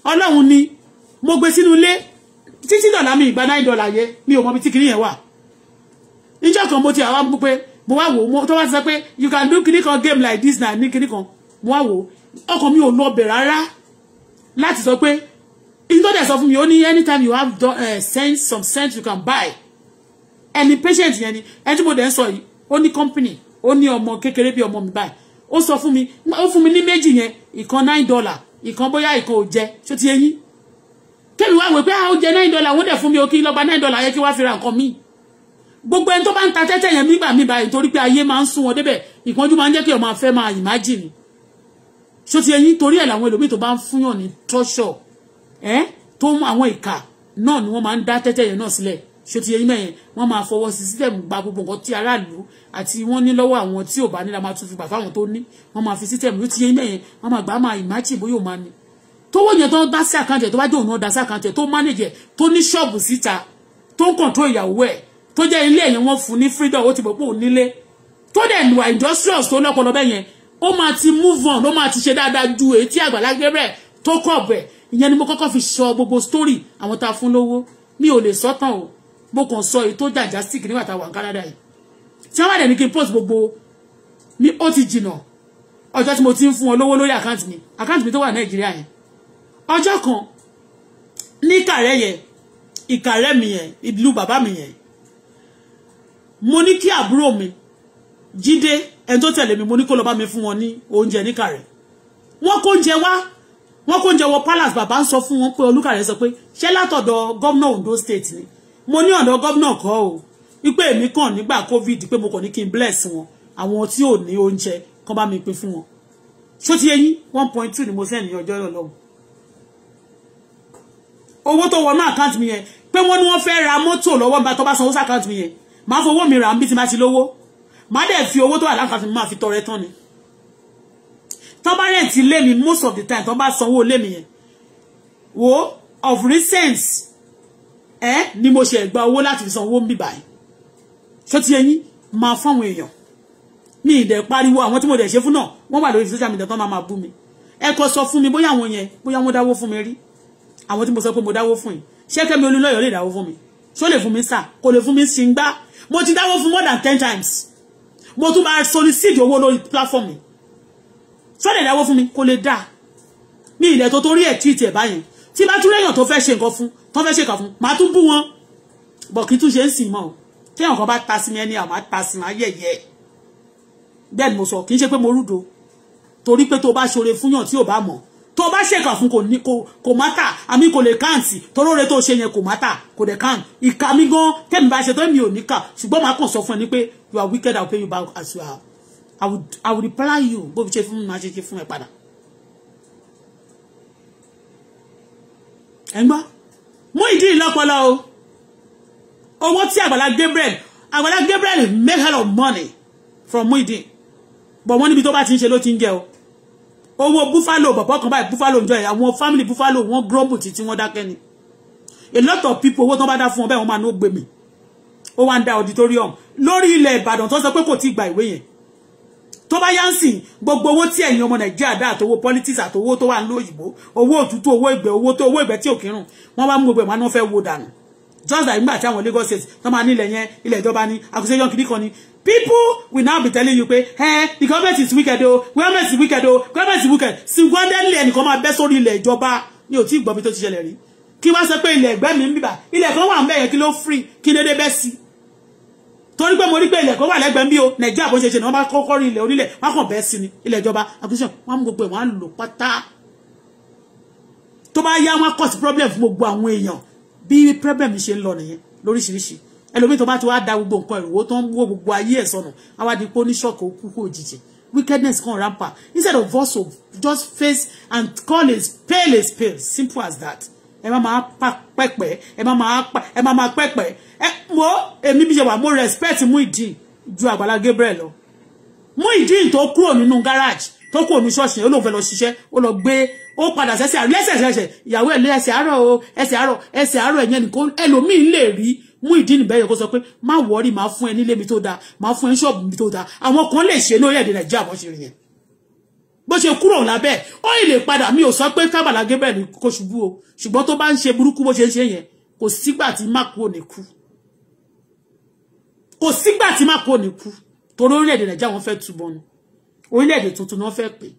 ọlọ́run ni mo gbé sínú ilé títí dọ̀là mi ìgbà nine dollar yẹn mi ò mọ ibi tí kìnìyẹn wà níjọ́ kan mo ti àwa mú pé mo wá wò ó tó wá sọ pé you can do kìnì kan game like this na ní kìnì kan mo wá wò ó ọkàn mi ò lọ bẹ̀ rárá láti sọ pé ìtọ́jà sọ fún mi ó ní anytime you have do, uh, sense some sense you can buy ẹni patient yẹn ni ẹni tí mo dẹ̀ ń sọ yìí ó ní company ó ní ọmọ kékeré bí ọmọ mi báyìí ó sọ fún mi ó fún mi ní méjì yẹn ìkan nine dollar ìkan bóyá ìkan ò jẹ ṣó ti yẹ yín tẹ́mi wá wò pé ah, ó jẹ nine dollar wọ́n dẹ̀ fún mi ó kí lọ́ba nine dollar yẹ kí wá fi ra nǹkan míì gbogbo ẹni tó bá ń ta tẹ́tẹ́ yẹn nígbà míì báyìí torí pé ayé máa ń sún wọn débẹ̀ ìpọ́njú máa ń jẹ́ kí ọmọ afẹ́ máa imagine ṣó ti ẹyin torí ẹ̀ làwọn ẹlòmíì tó bá ń fúnyàn ní tọ́ṣọ̀ ẹ́ tó mú àwọn ìka náà ni wọ́n máa ń dá tẹ́tẹ́ yẹn náà sílẹ̀ ṣó ti ẹyin mẹ́yẹn wọ́n máa fọwọ́ sí sítẹ̀mù gba gbogbo nǹkan tí aráàlú àti wọ́n ní lọ́wọ́ àwọn tí ò bá ní la máa tún fi gbà fáwọn tó ní wọ́n máa fi sítẹ̀mù ló ti ẹyin mẹ́yẹn wọ́n máa gbà máa imagine bóyá ò máa ní tówó yẹn tó ń dá sí àkáǹtì ẹ̀ tó bá jẹ́ òun náà dá sí àkáǹtì ẹ̀ tó mánéjì ẹ̀ tó ní ṣọ́ọ̀bù síta tó ń kọ̀ǹtró ìyàwó ẹ̀ tó jẹ́ ilé ẹ̀yẹn wọ́n fún ní freedom ó ti bọ̀ pé òun nílé tó dẹ̀ lùwà industrials tó lọ́pọlọ bẹ́ẹ̀ yẹn ó máa ti move on ó máa ti ṣe dáadáa ju èyí tí Àgbàlá Gabriel tó kọ̀ bẹ̀ ìyẹn ni mo kọ́kọ́ fi sọ gbogbo story àwọn tá a fún lówó mi ò lè sọ tán o mo kàn sọ èyí tó jàjà stick nígbà tá a wà ní Canada yìí tí wọ́n bá dẹ̀ ní kí n post gbogbo mi ó ti jìnà ọjọ́ tí mo ti ń fún wọn lówó lórí àkáǹtì mi àkáǹtì mi tó wà Nàìjíríà yẹn ọjọ́ kan ní kàrẹ́ yẹn ìkàrẹ́ mi yẹn ìlú bàbá mi yẹn mo ní kí àbúrò mi jíde ẹni tó tẹ̀lé mi mo ní kó lọ bá mi fún wọn ní oúnjẹ ní kàrẹ́ wọ́n kó oúnjẹ wá wọ́n kó oúnjẹ wọ palace bàbá ń sọ fún wọn pé olúkàrẹ́ sọ pé ṣé látọ̀dọ̀ gómìnà Ondo state ni mo ní ọ̀dọ̀ gómìnà kọ́ o wípé èmi kàn nígbà covid pé mo kàn ní kí n bless wọn àwọn tí ò ní oúnjẹ kan bá mi pín fún wọn ṣó ti yẹ yín one point two ni mo sẹ́ni ọjọ́ ìrọ̀lọ́wọ́ owó tó wọnú àkáǹtì mi yẹn pé wọ́n ní wọ́n fẹ́ ra mọ́tò lọ́wọ́ gba tó bá sanwó sàkáǹtì mi yẹn máa fowó mi rà ń bí ti máa ti lówó máa dẹ̀ fi owó tó wà láǹkàtì mi máa fi tọrẹ tán ni tó bá rẹ̀ǹtì ilé mi most of the time tó bá sanwó ilé mi yẹn wo of recent ẹ ni mo ṣe gba owó láti fi san owó ń bì báyìí ṣó ti yẹn yín máa fáwọn èèyàn mi ì dẹ̀ pariwo àwọn tí mo dẹ̀ ṣe fún náà wọ́n wà lórí social media tán máa máa bú mi ẹ kọ sọ fún mi bóyá àwọn yẹn bóyá wọ́n dáwó fún mi rí àwọn tí mo sọ pé mo dáwó fún yìí ṣẹ́kẹ́mi olúlọ́yọ̀ lè dáwó fún mi ṣó lè fún mi sà kò lè fún mi sí gbá mo ti dáwó fún more than ten times mo tún máa solicit owó lórí platform mi ṣó lè dáwó fún mi kò lè dà mi ilẹ̀ tó torí ẹ̀ tí ì tiẹ̀ báyẹn tí bá tún lẹ́yìn tó fẹ́ ṣe nǹkan fún tó fẹ́ ṣe kà fún màá tún bú wọn bọ̀ kí tún ṣe ń sìn mọ́ téèyàn kan bá ta sí mi ẹni àmọ́ ta sí máa yẹ̀yẹ́ bẹ́ẹ̀ ni mo sọ kì í ṣe pé mo rúdo torí pé tó bá ṣoore fúnyàn tí ò bá mọ̀ tó bá ṣèkà fún kò ní kò mátà àmì kò lè káǹtì toróore tó ṣe yẹn kò mátà kò dẹ̀ káǹtì ìka mi gan tẹ́mi bá ṣe tó mi ò ní kà ṣùgbọ́n màá kàn sọ fún ẹ ní pé you are wicked I pay you back as you are I will, I will reply you bó fi ṣe fún mi máa ṣe ṣe fún ẹ padà. ẹ ń gbọ́ mú ìdí ìlọ́pọlọ o owó tí Àgbàlá Gabriel Àgbàlá Gabriel make a lot of money from Muyideen but wọ́n níbi tó bá ti ń ṣe ló ti ń jẹ o owó búfálò bọ̀bọ̀ kan báyìí búfálò ń jọ ẹ̀ àwọn fámìlì búfálò wọn gírọ́bù títí wọn dákẹ́ ni a lot of people owó tán bá dá fún wọn bẹ́ẹ̀ wọ́n máa ní ó gbé mi ó wá ń da auditorium lórí ilẹ̀ ìbàdàn tó sọ pé kò tí ì gba ìwé yẹn tó bá yá ń sìn gbogbo owó tí ẹ̀yin ọmọ nàìjíríà dá àtowó politics àtowó tó wà ń lo òyìnbó owó òtútù owó ìgbẹ́ owó tó owó ìgbẹ́ tí ò kírun wọ́n bá mú gbogbo ẹ̀ máa ń fẹ́ wo dànù just like nígbà tí àwọn Lagos state tó máa ní ilẹ̀ yẹn ilẹ̀ ìjọba ní accusation kìíní People will now be telling you pé eh, the government is wicked o government is wicked o government is wicked single-handedly ẹnìkan máa bẹ́ sórí ilẹ̀ ìjọba ní ò tí ì gbọ́ bí tó ti ṣẹlẹ̀ rí kí wá sọ pé ilẹ̀ ẹ̀gbẹ́ mi ń bíbà ilẹ̀ kan wà ń bẹ̀yẹ kí ló free kí dédé bẹ́ sí torí pé mo rí pé ilẹ̀ kan wà lẹ́gbẹ̀ẹ́ mi o nàìjíríà bó ṣe ṣe ni wọ́n bá kọ́kọ́ rí ilẹ̀ onílẹ̀ wọ́n kàn bẹ́ sí ni ilẹ̀ ìjọba acquisition wọ́n mú gbogbo ẹ̀ wọ́n á lò pátá tó bá yá wọ́n á cause problem fún gbogbo àwọn èèyàn bí problem ṣe ń lọ nìyẹn lóríṣiríṣi ẹlòmíì tó bá ti wá da gbogbo nǹkan ìrùwó tó ń wó gbogbo ayé ẹ̀ sọnù awádìí pé ní ṣọ́ọ̀kì òkúkú òjijì wickedness kan rampa instead of us of just face and call a spade a spade simple as that ẹ má máa pa pẹ́pẹ́ ẹ má máa pa ẹ má máa pẹ́pẹ́ ẹ mo èmi bí ṣe wà mo respect Muyideen ju Àgbàlá Gabriel lọ Muyideen tó kúrò nínú garage tó kúrò ní ṣọ́ọ̀ṣì ó lóun fẹ́ lọ ṣiṣẹ́ ó lọ gbé ó padà sẹ́sẹ̀ lẹ́sẹ̀ lẹ́sẹ̀ ìyàwó ẹ̀ lẹ́sẹ̀ àárọ̀ ẹsẹ̀ àárọ̀ ẹsẹ̀ àárọ̀ ẹ̀yẹn nìkan ẹlòmíín lè rí mú ìdí nìbẹ́ yẹ kó sọ pé má wọ́ọ̀rì máa fún ẹ nílé mi tó dáa máa fún ẹ ṣọ́ọ̀bù mi tó dáa àwọn kan lè ṣe lórí èdè nàìjíríà bó ṣe rí yẹn bó ṣe kúrò lábẹ́ ó lè padà mi ò sọ pé kábàlà gébẹ̀ ni kò ṣubú o ṣùgbọ́n tó bá ń ṣe burúkú bó ṣe ń ṣe yẹn kò sígbà tí má kú ò ní kú kò sígbà tí má kú ò ní kú torí orílẹ̀-èdè nàìjíríà wọ́n fẹ́ túbọ̀ ni orílẹ̀-èdè tuntun ni wọ́n fẹ́ pè é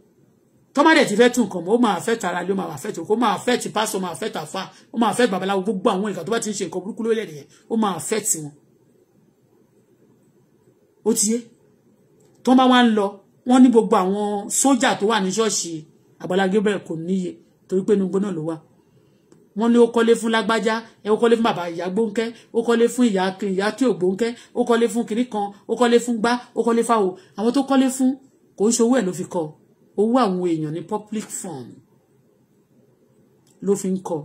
tọ́mádẹ̀ ti fẹ́ tún nǹkan mọ́ ó máa fẹ́ tara lé ó máa fẹ́ tó kó máa fẹ́ ti pásọ máa fẹ́ tàfa ó máa fẹ́ babaláwo gbogbo àwọn ìkà tó bá ti ń ṣe nǹkan burúkú lórílẹ̀ nìyẹn ó máa fẹ́ tì wọn. ó ti yé tó bá wá ń lọ wọ́n ní gbogbo àwọn sójà tó wà ní ṣọ́ọ̀ṣì Agbala Gabriel kò níye torí pé inú gbóná ló wà wọ́n ní ó kọ́lé fún lágbájá ẹ ó kọ́lé fún bàbá ìyá gbóńkẹ́ ó kọ́lé fún ìyá owó àwọn èèyàn ní public fund ló fi ń kọ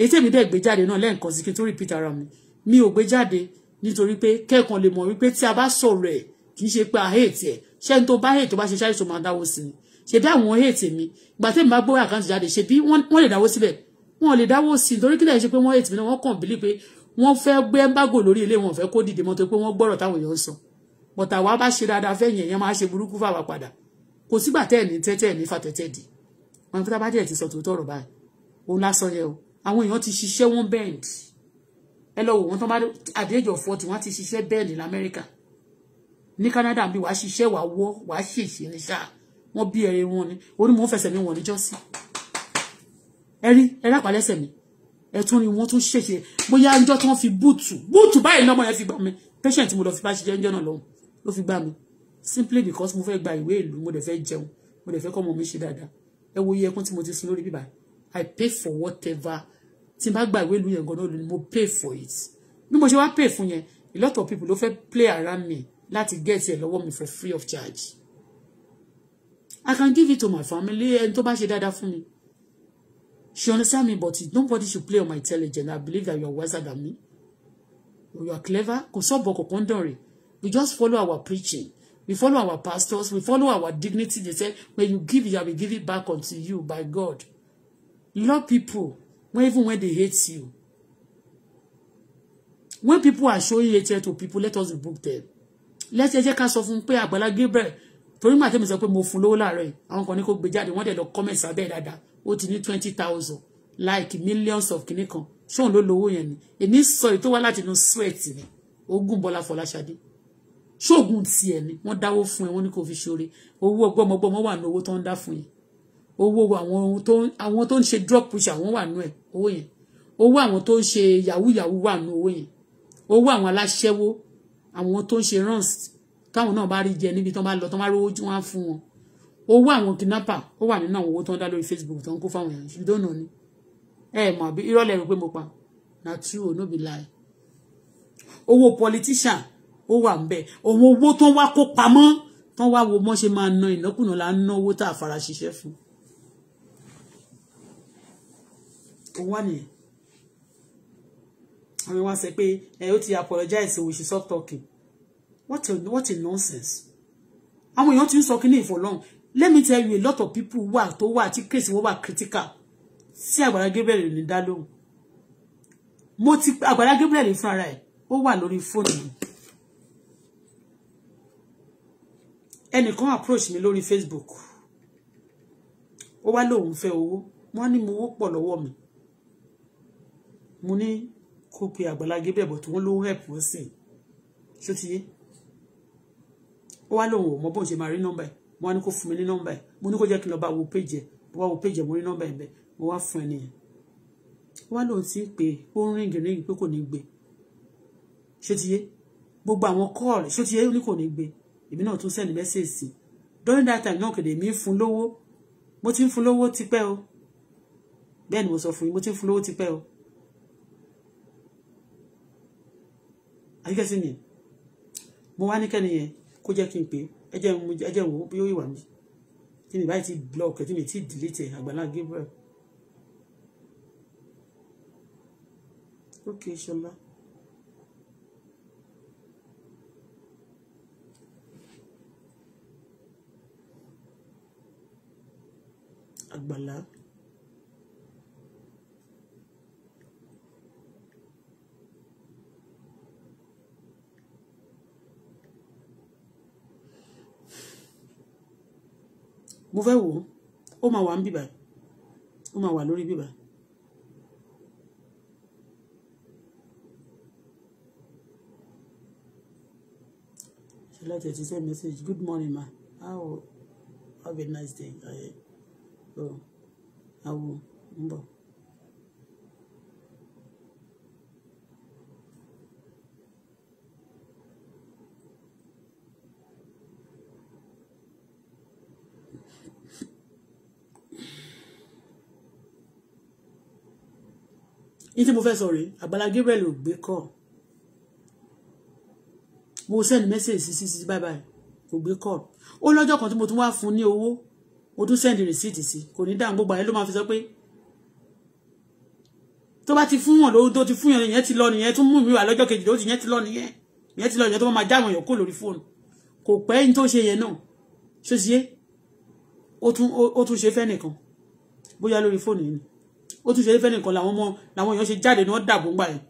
èyí tèmi dẹ̀ gbé jáde náà lẹ́ǹkan sí kí n tó repeat ara mi mi ò gbé jáde nítorí pé kẹ́ẹ̀kan lè mọ̀ wípé tí a bá sọ̀rọ̀ ẹ̀ kì í ṣe pé a hate ẹ̀ ṣé n tó bá hate tó bá ṣe ṣáà máa dáwó sí ni ṣe bí àwọn hate mi ìgbà tèmi bá gbówó àkáǹtì jáde ṣe bí wọ́n lè dáwó síbẹ̀ wọ́n lè dáwó sí i torí kílẹ̀ ṣe pé wọ́n hate mi náà wọ́n kàn bílí pé wọ́n fẹ́ gbé ẹ́ńbágò lórí ilé wọn fẹ́ kó dìde mọ́tò pé wọ́n gbọ́rọ̀ táwọn èèyàn sọ bọ̀tà wa bá ṣe dáadáa fẹ́yìn èèyàn máa ṣe burúkú fáwa padà kò sígbà tẹ́ ẹ̀ ní tẹ́tẹ́ ẹ̀ ní fàtẹ́tẹ́ di wọn fi tábàdì ẹ̀ ti sọ tòótọ́ ọ̀rọ̀ báyìí òun lásán yẹ o àwọn èèyàn ti ṣiṣẹ́ wọn bend. ẹ lọ wò wọn tán bá at the age of forty wọn ti ṣiṣẹ́ bend lamẹ́ríkà ní Canada bí wàá ṣiṣẹ́ wàá wọ́ wàá ṣèṣe ní ṣáà wọ́n bí ẹ̀rẹ̀ wọn ni orí mò ń fẹsẹ̀ mi wọ̀n níjọ́sí ẹ̀rí ẹ̀rá pàlẹ́sẹ̀ mi ẹ̀tún ni wọ́n tún ṣèṣe bóyá ẹjọ́ tí wọ́n fi búùtù búùtù báyìí lọ́mọ yẹn fi gbà mí patient mo lọ fi bá ṣiṣẹ́ ẹjọ́ náà lọ́hùn ló fi gbà mí simply because mo fẹ́ gba ìwé ìlú mo dẹ̀ fẹ́ jẹun mo dẹ̀ fẹ́ kọ́ ọmọ mi ṣe dáadáa ẹ wo iye ẹkún tí mo ti sun lórí bíbá i pay for whatever tí n bá gba ìwé ìlú yẹn gan-an lónìí mo pay for it bí mo ṣe wá pay fún yẹn a lot of people ló fẹ́ play around me láti get ẹ̀ lọ́wọ́ mi for free of charge i can give it to my family ẹni tó bá ṣe dáadáa fún mi she understand me but nobody should play on my intelligence i believe that you are wiser than me you are clever kò sọ́ọ̀bù ọkọ̀ kan dàn just follow our preaching We follow our pastors. We follow our dignity. They say, when you give, you will give it back unto you by God. Love people, even when they hate you. When people are showing hatred to people, let us rebuke them. Let us ká from prayer. But Agbala Gabriel. Torí màá tẹ́mi sọ pé I'm going to láàárọ̀ yìí. Àwọn kan ní kó gbé jáde, wọ́n dẹ̀ lọ comment sábẹ́ dáadáa. Ó ti ní twenty thousand like millions of kìnnìkan. So ló lówó yẹn ni. Èmi sọ èyí tó wá láti inú sweat ni. Ogun Bọ́lá Fọláṣadé ṣoògùn tiẹ̀ ni wọ́n dáwó fún ẹ wọ́n ní kò fi ṣoore owó ọgbọ́mọgbọ́mọ wà ní owó tó ń dá fún yẹn owó àwọn tó ń ṣe drug push àwọn wà nú ẹ̀ owó yẹn owó àwọn tó ń ṣe yahoo yahoo wà nú owó yẹn owó àwọn aláṣẹ́wó àwọn tó ń ṣe runs táwọn náà bá rí jẹ níbi tó bá lọ tó bá rówó tí wọ́n á fún wọn owó àwọn kidnapper ó wà nínú àwọn owó tó ń dá lórí Facebook tó ń kó fáwọn èèyàn you don't know ni ẹ mọ̀ àbí irọ́ lẹ́rù pé mo pa na true no be lie owó politician ó wà ń bẹ̀ òun owó tó ń wá kó pamọ́ tó ń wá wo mọ́ ṣe máa na ìnákùná là ń ná owó tá a fara ṣiṣẹ́ fún. òun wà nìyẹn àwọn wá sọ pé ẹ ó ti apologize we should stop talking what a what a nonsense àwọn èèyàn ti ń sọ kíní for long let me tell you a lot of people wà tó wà tí case wọn wà critical sí Agbala Gabriel ò ní dá lóhùn mo ti Agbala Gabriel fúnra rẹ̀ ó wà lórí fóònù mi. ẹnìkan approach mi lórí Facebook ó wá lóun fẹ́ owó wọ́n ní mo wó pọ̀ lọ́wọ́ mi mo ní kó pe Àgbàlá Gabriel bọ̀ tí wọ́n ló help wọ́n sì ṣó ti yé ó wá lóun ò mọ bóun ṣe máa rí nọ́mbà ẹ̀ wọ́n ní kó fún mi ní nọ́mbà ẹ̀ mo ní kó jẹ́ kí n lọ bá wo péjì ẹ̀ mo wá wo péjì ẹ̀ mo rí nọ́mbà ẹ̀ bẹ́ẹ̀ mo wá fún ẹ nìyẹn ó wá lóun ti pè ó ń ríngì ríngì pé kò ní gbé ṣó ti yé gbogbo àwọn kọ́ọ̀lù ṣó ti yé ó ní kò ní gbé èmi náà tún send message sí during that time náà kò lè mí fún lówó mo ti ń fún lówó tipẹ́ o bẹ́ẹ̀ ni mo sọ fún yín mo ti ń fún lówó tipẹ́ o àyíkẹ́sí mi mo wá ní kẹ́ni yẹn kó jẹ́ kí n pè é ẹ jẹ́ wo bí ó ìwà mi tí mi báyìí ti block ẹ tí mi ti delete ẹ Àgbàlá Gabriel ok ṣọlá. àgbàlá mo fẹ́ wò ó máa wà ń bíbà ó máa wà lórí bíbà. Ṣọlá tẹ̀sí send message good morning ma how have a nice day. So awo ń bọ̀. ní tí mo fẹ́ sọ rèé Àgbàlá Gabriel ò gbé kọ́ mo send message sí sí bye bye kò gbé kọ́ ó lọ́jọ́ kan tí mo tún wá fún ní owó o tún send receipt sí kò ní dáhùn gbogbo àyè ló máa fi sọ pé tó bá ti fún wọn lówó tó ti fún yẹn yẹn ti lọ nìyẹn tún mú mi wà lọ́jọ́ kejì lówó ti yẹn ti lọ nìyẹn yẹn ti lọ nìyẹn tó máa já àwọn èèyàn kó lórí fóònù kò pẹ́ ní tó ṣe yẹn náà ṣó ṣe ó tún ṣe fẹ́ nìkan bóyá lórí fóònù yìí ni ó tún ṣe fẹ́ nìkan làwọn ọmọ làwọn èèyàn ṣe jáde ní wọ́n dàbò ńgbà yẹn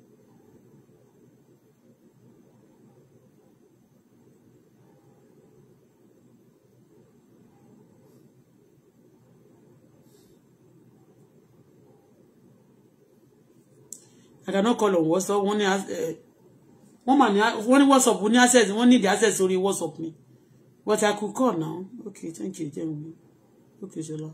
I cannot call on WhatsApp One eh, has, wọ́n mà ní wọ́n ní WhatsApp ní access One need the access orí WhatsApp me. but I could call now okay thank you Thank you. okay Jola.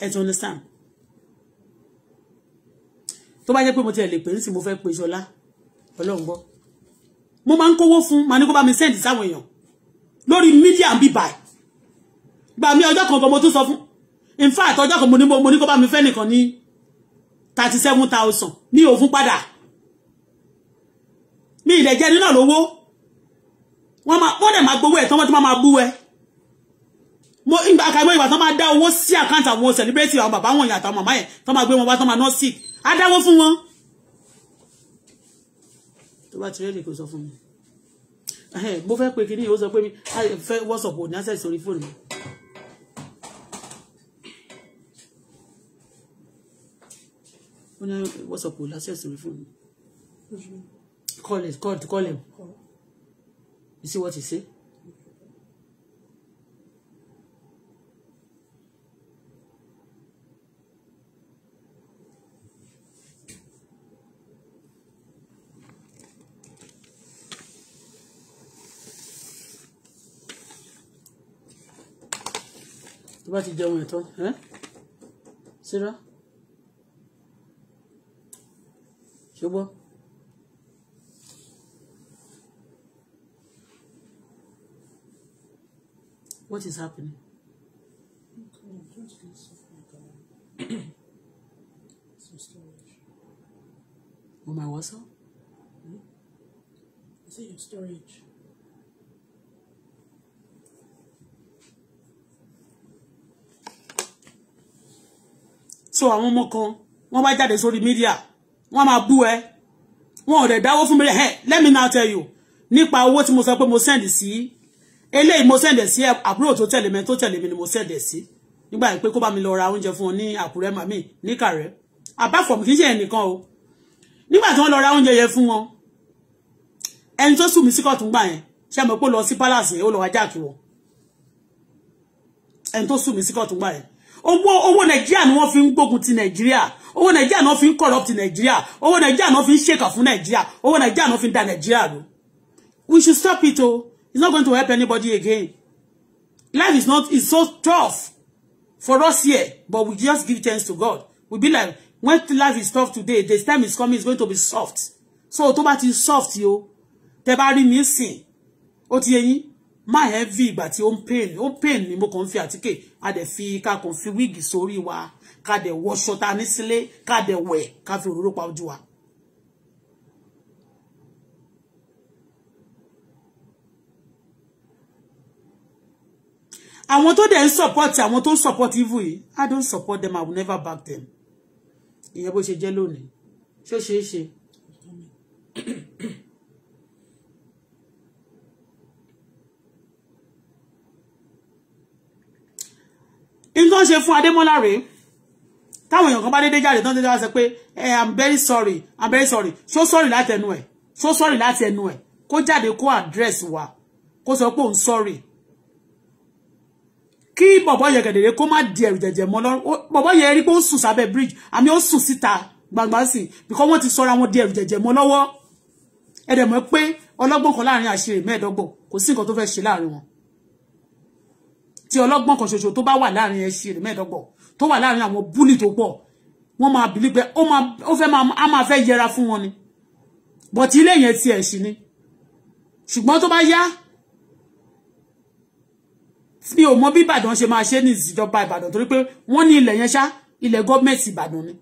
I eh, don't understand tó bá jẹ́ pé mo tiẹ̀ lè pè é sì mo fẹ́ pe ṣọlá ọlọ́run gbọ́ mo máa ń kówó fún màá ní kó bá mi sẹ́ǹdì sáwọn èèyàn lórí mídíà ń bíbà gbà mí ọjọ́ kan mo tún sọ fún in fact ọjọ́ kan mo ní mo ní kó bá mi fẹ́ nìkan ní thirty seven thousand mi ò fún padà mi ìlẹ̀ jẹ́ nínà lówó wọ́n máa wọ́n dẹ̀ máa gbowó ẹ̀ tán wọ́n tún máa bú ẹ mo ìgbà àkàìmọ̀ ìgbà tán máa dá owó sí àkáǹtì àwọn celebrate àwọn bàbá wọn ìyàtọ̀ màmá yẹn tán máa gbé wọn wá tán máa nọ́ọ̀sì á dáwó fún wọn tó bá ti rẹ́ẹ̀dì kò sọ fún mi mo fẹ́ pe kínní ó sọ pé mi fẹ́ wọ́sọ̀pù ní access orí fóònù mi. ní wọ́sọ̀pù ní access orí fóònù mi. call it call it call him you see what he say. tó bá ti jẹun ẹ̀tọ́ ẹ́ síra ṣùgbọ́n. What is happening? Oh my WhatsApp? Hmm? Is it your storage? so àwọn ọmọ kan wọ́n bá jáde sórí mídíà wọ́n máa bú ẹ wọn ò dẹ̀ dáwó fún mi ẹ let me now tell you nípa owó tí mo sọ pé mo send sí eléyìí mo send sí àbúrò tó tẹ̀lé mi tó tẹ̀lé mi ni mo send sí nígbà pé kó bá mi lọ ra oúnjẹ fún ọ ní àkúrẹ́ màmí níkàrẹ́ àbáfọ̀mù kì í ṣe ẹnìkan o nígbà tí wọ́n lọ ra oúnjẹ yẹn fún wọn ẹni tó sùn mí sí kọ̀tún gbà yẹn ṣe mọ̀ pé ó lọ sí palace yẹn ó lọ wá jáàkì wọ̀ ẹni tó sùn mí sí kọ̀tún gbà yẹn owó owó nàìjíríà ni wọ́n fi ń gbógun ti nàìjíríà owó nàìjíríà náà fi ń corrupt nàìjíríà owó nàìjíríà náà fi ń ṣèkà fún nàìjíríà owó nàìjíríà náà fi ń da nàìjíríà ro we should stop it o oh. it's not going to help anybody again life is not It's so tough for us here but we just give thanks to God we be like when life is tough today the time is coming it's going to be soft so tó bá ti soft yo tẹ́ bá rí mi sìn ó ti yé yín máa heavy ìgbà tí ó ń pain ó pain ni mo kàn fi àtíkè a dẹ̀ fi ká kàn fi wíìgì sórí wa ká dẹ̀ wọṣọ ta ní sílé ká dẹ̀ wẹ̀ ká fi òróró pa ojú wa. àwọn tó dẹ̀ ń support àwọn tó ń support evil yìí i don't support them i will never back them ìyẹn bó ṣe jẹ́ lónìí ṣó ṣeé ṣe. in tó ń ṣe fún Adémọ́lá rèé táwọn èèyàn kan bá dédé jáde tán dédé wá sọ pé "Hey, eh, i'm very sorry i'm very sorry so sorry láti ẹnu ẹ so sorry láti ẹnu ẹ kó jáde kó address wa kó sọ pé òun sorry kí bọ̀bọ̀ yẹ gẹ̀dẹ̀rẹ̀ kó má di ẹ̀rù jẹ̀jẹ̀ mọ́ lọ́rùn bọ̀bọ̀ yẹ rí pé ó sùn sábẹ́ bridge àmì ó sùn síta gbangba sí because wọ́n ti sọra wọn di ẹ̀rù jẹ̀jẹ̀ mọ́ lọ́wọ́ ẹ̀dẹ̀ mọ̀ pé ọlọ́gbọ́n kan láàrin àṣírí mẹ́ẹ̀ẹ́dọ́gbọ̀n kò sí nǹkan tó fẹ́ ṣe láàrin wọn tí ọlọ́gbọ́n kan ṣoṣo tó bá wà láàrin ẹṣin rẹ̀ mẹ́ẹ̀dọ́gbọ̀n tó wà láàrin àwọn búlì tó pọ̀ wọ́n máa bìlí pé ó fẹ́ máa fẹ́ yẹra fún wọn ni but ilé yẹn ti ẹ̀ṣin ni ṣùgbọ́n tó bá yá mi ò mọ bí Ìbàdàn ṣe máa ṣe ní ìjọba Ìbàdàn torí pé wọ́n ní ilẹ̀ yẹn ṣá ilẹ̀ gọ́ọ̀mẹ̀ntì Ìbàdàn ni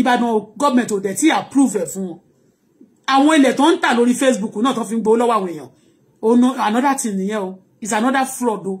Ìbàdàn gọ́ọ̀mẹ̀ntì ò dẹ̀ tí approve ẹ̀ fún wọn àwọn ilẹ̀ tó ń tà lórí Facebook náà tó fi ń gbowó lọ́wọ́ àwọn another thing nìyẹn o is another fraud though.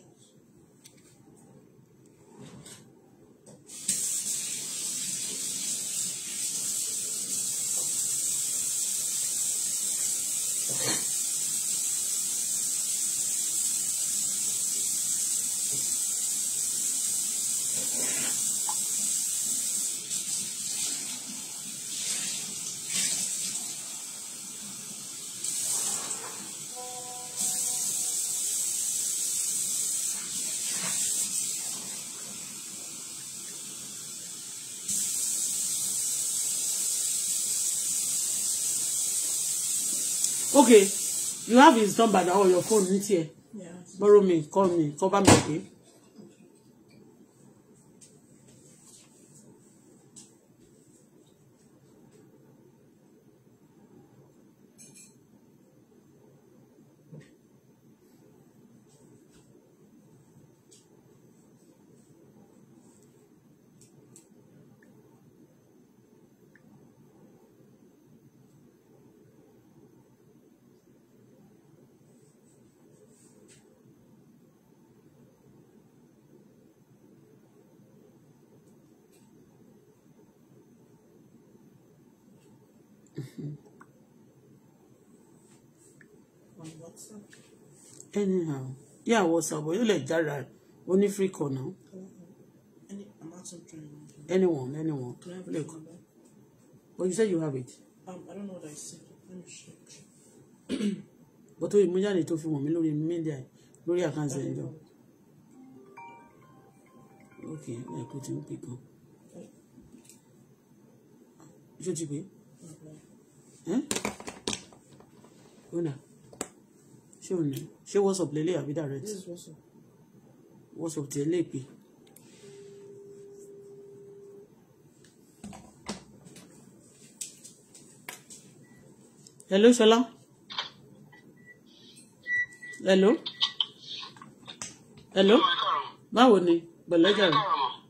okay you have his number now on your phone ní yeah borrow me call me cover me pay. anyhow yeah WhatsApp yóò lè jára ó free call náà anyone anyone look but you say you have it. Um, I don't know what I said. Let me check. but oyin mo jáde tó fi wọ̀n mi lórí media lórí àkáǹtì ẹ̀ lọ. ok ẹ̀kọ́ ti ń pè kan. ṣé o ti pè é? ó nà ṣé ò ní ṣé WhatsApp lélẹ̀ àbí direct WhatsApp tiẹ̀ lè pè. hello Ṣọlá hello hello báwo ni gbẹlẹjà rẹ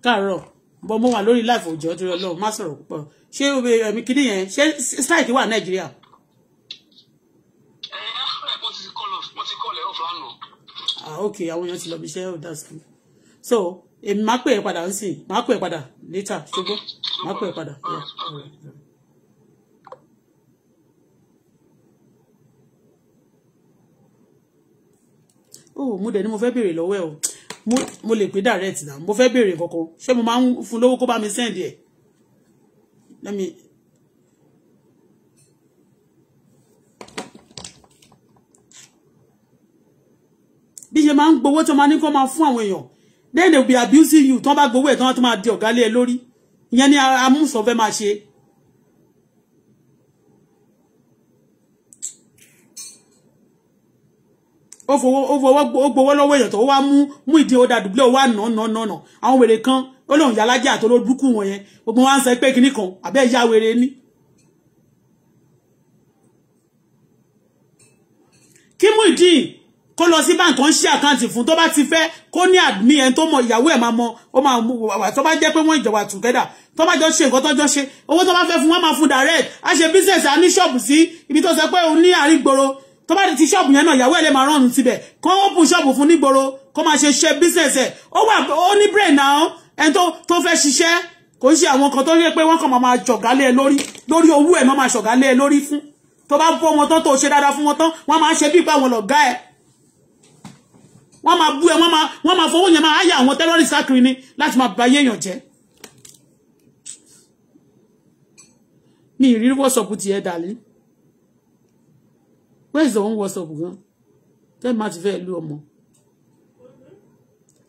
káàárọ̀ bọ mo wà lórí láìfọ òjò ọdún Ọlọ́run má sọ̀rọ̀ púpọ̀ ṣé omi kìnìyẹn ṣé strike wà Nàìjíríà. okay àwọn èèyàn ti lọ bí iṣẹ́ oh that's good so èmi máa pè é padà ń sìn máa pè é padà later ṣùgbọ́n máa pè é padà. Yeah. oh mo dẹ̀ ni mo fẹ́ béèrè lọ́wọ́ ẹ̀ o mo lè pè direct náà mo fẹ́ béèrè kankan ṣé mo máa ń fún lówó kó bá mi send ẹ̀ lẹ́mi ṣe máa ń gbowó tí wọ́n máa ní kó máa fún àwọn èèyàn then they will be abusing you tí wọ́n bá gbowó ẹ̀ tí wọ́n tún máa di ọ̀gá lé ẹ lórí ìyẹn ni amúsàn fẹ́ máa ṣe. ó gbowó lọ́wọ́ èèyàn tó wá mú mú ìdí ọ̀dà dùbúlẹ̀ wà nà nà nà nà àwọn wèrè kan ó lóun yà lájà àtọ́ ló dúkù wọn yẹn gbogbo wa ń sọ pé kinní kan àbẹ́ ìyá wèrè ni. kí mú ìdí kó lọ sí bank tó ń ṣí àkáǹtì fún tó bá ti fẹ́ kó ní admin ẹni tó mọ ìyàwó ẹ̀ máa mọ ó máa mú wà tó bá jẹ́ pé wọ́n ìjọba together tó bá jọ ṣe nǹkan tó jọ ṣe owó tó bá fẹ́ fún wọn máa fún direct á ṣe business á ní ṣọ́ọ̀bù sí ibi tó sọ pé òun ní àrígboro tó bá ti ṣọ́ọ̀bù yẹn náà ìyàwó ẹ̀ lè máa rọrùn síbẹ̀ kó open ṣọ́ọ̀bù fún nígboro kó máa ṣe ṣe business ẹ̀ ó wà ó ní brain náà ẹni tó fẹ́ ṣiṣẹ́ kò ń ṣe àwọn kan tó rí pé wọ́n kàn máa ṣọ̀gálẹ̀ lórí lórí owó ẹ̀ máa ṣọ̀gálẹ̀ lórí fún tó bá bọ́ wọn tán tó ṣe dáadáa fún wọn tán wọ́n máa ṣe bí ìpá lọ̀gá ẹ̀ wọ́n máa bú ẹ wọ́n máa wọ́n máa fowó yẹn máa háyà àwọn terrorist káàkiri ni láti máa bà yéèyàn jẹ́ mi ìrírí wọ́sọ̀pù tiẹ̀ dàlí where is the one wọ́sọ̀pù gan tẹ́lẹ̀ máa ti fẹ́ lu ọmọ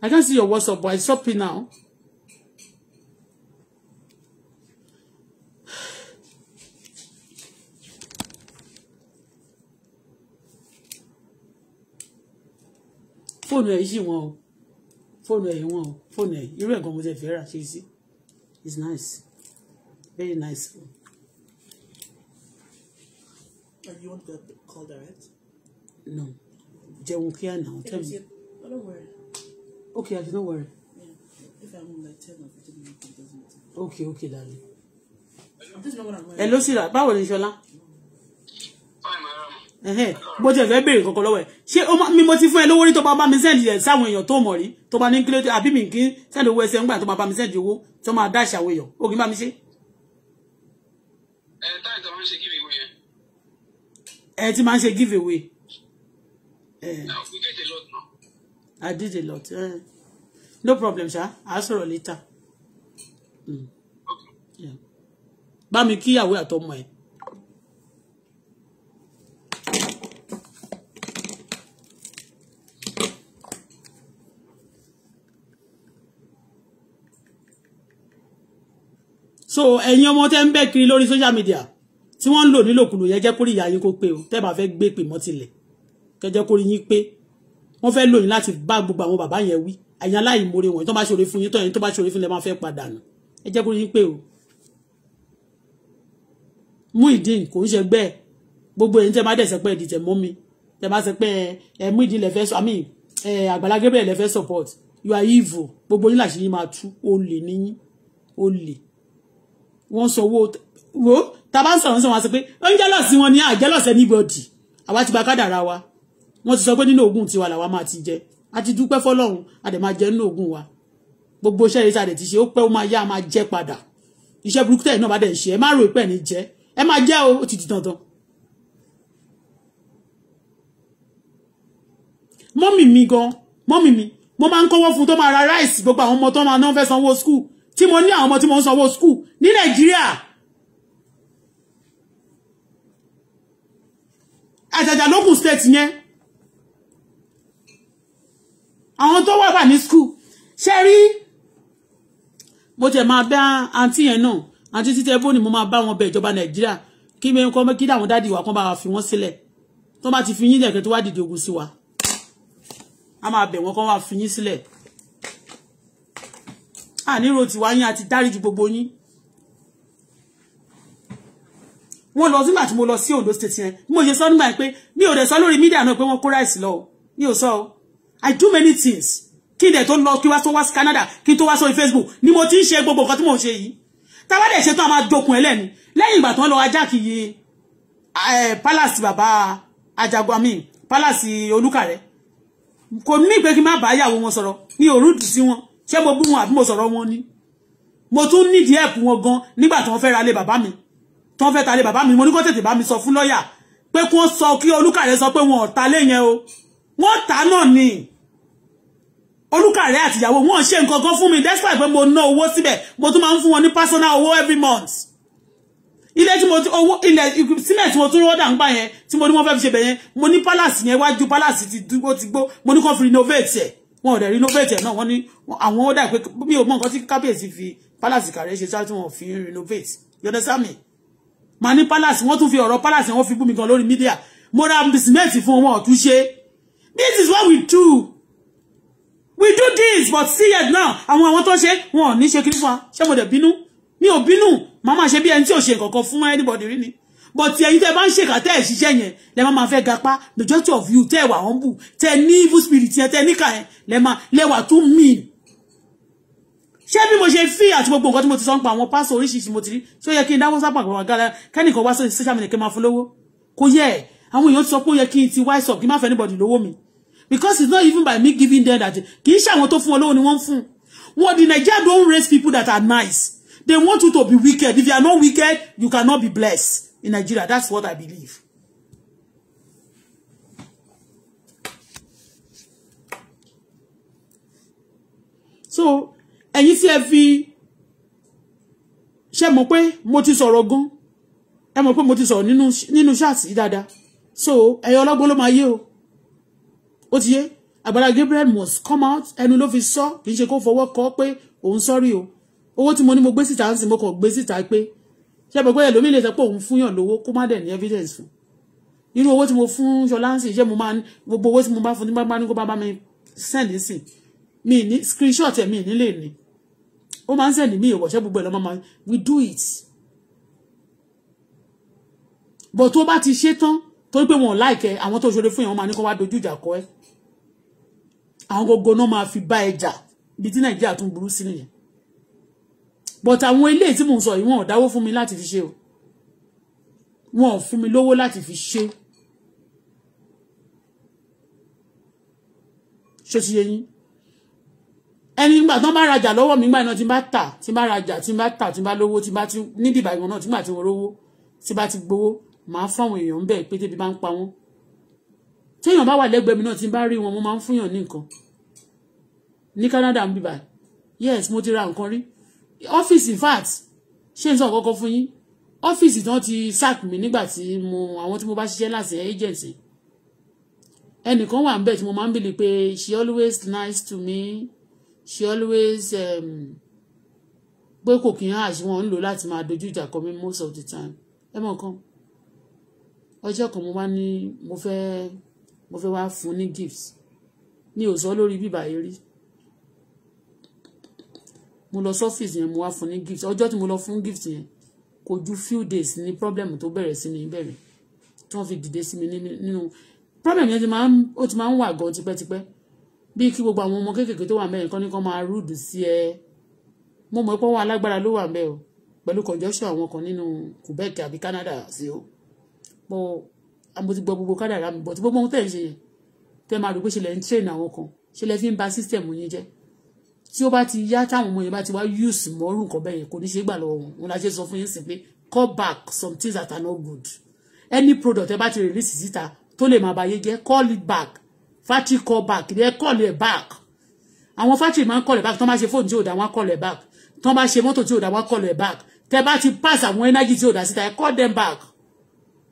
I can't see your WhatsApp but I stop it now. fóònù ẹ̀ yí wọn o fóònù ẹ̀ yí wọn o fóònù ẹ̀ irú ẹ̀gbọ́n mo ti fẹ́ rà ṣe sí it's nice very nice. And you want to call direct? No. Jẹun kíá náà. Tell me. I oh, don't worry. Okay, I do not worry. Yeah. If I'm like 10 or 15 minutes, it doesn't matter. Okay, okay, darling. This is not what I'm wearing. Hello, Sira. Báwo ni Ṣọlá? bó ti ẹ̀fẹ́ béèrè kankan lọ́wọ́ ẹ̀ ṣé mi mo ti fún ẹ lówó rí tó bá bá mi sẹ́ndì ẹ̀ sáwọn èèyàn tó mọ̀ rí tó bá ní kí ló dé àbí mi kì í sẹ́ndì owó ẹsẹ̀ ńgbà tó bá bá mi sẹ́ndì owó tó máa dá ìṣàwọ̀ èèyàn ó kì í bá mi ṣe. ẹ táyì tó máa ń ṣe give away yẹn. ẹ ti máa ń ṣe give away. I did a lot. Uh, no problem, sha. I'll sọ̀rọ̀ later. Hmm. Okay. Yeah. Bá mi kíyàwó àtọmọ ẹ̀. so ẹ̀yin ọmọ tẹ́ ń bẹ́ kiri lórí social media tí wọ́n ń lò nílòkulò yẹn jẹ́ kórìí ìyá yín kó pé o tẹ́ bá fẹ́ gbé pè mọ́ tilẹ̀ kẹjẹ́ kórìí yín pé wọ́n fẹ́ lò yín láti bá gbogbo àwọn bàbá yẹn wí ẹ̀yin aláìmoore wọ̀nyí tó bá ṣòro fún yín tó yẹn tó bá ṣòro fún lẹ́ máa fẹ́ padà nù ẹ jẹ́ kórìí yín pé o Muyideen kò ń ṣe gbẹ́ gbogbo ẹ̀yin tẹ́ bá dẹ̀ sẹ́pẹ́ ìdìtẹ̀ mọ́ mi tẹ́ bá sẹ́pẹ́ ẹ Muyideen lẹ fẹ́ sọ àmì ẹ Àgbàlá Gabriel lẹ fẹ́ support you are evil gbogbo yín làṣírí máa tú olè níyín olè wọ́n sọ owó wo tàbá ń sọ̀rọ̀ sọ̀rọ̀ wọn sọ pé ó ń jẹ́lọ̀sì wọn ní àjẹ́lọ̀sì anybody àwa ti gba kádàrá wa wọ́n ti sọ pé nínú oògùn tiwa làwa máa ti jẹ a ti dúpẹ́ fọlọ́run a dẹ̀ máa jẹ nínú oògùn wa gbogbo iṣẹ́ yìí sàdẹ̀ ti ṣe ó pẹ́ ó máa yá a máa jẹ́ padà iṣẹ́ burúkú tẹ̀ náà bá dẹ̀ ṣe ẹ má rò ìpẹ́ ní jẹ́ ẹ máa jẹ́ o ó ti di dandan. mọ́mì mi gan mọ́mì mi mo máa ń kọ́wọ́ fún tó máa ra ráìsì gbogbo àwọn ọmọ tó máa náà fẹ́ sanwó skul tí mo ní àwọn ọmọ tí mo ń sanwó school ní nàìjíríà àjàjà lókun state yẹn àwọn tó wà wà ní school ṣe rí mo tẹ̀ máa bá àǹtí yẹn náà àǹtí títẹ bó ni mo máa bá wọn bẹ̀ ìjọba nàìjíríà kí mi kọ́ kí dáwọn dáàdì wa kan bá wa fi wọ́n sílẹ̀ tó bá ti fi yín dẹ̀kẹ́ tó wá dìde ogun sí wa a máa bẹ̀ wọ́n kan wá fi yín sílẹ̀ àníró tiwa yín àti dáríjì gbogbo yín wọ́n lọ sígbà tí mo lọ sí Ondo state yẹn mo ṣe sọ nígbà pé mi ò dẹ̀ sọ lórí mídíà náà pé wọ́n kó ráìsì lọ mi ò sọ I do many things kí n dẹ̀ tó lọ kí wá tó wá sí Canada kí n tó wá sórí Facebook ni mo ti ń ṣe gbogbo nǹkan tí mò ń ṣe yìí táwa dẹ̀ ṣe tán a máa dokun ẹlẹ́ni lẹ́yìn ìgbà tí wọ́n lọ ajá kìí eh, palace bàbá ajagbami palace olúkàrẹ́ kò ní ìgbé kí n má bá yàwó wọn sọ̀rọ̀ ní òrùdù sí wọn ṣé mo bú wọn àbí mo sọ̀rọ̀ wọn ni mo tún nídìí ẹ̀pù wọn gan nígbà tí wọ́n fẹ́ ra lé bàbá mi tí wọ́n fẹ́ ta lé bàbá mi mo ní kó tètè bá mi sọ fún lọ́ọ̀yà pé kí wọ́n sọ kí olúkàrẹ́ sọ pé wọn ò ta lé yẹn o wọ́n ta náà ni olúkàrẹ́ àtìyàwó wọn ṣe nǹkan kan fún mi despite pé mo ná owó síbẹ̀ mo tún máa ń fún wọn ní personal owó every month ilé tí mo ti owó ilé sílẹ̀ tí mo tún rọ́dà ń gbà yẹn tí mo ní mo fẹ́ fi ṣe bẹ̀ yẹn mo ní palace yẹn wájú palace ti dúró ti gbó mo ní kàn fi renovate ẹ̀ wọn ò dẹ̀ renovate ẹ̀ náà wọ́n ní àwọn ó dà pé bí o mọ nǹkan tí kábíyèsí fi palace kàrẹ́ ṣe ṣáà tí wọ́n fi renovate you understand me màá ní palace wọ́n tún fi ọ̀rọ̀ palace wọ́n fi bú mi gan lórí media mo ra cement fún wọn ọ̀tún ṣe this is what we do we do this but see yet now àwọn àwọn tó ṣe wọn ò ní ṣe kí ní fún wa ṣé mo dẹ̀ bínú mi ò bínú màá máa ṣe bí ẹni tí ò ṣe nǹkan kan fún anybody rí ni but ẹ̀yin tẹ́ bá ń ṣèkà tẹ́ ẹ̀ ṣiṣẹ́ yẹn lẹ́ máa fẹ́ The majority of you tẹ́ ẹ̀ wà humble tẹ́ ẹ ní evil spirit yẹn tẹ́ ẹ níkà yẹn lẹ́ máa lẹ́wà tún mean. ṣé bí mo ṣe fi àti gbogbo nǹkan tí mo ti sọ ń pa àwọn pásọ oríṣiríṣi mo ti rí tí ó yẹ kí n dáwọ́ sápà gbọ̀ngàn gára kẹ́nìkan wá sóṣìṣẹ́ sàmìnà kí n máa fún lówó kò yẹ àwọn èèyàn sọ pé ó yẹ kí n ti wise up kí n má fẹ́ anybody lówó mi because it's not even by me giving them that kì í ṣàwọn tó fún wọn lówó ni wọ́n ń fún wọn the Nigeria don raise people that are nice they want you to be wicked if you are not wicked you cannot be blessed in Nigeria. That's what I believe. So, ẹ̀yin tí ẹ fi ṣe mọ̀ pé mo ti sọ̀rọ̀ gan. Ẹ mọ̀ pé mo ti sọ̀rọ̀ nínú nínú ṣáàtì dáadáa. So, ẹ̀yin ọlọ́gbọ́n ló máa yé o. Ó ti yé. Agbára Gabriel must come out. Ẹnu ló fi sọ kì í ṣe kó fọwọ́ kọ pé òun sọ́rí o. Owó tí mo ní mo gbé síta ń sìn mo kàn gbé síta pé ṣé mo gbé ẹlòmíì lè sọ pé òun fúnyàn lówó kó má dẹ̀ ní evidence fún irú owó tí mo fún ṣọlá ń sìn ṣé mo máa gbogbo owó tí mo bá fún ní bá ní kó bá bá mi send sí mi ní screenshot ẹ̀ mi nílé ni ó máa ń send mi ìwọ̀ṣẹ́ gbogbo ẹ̀ máa we do it bọ̀ tó bá ti ṣe tán torí pé wọn ò láìkẹ́ àwọn tó ṣoore fún yẹn wọn máa ní kó wá dojú ìjà kọ ẹ́ àwọn gbogbo náà máa fi bá ẹ jà ibi tí nàìjíríà tún burú sí nìyẹn but àwọn eléyìí tí mò ń sọ yìí wọn ò dáwó fún mi láti fi ṣe o wọn ò fún mi lówó láti fi ṣe ṣé ti yẹ yín ẹni nígbà tí wọn bá rajà lọ́wọ́ mi nígbà iná tí n bá tà tí n bá rajà tí n bá tà tí n bá lówó tí n bá ti níbi náà tí n bá ti rówó tí n bá ti gbowó màá fáwọn èèyàn ń bẹ pé tébi bá ń pa wọn téèyàn bá wà lẹ́gbẹ̀ẹ́ mi náà tí n bá rí wọn mo máa ń fúnyàn ní nǹkan ní Canada ń bíbà yes mo ti ra nǹkan rí ọ́fíìsì in fact ṣé n sọ kọ́kọ́ fún yín ọ́fíìsì tí wọ́n ti sack mi nígbà tí mo àwọn tí mo bá ṣiṣẹ́ láti agency ẹnìkan wà ń bẹ̀ tí mo máa ń bìlì pé she always nice to me she always um, pé kò kí n hàn àṣìwọ̀n ń lò láti máa dojú ìjà kọ mi most of the time ẹ mọ̀ kan ọjọ́ kan mo wá ní mo fẹ́ mo fẹ́ wá fún ní gifts mi ò sọ lórí bíbá yìí rí mo lọ sọ́fíìsì yẹn mo wá fún ní gift ọjọ́ tí mo lọ fún gift yẹn kò ju few days ní problem tó bẹ̀rẹ̀ sí ní bẹ̀rẹ̀ tí wọ́n fi dìde sí mi nínú problem yẹn ó ti máa ń wà gan tipẹ́tipẹ́ bí kí gbogbo àwọn ọmọ kéékèèké tó wà mẹ́rin kan ní kan máa rúdù sí ẹ mo mọ̀ pé wọ́n alágbára ló wà mẹ́ o pẹ̀lú conjunction àwọn kan nínú Quebec àbí Canada sí o mo mo ti gbọ́ gbogbo kádàrá mi bọ̀ tí gbogbo ohun tẹ̀ ń ṣe yẹn tẹ́ máa rò pé ṣe lẹ́ ń train àwọn kan ṣe lẹ́ fi ń ba system yín jẹ́ tí ó bá ti yá táwọn ọmọ yẹn bá ti wá use mọ́rù nǹkan bẹ́ẹ̀ yẹn kò ní ṣe gbà lọ́wọ́ wọn la ṣe sọ fún yín sí pé call back some things that are not good any product ẹ bá ti release síta tó lè máa bàyé jẹ́ call it back factory call back ẹ call it back àwọn factory máa ń call it back tán bá ṣe fóònù tí ò dá wọn call it back tán bá ṣe mọ́tò tí ò dá wọn call it back tẹ bá ti pass àwọn energy tí ò dá síta ẹ call them back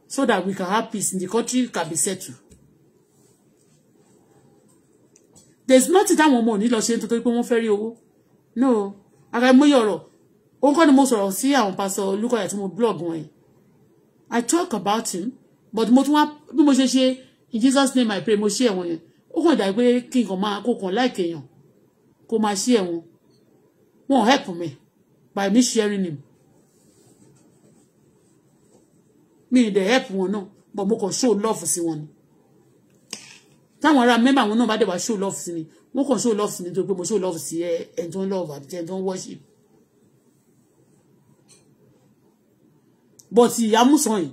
so that we can have peace in the country can be settled. there's nothing táwọn ọmọ ò ní lọ ṣe nítorí pé wọ́n fẹ́ rí owó no àkàìmọye ọ̀rọ̀ òun kọ́ ni mo sọ̀rọ̀ sí àwọn pásọ Olúkọ̀yà tí mo blog wọn yìí I talk about him but mo tún wá bí mo ṣe ṣe in Jesus name I pray mo ṣe ẹ̀wọ̀n yẹn ó kàn dà pé kí nǹkan máa kó kàn láìkè èèyàn kó máa ṣe ẹ̀wọ̀n wọn help me by me sharing him mi ì dẹ̀ help wọn náà but mo kàn show love sí wọn ni táwọn ará mẹ́mbà wọn náà bá dẹ̀ wá show love sí mi wọ́n kàn show love sí mi tó pé mo show love sí ẹ ẹ̀ tó ń love àti ẹ̀ tó ń worship. but ìyá musan yìí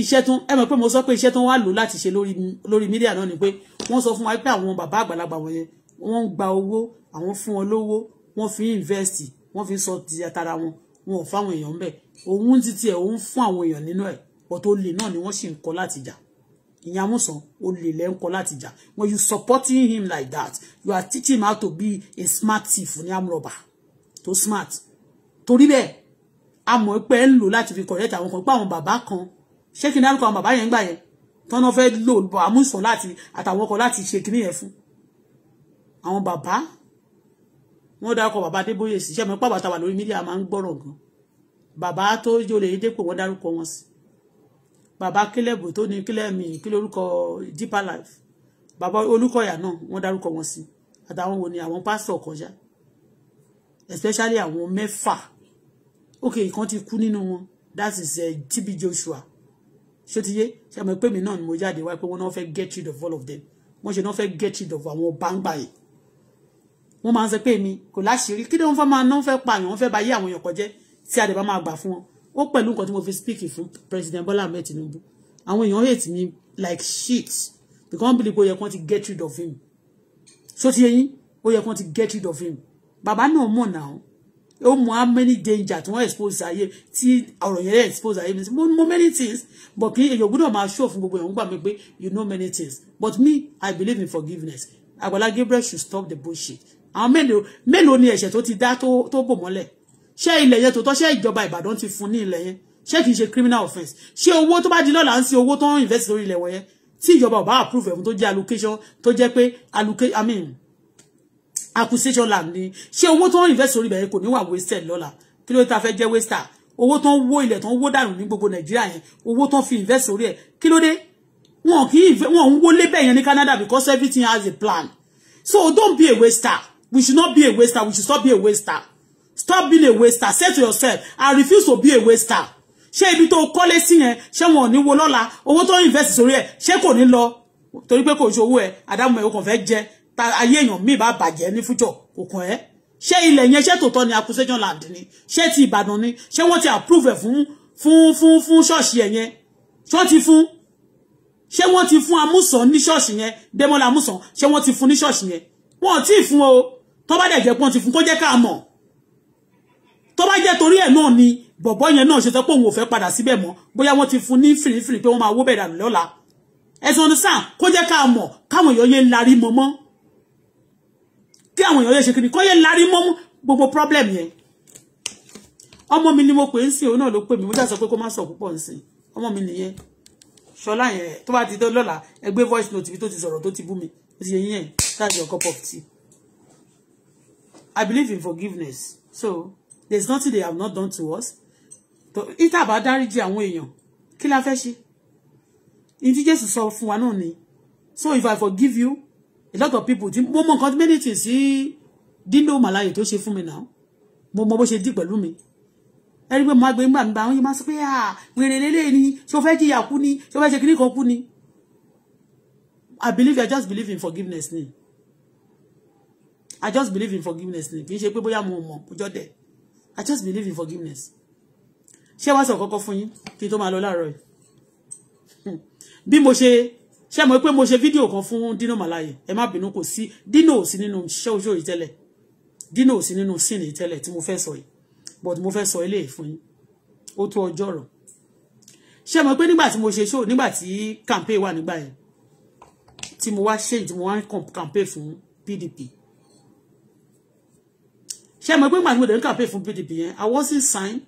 iṣẹ́ tó ẹ mọ̀ pé mo sọ pé iṣẹ́ tó wà lò láti ṣe lórí lórí mídíà náà ni pé wọ́n sọ fún wa pé àwọn bàbá àgbàlagbà wọ̀nyẹn wọ́n ń gba owó àwọn fún wọn lówó wọ́n fi invest wọ́n fi sọ ti tara wọn wọn ò fáwọn èèyàn ń bẹ̀ òun ti tiẹ̀ òun fún àwọn èèyàn nínú ẹ̀ pọ̀ tó lè náà ni wọ́n sì ń kọ́ láti jà Inyamuso, amúsàn ó lè when you supporting him like that you are teaching him how to be a smart thief ní amúrọ̀bà smart torí bẹ́ẹ̀ amọ̀ pé ń lò láti fi correct àwọn kan pé àwọn bàbá kan ṣé kí n dárúkọ àwọn bàbá yẹn gbà yẹn tọ́nà fẹ́ lò amúsàn láti àtàwọn ọkọ̀ láti ṣe kíní yẹn fún àwọn bàbá wọn dárúkọ bàbá adébóyè sí ṣé mo pàbàtà wà lórí mídíà máa ń gbọ́rọ̀ gan bàbá tó jólè bàbá kílẹ̀bù tó ní kílẹ̀mì kí lórúkọ deeper life bàbá olúkọ̀yà náà wọ́n dárúkọ wọn sí àtàwọn wo ni àwọn pásítọ̀ kọjá especially àwọn mẹ́fà ok ìkan ti kú nínú wọn that is uh, eh, TB Joshua ṣé ti yé ṣe àmọ́ pé mi náà ni mo jáde wá pé wọ́n náà fẹ́ get rid of all of them wọ́n ṣe náà fẹ́ get rid of àwọn báńgbà yìí wọ́n máa ń sọ pé mi kò láṣìírí kí ni wọ́n fẹ́ máa náà fẹ́ pààyàn wọ́n fẹ́ bà yé àwọn èèyàn kọjẹ́ tí a dẹ̀ bá máa gbà fún wọn ó pẹ̀lú nǹkan tí mo fi speak fún president Bola Ahmed Tinubu àwọn èèyàn hate me like shit because wọ́n believe pé ó yẹ kí wọ́n ti get rid of him so ti yẹyin ó yẹ kí wọ́n ti get rid of him bàbá náà mọ̀ náà ó mọ how many danger tí wọ́n expose ayé tí ọ̀rọ̀ yẹn expose ayé mi mo mọ many things but kì í èyàn gbọ́dọ̀ máa show fún gbogbo èèyàn gbà mí pé you know many things but me I believe in forgiveness Agbala Gabriel should stop the bullshit àwọn mélòó mélòó ni ẹ̀ṣẹ̀ tó ti dá tó bò mọ́lẹ̀ ṣé ilẹ̀ yẹn tòótọ́ ṣé ìjọba Ìbàdàn ti fún ní ilẹ̀ yẹn ṣé kìí ṣe criminal offence ṣé owó tó bá di lọ́la ń ṣe owó tó ń invest lórí ilẹ̀ wọ̀nyẹn tí ìjọba ò approve ẹ̀fún tó jẹ́ allocation tó jẹ́ pé allocation i mean acquisition land ni ṣé owó tó ń invest lórí ibẹ̀ yẹn kò ní wà wasted lọ́la kí ló ta fẹ́ jẹ́ waster owó tó ń wó ilẹ̀ tó ń wó dànù ní gbogbo Nàìjíríà yẹn owó tó ń fi invest lórí ẹ̀ kí ló dé wọn kì í wọn ń wó lébẹ̀ yẹn ní Canada because everything has a plan so don't be a waster we should not be a waster we should stop be a waster stop being a waster say to yourself i refuse to be a waster ṣé ibi tó kọ́lé sí yẹn ṣé wọn ò ní wo lọ́la owó tó invest sórí ẹ̀ ṣé kò ní lọ torí pé kò ṣe owó ẹ̀ àdámọ̀ o kàn fẹ́ jẹ ta ayé èèyàn ba baje ni ní fújọ kò kàn ẹ́ ṣé ilẹ̀ yẹn ṣé tòótọ́ ni accusation land ni ṣé ti ìbàdàn ni ṣé wọ́n ti approve fun fun fun fun fún ṣọ́ọ̀ṣì ẹ̀ yẹn ṣé wọ́n ti fún ṣé wọ́n ti fún amúsàn ní ṣọ́ọ̀ṣì yẹn Dẹ́mọ́lá amúsàn ṣé wọ́n ti fun ní ṣọ́ọ̀ṣì yẹn wọn ò tí o tó bá dẹ̀ jẹ́ pọ́n ti fun ko je ka mọ̀ tó bá jẹ́ torí ẹ̀ náà ni bọ̀bọ́ yẹn náà ṣe sọ pé òun ò fẹ́ padà síbẹ̀ mọ́ bóyá wọ́n ti fún ní fìrìfìrì pé wọ́n máa wó bẹ̀ dànù lọ́la ẹ̀sùn ọdún sáà kó jẹ́ ká mọ̀ káwọn èèyàn yé larí mọ́ mọ́ kí àwọn èèyàn yé ṣe kìnnìkan yé larí mọ́ gbogbo problem yẹn ọmọ mi ni mo pè ń sìn òun náà ló pè mí mo dá sọ pé kó má sọ púpọ̀ ń sìn ọmọ mi nìyẹn ṣọlá yẹn tó bá ti dé lọ́la ẹgbẹ́ voice note bí tó ti sọ̀rọ̀ tó ti bú mi ó ti yẹ yín yẹn that's your cup of I believe in forgiveness so there is nothing they have not done to us ìta bá dáríjì àwọn èèyàn kí la fẹ́ ṣe ní tí Jésù sọ fún wa náà ni so if I forgive you a lot of people ti mo mọ nǹkan many things sí Dino Melaye tó ṣe fún mi náà mo mọ bó ṣe dì pẹ̀lú mi ẹni pé mo máa gbé nígbà nígbà àwọn yìí máa sọ pé à wèrè lélẹ̀ ni ṣé o fẹ́ jìyà kú ni ṣé o fẹ́ ṣe kan kú ni I believe I just believe in forgiveness ni I just believe in forgiveness ni kì í ṣe pé bóyá mo mọ̀ ọjọ́ dẹ̀. I just believe in forgiveness. Ṣé wá sọ kọ́kọ́ fún yín kí n tó máa lọ láàárọ̀ yìí? Hmm. Bí mo ṣe ṣe mọ̀ pé mo ṣe fídíò kan fún Dino Malaye ẹ má bínú kò sí Dino ò sí nínú ṣẹ́ ojú yìí tẹ́lẹ̀ Dino ò sí nínú sin yìí tẹ́lẹ̀ tí mo fẹ́ sọ yìí but mo fẹ́ sọ eléyìí fún yín ó tó ọjọ́ rọ̀. Ṣé mọ̀ pé nígbà tí mo ṣe show nígbà tí campaign wà nígbà yẹn tí mo wá ṣe tí mo wá campaign fún PDP ṣé ẹ mọ̀ pé màdìmọ̀ dẹ̀ ń campaign fún PDP yẹn I wasn't signed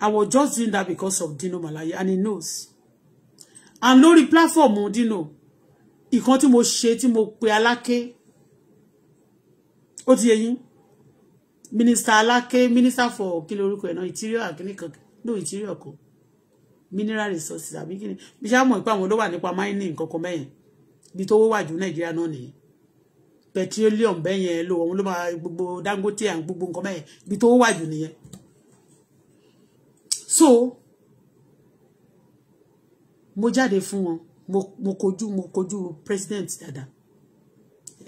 I was just doing that because of Dino Malaya and he knows and lórí platform Dino ìkan tí mo ṣe tí mo pe Aláké ó ti yé yín minister Aláké minister for kí lorúkọ ẹ̀ náà interior àkíní kan no interior kò mineral resources àbí kí ni bí sáà mọ̀ pé àwọn ló wà nípa mining kankan mẹ́yìn bí tó wà jù Nàìjíríà náà nìyí petroleum bẹ́ẹ̀ yẹn ló wọn ló máa gbogbo Dangote and gbogbo nǹkan bẹ́ẹ̀ ibi tó wà jù nìyẹn so mo jáde fún wọn mo kojú mo kojú president dada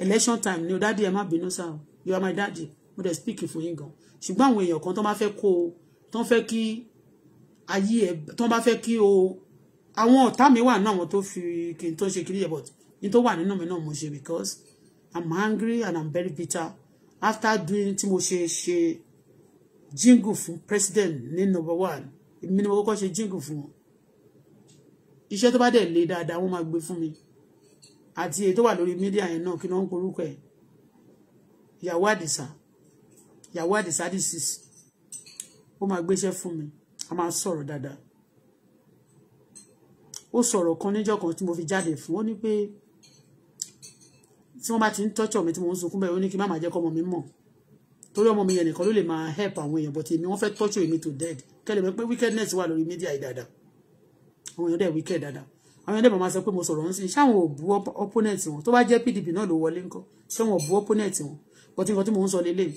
election time ni o dádì ẹ má bínú sáà you are my daddy mo dẹ̀ speak fún yín gan ṣùgbọ́n àwọn èèyàn kan tó bá fẹ́ kó o tó fẹ́ kí ayé ẹ tó bá fẹ́ kí o àwọn ọ̀tá mi wà náà àwọn tó fi kí n tó ṣe kiri yẹ but ní tó wà nínú mi náà mo ṣe because i'm angry and i'm very bitter after doing tí mo ṣe jingle fún president name number one Minimum ni mo kọ́kọ́ ṣe jingle fún wọn iṣẹ́ tó bá dẹ̀ le dáadáa wọ́n máa gbé fún mi àti èyí tó wà lórí mídíà yẹn náà kí ló ń porúkọ ẹ̀ ìyàwó àdìsá ìyàwó àdìsá This is. máa gbéṣẹ́ fún for me. I'm sorry, Dada. ó sọ̀rọ̀ kan níjọ́ kan tí mo fi jáde tí wọ́n bá ti ń tọ́jọ̀ mi tí mo ń sunkún bẹ́ẹ̀ ó ní kí má máa jẹ́ kọ́ ọmọ mi mọ̀ torí ọmọ mi yẹn nìkan ló lè máa help àwọn èèyàn but èmi wọ́n fẹ́ tọ́jọ̀ èmi to dead kẹlẹ̀ mọ́ pé wickedness wà lórí media yìí dáadáa àwọn èèyàn dẹ̀ wicked dáadáa àwọn èèyàn dẹ̀ bá máa sọ pé mo sọ̀rọ̀ ń sìn ṣáwọn ò bu opponent wọn tó bá jẹ́ PDP náà ló wọlé ńkọ́ ṣé wọn ò bu opponent wọn but nǹkan tí mo ń sọ lélẹ̀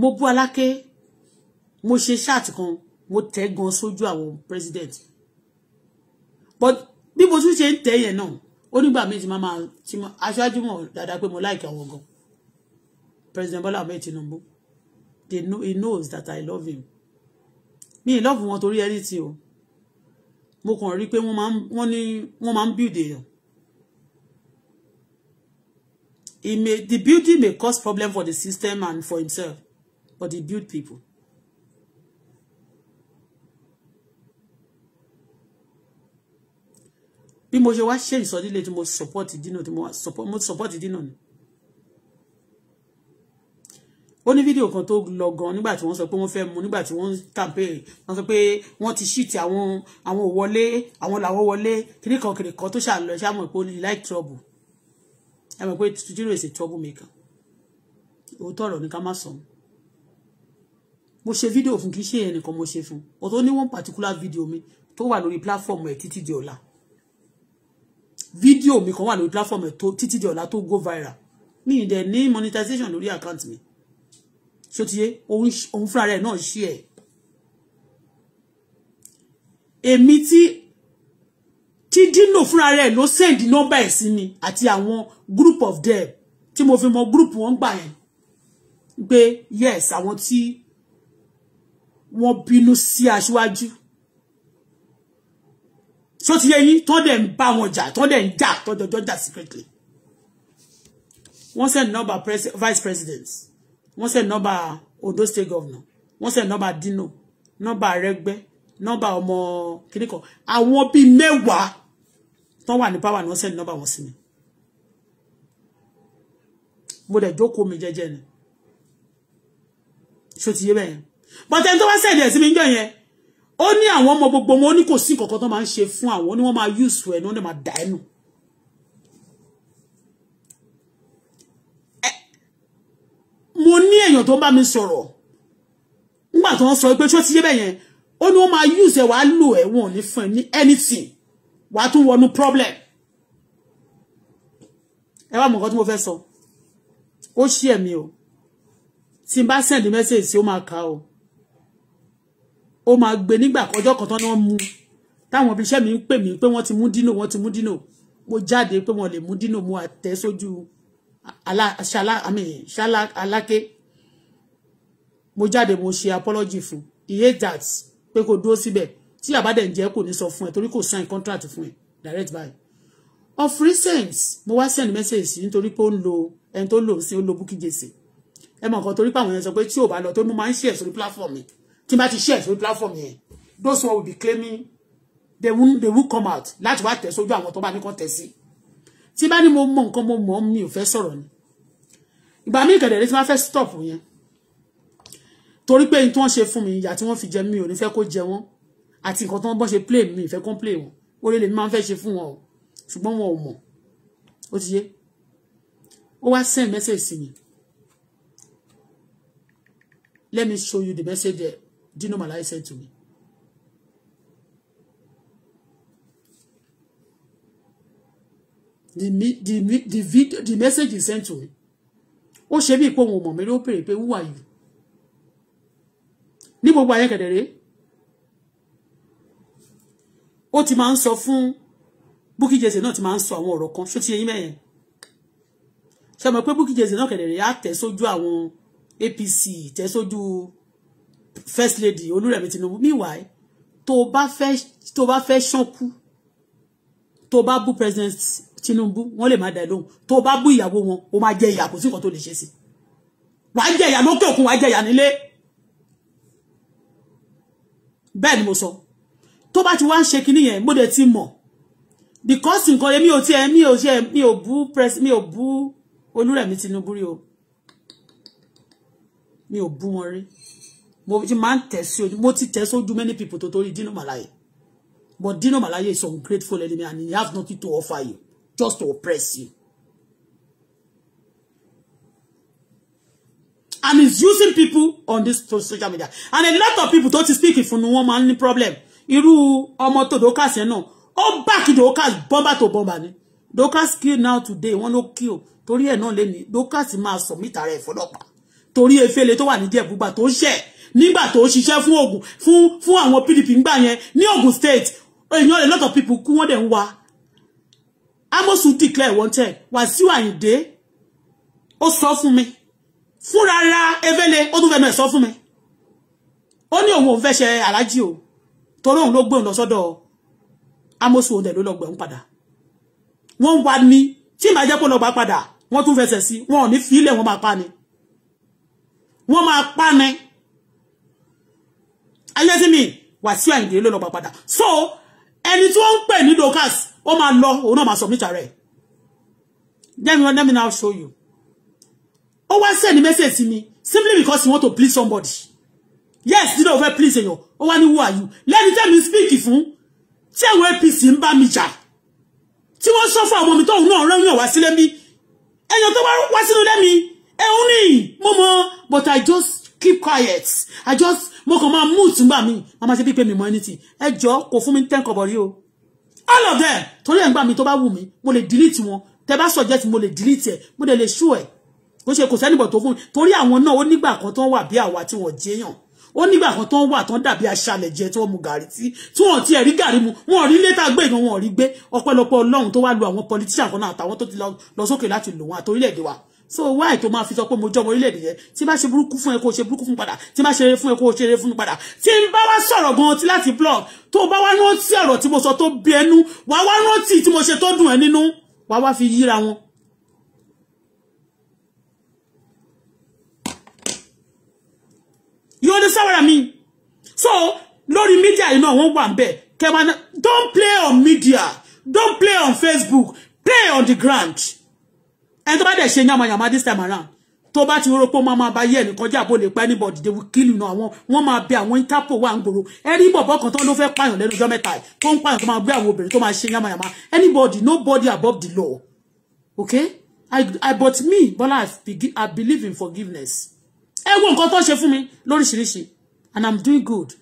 mo bú Aláké mo ṣe ṣáàtì kan mo tẹ́ gan sójú àwọn president but bí mo tún ṣe ń tẹ́ yẹn náà ó nígbà míì tí máa máa tí aṣáájú mọ̀ dáadáa pé mo láìka àwọn gan President Bola Ahmed Tinubu they know he knows that I love him mi ì lọ́ọ̀fù wọn torí ẹni tí o mo kàn rí i pé wọ́n máa ń wọ́n ní wọ́n máa ń build èèyàn he may the building may cause problem for the system and for himself but he build people bí mo ṣe wá ṣe ìsọdílé tí mo support dínà tí mo support dínà ni ó ní fídíò kan tó lọ gan nígbà tí wọ́n sọ pé wọ́n fẹ́ mu nígbà tí wọ́n campaign wọ́n sọ pé wọ́n ti ṣíìtì àwọn àwọn òwọlé àwọn làwọn wọlé kìnìkan kìnìkan tó ṣàlọ ṣe àmọ̀ pé ó like trouble ẹ pé jíròrò is a trouble maker òótọ́ ọ̀rọ̀ ní ká má sọ mo ṣe fídíò fún kì í ṣe ẹnìkan mo ṣe fún ọ̀tọ̀ ní one particular video mi tó wà lórí platform ẹ̀ títí di ọ̀la Video mi kan wà lórí platform ẹ̀ tó títí di ọ̀la tó go viral mi ì ni ní monetization lórí account mi So ti yé òun fúnra rẹ̀ náà ṣí ẹ̀ èmi tí tí dino fúnra rẹ̀ ló send number ẹ̀ sí mi àti àwọn group of them Ti mo fi mọ group wọn gbà yẹn pé yes àwọn tí wọ́n bínú sí aṣíwájú so ti yẹ yín tọ́ dẹ̀ ń bá wọn jà tọ́ dẹ̀ ń jà tọ́jọ́jọ́ jà secretly wọ́n send number pres vice president wọ́n send number Odo state governor wọ́n send number Dino number Arẹ́gbẹ́ number ọmọ kìnnìkan àwọn bíi mẹ́wàá tán wà ní power ni wọ́n send number wọn sí mi mo dẹ̀ jókòó mi jẹ́jẹ́ ni ṣó ti yé bẹ́ẹ̀ yẹn bọ́tẹ́ ní tó bá send ẹ̀ sí mi ń jọ yẹn ó ní àwọn ọmọ gbogbo wọn ó ní kò sí nǹkan kan tó máa ń ṣe fún àwọn ni wọ́n máa use ẹ̀ náà lè máa dà ẹ́ nù. mo ní èèyàn tó ń bá mi sọ̀rọ̀ nígbà tó ń sọ pé tí ti yé bẹ́ẹ̀ yẹn ó ní wọ́n máa use ẹ̀ wàá lò ẹ̀ wọn ní fún ẹ ní anything wàá tún wọnú problem ẹ wá mọ̀ tí mo fẹ́ sọ ó ṣí ẹ̀mí o tí n bá send message sí ó máa kà o ó máa gbé nígbà ọjọ́ kan tán ni wọ́n mú táwọn ibi iṣẹ́ mi ń pè mí pé wọ́n ti mú dino wọ́n ti mú dino mo jáde pé wọ́n lè mú dino mo àtẹ́ sójú aláké mo jáde mo ṣe apology fún iye that pé kò dúró síbẹ̀ tí àbádẹ̀ ń jẹ́ kò ní sọ fún ẹ torí kò sign contract fún ẹ direct buy of recent mo wá send message nítorí pé ó ń lo ẹni tó lò sí ó ń lo bukijese ẹ mọ̀ kan torí pé àwọn yẹn sọ pé tí ò bá lọ tó mo máa ń ṣe ẹ̀ sórí platform mi tí n bá ti share sórí platform yẹn those one will be claiming they will they will come out láti wá tẹ̀ sójú àwọn tó bá ní kàn tẹ̀ sí tí bá ní mo mọ nǹkan mo mọ̀ mi ò fẹ́ sọ̀rọ̀ ni ìgbà míì kẹ̀dẹ̀ rí tí wọ́n fẹ́ stop yẹn torí pé n tí wọ́n ṣe fún mi ìyà tí wọ́n fi jẹ mi ò ni fe kó jẹ wọ́n àti nǹkan tí wọ́n bọ́ play mi fe kó play wọn O lèmi máa ń fe ṣe fún wọn o ṣùgbọ́n wọn ò mọ̀ ó ti yé ó wá send message sí mi let me show you the message there. Dino Malai said to me. The, the, the, the, video, the message is sent to me. Ó ṣe bí ìpò òun mọ̀ mi ló pèrè pé who are you? Ní gbogbo ayé kẹ̀dẹ̀rẹ́, ó ti máa ń sọ fún Bukky Jesse náà ti máa ń sọ àwọn ọ̀rọ̀ kan ṣó ti yẹ yín mẹ́yẹn. Ṣé o mọ̀ pé Bukky Jesse náà kẹ̀dẹ̀rẹ́ á tẹ̀ sójú àwọn APC tẹ̀ sójú. So first lady Olúrẹ̀mí Tinubu meanwhile tó bá fẹ́ tó bá fẹ́ ṣánkú tó bá bú president Tinubu wọ́n lè má dá lóhùn tó bá bú ìyàwó wọn ó máa jẹ ìyà kò sí nǹkan tó lè ṣe sí wàá jẹ ìyà lókè òkun wàá jẹ ìyà nílé bẹ́ẹ̀ ni mo sọ tó bá ti wá ń ṣe kinní yẹn mo dẹ̀ ti mọ̀ because nǹkan mi ò tiẹ̀ mi ò tiẹ̀ mi ò bú mi ò bú Olúrẹ̀mí Tinubu rí o mi ò bú wọn rí mo ti máa ń tẹ̀ sí ojú mo ti tẹ̀ sójú many people tó torí Dino Malaye but Dino Malaye is ungrateful enemy and he have nothing to offer you just to oppress you and he's using people on this social media and a lot of people tó ti speak ìfúnnu wọn máa ń ní problem Iru ọmọ tó Dorcas yẹn náà ó back Dorcas bọ́mbà tó bọ́mbà ni Dokas kill now today wọ́n ló kill Tori ẹ̀ náà lé Dokas ma máa submit ara ẹ̀ fọlọ́pàá Tori efele tó wà ní díẹ̀ gbúgbà tó ń ṣẹ̀ nígbà tó ṣiṣẹ́ fún Ògùn fún fún àwọn PDP ńgbà yẹn ní Ògùn state èèyàn a lot of people kú wọ́n dẹ̀ ń wa Amosu declare wanted Wàsíù Àyìndé ó sọ fún mi fúnra ra evele ó tún fẹnu ẹ̀ sọ fún mi ó ní òun òun fẹ́ ṣe aláàjì o torí òun ló gbé òun lọ sọ́dọ̀ Amosu òun dẹ̀ ló lọ gbẹ̀ òun padà wọ́n wá ní tí ìbá jẹ́ kó lọ gbà padà wọ́n tún fẹsẹ̀ sí wọn ò ní fi ilẹ̀ wọn máa pa ni wọ́n máa pa ni are you getting me Wàsíù Àyìndé ló lọ padà so ẹni tí wọ́n ń pè ní Dorcas ó máa lọ òun náà máa submit rẹ̀ let me let me show you ó wá send message sí mi simply because you want to please somebody yes dídá òfẹ́ please èèyàn ó wá ní who are you lẹ́ni tẹ́mi speak fún tí àwọn APC ń bá mi jà tí wọ́n sọ fún àwọn ọmọ mi tóun náà rán yàn wá sílé mi ẹ̀yàn tó wá sínú lẹ́mi ẹ̀hún ni mo mọ but I just keep quiet I just mo kàn máa mú ìtúgbà mi a máa ṣe pípé mi mọ anything ẹ jọ kò fún mi ten kọbọ rí all of them torí ẹ̀ ń gbà mí tó bá wù mo lè delete wọn tẹ bá suggest mo lè delete ẹ̀ mo lè lè show ẹ̀ ó ṣe kò sẹ́nìbọ̀ tó fún mi torí àwọn náà ó nígbà kan tó wà bí àwa tí wọ́n jẹyàn ó nígbà kan tó wà tó dàbí aṣálẹ̀ jẹ tó mu gàrí tí tí wọ́n ti ẹ̀rí gàrí mu wọ́n rí létà gbé ìgbọ̀n wọ́n rí gbé ọpẹ́lọpẹ́ ọlọ́run tó wá lu àwọn politician kan náà àtàwọn tó ti lọ sókè láti lò wọn àtòrílẹ̀-èdè wa so why tó máa fi sọ pé mo jọmọ orílẹ̀-èdè yẹn tí bá ṣe burúkú fún ẹ kó ṣe burúkú fún padà tí bá ṣe eré fún ẹ kó ṣe eré fún padà tí bá wa sọ̀rọ̀ gan ti láti blog tó bá wá rántí ọ̀rọ̀ tí mo sọ tó bí ẹnu wá wá rántí tí mo ṣe tó dùn ẹ nínú wá wá fi yíra wọn. you understand what I mean so lórí media, you know, wọ́n wà ń bẹ̀ kẹ́mánà don't play on media don't play on Facebook play on the ground ẹni tó bá dẹ̀ ṣe yamayama this time around tó bá ti rọ́pò Mama máa bá yẹ ẹnìkan jà bó pa anybody they will kill you náà àwọn wọ́n máa bẹ àwọn interpol wà ń Anybody ẹni bọ̀bọ̀ kan tán ló fẹ́ pààyàn lẹ́nu ọjọ́ mẹ́ta tó ń pààyàn tó máa gbé àwọn obìnrin tó máa ṣe yama. anybody nobody above the law okay i i but me but i, I believe in forgiveness ẹ wo nǹkan tó ṣe fún mi lóríṣiríṣi and i'm doing good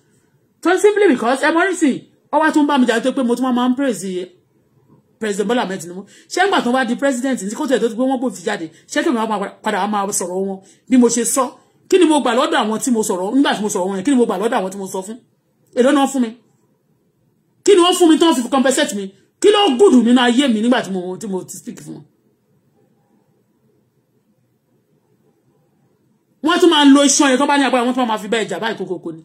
so simply because ẹ mọ rí sí ọwọ́ mi jà tó pé mo tún máa ń praise president Bọ́lá Ahmed Tinubu ṣé ń gbà tó wá di president ní kótó ẹ̀ tó ti gbé wọ́n bò fi jáde ṣé kí mi wá padà wá máa sọ̀rọ̀ wọn bí mo ṣe sọ kí ni mo gbà lọ́dọ̀ àwọn tí mo sọ̀rọ̀ nígbà tí mo sọ̀rọ̀ wọn yẹn kí ni mo gbà lọ́dọ̀ àwọn tí mo sọ fún èló náà fún mi kí ni wọ́n fún mi tán fi compensate mi kí ló gùdù nínú ayé mi nígbà tí mo tí mo ti speak fún wọn. wọ́n tún máa ń lo iṣan yẹn tó bá ní agbára wọ́n tún máa fi bẹ́ẹ̀ jà báyìí kókó ni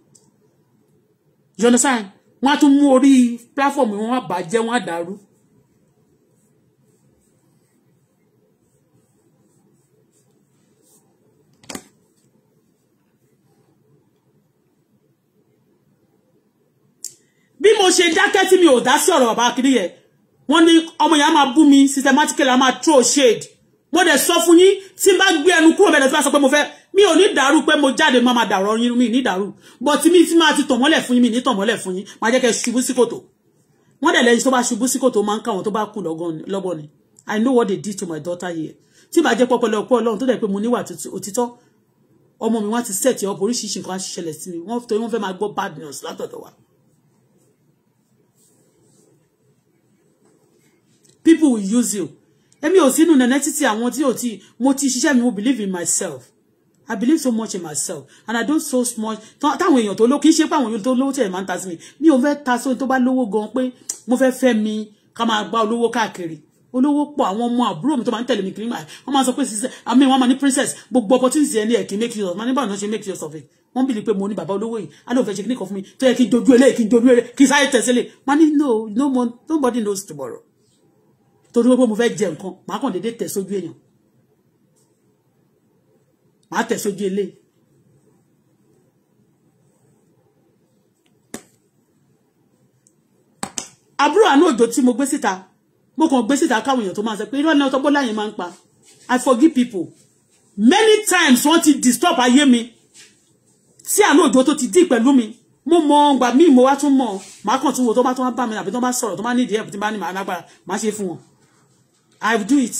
you understand wọ́n á tún mú orí platform wọn á bàjẹ́ wọn á dàrú bí mo ṣe dákẹ́ tí mi ò dá sí ọ̀rọ̀ bàbá akíní yẹn wọ́n ní ọmọ yẹn á máa bú mi systematically á máa throw shade mo dẹ̀ sọ fún yín tí n bá gbé ẹnu kúrò bẹ̀rẹ̀ tí wọ́n sọ pé mo fẹ́ mi ò ní dàrú pé mo jáde máa ma dàrọ̀ yín mi ní dàrú bọ̀ tí mi ti máa ti tọ̀mọ́lẹ̀ fún yín mi ní tọ̀mọ́lẹ̀ fún yín máa jẹ́ kẹ́ ṣubú sí kòtò wọ́n dẹ̀ lẹ́yìn tó bá ṣubú sí kòtò máa ń káwọn tó bá kú lọ́gọ́ ni I know what they did to my daughter here tí bá jẹ́ pọ́pọ́ lọ́pọ́ ọlọ́run tó dẹ̀ pé mo níwà òtítọ́ ọmọ mi wọ́n ti set up oríṣiríṣi nǹkan á ṣẹlẹ̀ sí mi wọ́n torí wọ́n fẹ́ máa gbọ́ bad news látọ̀dọ̀ wa people will use you èmi ò sínú necessity àwọn tí ò ti mo ti ṣiṣẹ́ mi mo believe in myself I believe so much in myself and I don't so much táwọn èèyàn tó ló kì í ṣe pé àwọn èèyàn tó lówó tẹ̀ máa ń ta sí mi mi ò fẹ́ ta sóyún tó bá lówó gan pé mo fẹ́ fẹ́ mi ká máa gba olówó káàkiri olówó pọ̀ àwọn ọmọ àbúrò mi tó máa ń tẹ̀lé mi kiri wọ́n máa sọ pé sísẹ́ àmì wọn máa ní princess gbogbo opportunity ẹni ẹ̀kí make use of máa nígbà náà ṣe make use of it wọ́n bìlí pé mo ní bàbá olówó yìí alóò fẹ́ ṣe kíníkan fún mi tó yẹ kí n dojú eléyìí kí n dojú eléyìí kí n sáyé tẹ̀sílẹ̀ máa ní no no more nobody knows tomorrow torí pé mo fẹ́ jẹ nǹkan màá kàn déédéé tẹ̀ sójú èèyàn màá tẹ̀ sójú eléyìí àbúrò àánú òjò tí mo gbé síta mo kàn gbé síta káwọn èèyàn tó máa sọ pé irọ́ ni ọtọ́ bọ́lá yẹn máa ń pa i forgive people many times wọ́n ti disturb ayé mi sí àánú òjò tó ti dì pẹ̀lú mi mo mọ ọgbà míì mo wá tún mọ̀ màá kàn tún wo tó bá tún bá mi àbí tó bá sọ̀rọ̀ tó bá nídìí ẹ̀bùn tí bá ní màá lágbára màá ṣe fún wọn. I will do it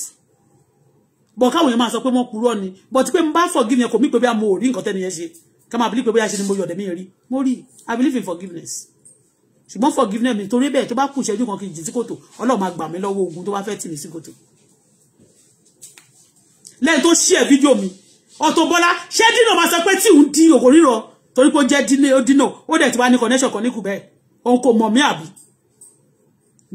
but káwọn èèyàn máa sọ pé wọ́n purọ́ ni but when n forgive yẹn kò mí be bí a mo rí nǹkan tẹ́ni yẹn ṣe ká máa believe pé bóyá ṣe ni You are the rí mo I believe in forgiveness ṣùgbọ́n won't forgive me, bẹ́ẹ̀ tó bá kù push. kan do í jìn to. kòtò Ọlọ́run máa gbà mí lọ́wọ́ ogun tó bá fẹ́ tì mí sí Let lẹ́yìn share video me. fídíò mi Auto Bola ṣé dino máa sọ pé tí òun di òkò rírọ torí pé ó jẹ́ dino ó dẹ̀ ti connection koni ní kù mommy abi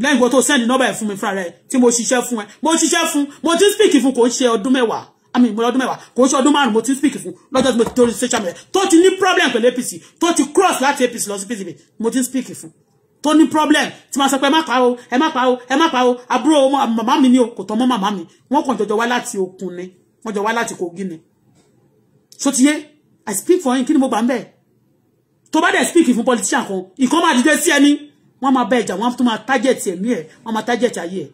lẹ́yìn gbọ́ tó sẹ́ndì nọ́bà ẹ̀ fún mi fúnra rẹ̀ tí mo ṣiṣẹ́ fún ẹ mo ṣiṣẹ́ fún mo ti speak fún kò ń ṣe ọdún mẹ́wàá àmì ìmúlẹ̀ ọdún mẹ́wàá kò ń ṣe ọdún márùn mo ti speak fún lọ́jọ́ tí mo ti torí social media tó ti ní problem pẹ̀lú APC tó ti cross láti APC lọ sí PDP mo ti speak fún tó ní problem tí máa sọ pé ẹ má pa o ẹ má pa o ẹ má pa o àbúrò màmá mi ni o kò tán mọ́ màmá mi wọ́n kàn jọjọ wá láti òkun ni wọ́n jọ wá láti Kogi ni so ti yé I speak for him kí ni mo gbà ń bẹ̀ tó bá dẹ̀ speak fún politician kan ìkan máa dìde sí ẹni wọ́n máa bá ẹjà wọ́n tún máa tájẹ̀tì ẹ̀mí ẹ̀ wọ́n máa tájẹ̀tì ayé ẹ̀.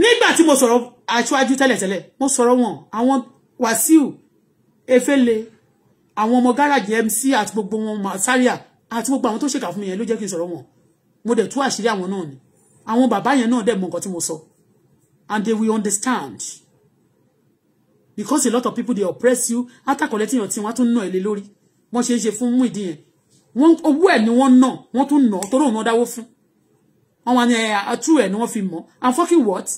nígbà tí mo sọ̀rọ̀ aṣáájú tẹ́lẹ̀tẹ́lẹ̀ mo sọ̀rọ̀ wọn àwọn Wàsíù Efele àwọn ọmọ gáràjì MC àti gbogbo wọn Masaria àti gbogbo àwọn tó ṣèkà fún mi yẹn ló jẹ́ kí n sọ̀rọ̀ wọn mo dẹ̀ tú àṣírí àwọn náà ni àwọn bàbá yẹn náà dẹ̀ mọ nǹkan tí mo sọ and they will understand because a lot of people they oppress you after collecting your thing wọ́n tún ná èlé lórí wọ́n ṣe é ṣe fún Muyideen yẹn wọ́n owó ẹ̀ ni wọ́n ná wọ́n tún ná torí òun náà dáwó fún wọ́n wá ní àtú eh, ah, ẹ̀ ni wọ́n fi mọ̀ and fucking what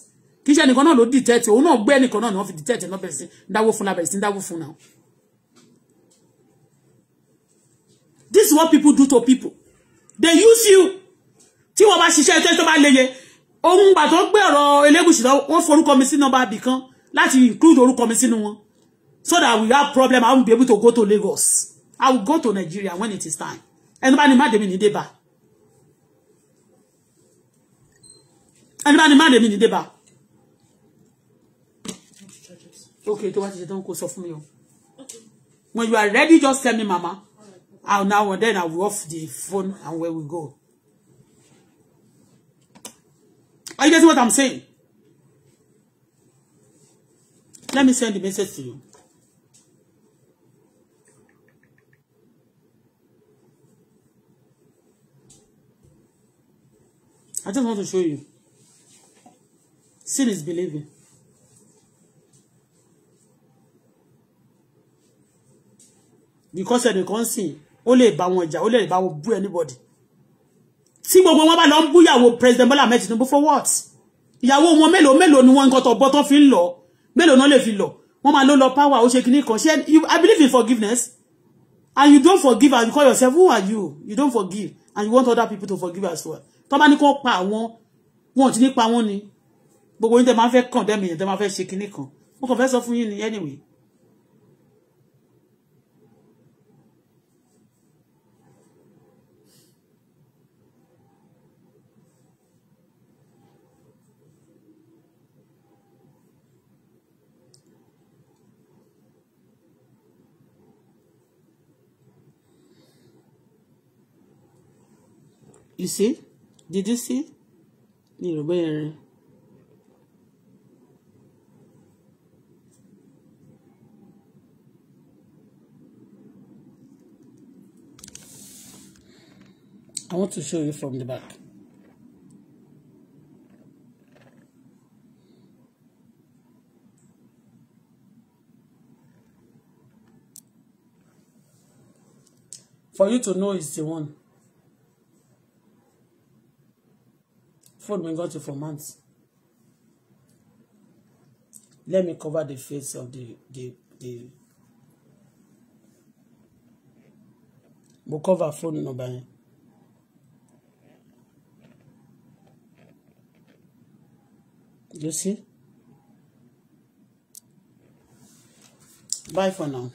kì í ṣe ẹnìkan náà ló detect òun náà gbé ẹnìkan náà ni wọ́n fi detect náà bẹ̀rẹ̀ sí dáwó fún labẹ̀rẹ̀ sí dáwó fún náà. this is what people do to people they use you tí wọ́n bá ṣiṣẹ́ ẹjọ́ tó bá leye ohun gbà tó gbé ọ̀rọ̀ Elégùṣì lọ wọ́n forúkọ mi sí nọ́mbà abì kan láti include orúkọ mi sínú wọn so that we have problem I won't be able to go to Lagos I will go to Nigeria when it is time ẹni bá ní má dèmi ní débà ẹni bá ní má dèmi ní débà okay tó bá ti ṣe tán kó sọ fún mi o when you are ready just tell me mama I'll now and then I will off the phone and where we go are you getting what I'm saying. Let me send the message to you. I just want to show you. Sin is believing. Because ẹnìkan sìn, ó lè bá wọn jà, ó lè bá wọn anybody. Tí gbogbo wọn bá lọ ń bú ìyàwó President Bola Ahmed Tinubu for what? Ìyàwó wọn mélòó mélòó ni wọ́n nǹkan tó bọ́ tó fi ń lọ mélòó náà lè fi lọ wọ́n máa ló lọ power ó ṣe kìíní kan ṣe I believe in forgiveness and you don't forgive and you call yourself who are you you don't forgive and you want other people to forgive as well tó bá ní kó pa àwọn wọn ti ní pa wọn ni gbogbo yín tẹ máa fẹ́ condemn yẹn tẹ máa fẹ́ ṣe kìíní kan mo kàn fẹ́ sọ fún yín ni anyway you see did you see ní ìrọ̀bẹ́ yẹn I want to show you from the back. For you to know it's the one. phone we got you for months. Let me cover the face of the the the. Mo cover phone number You see? Bye for now.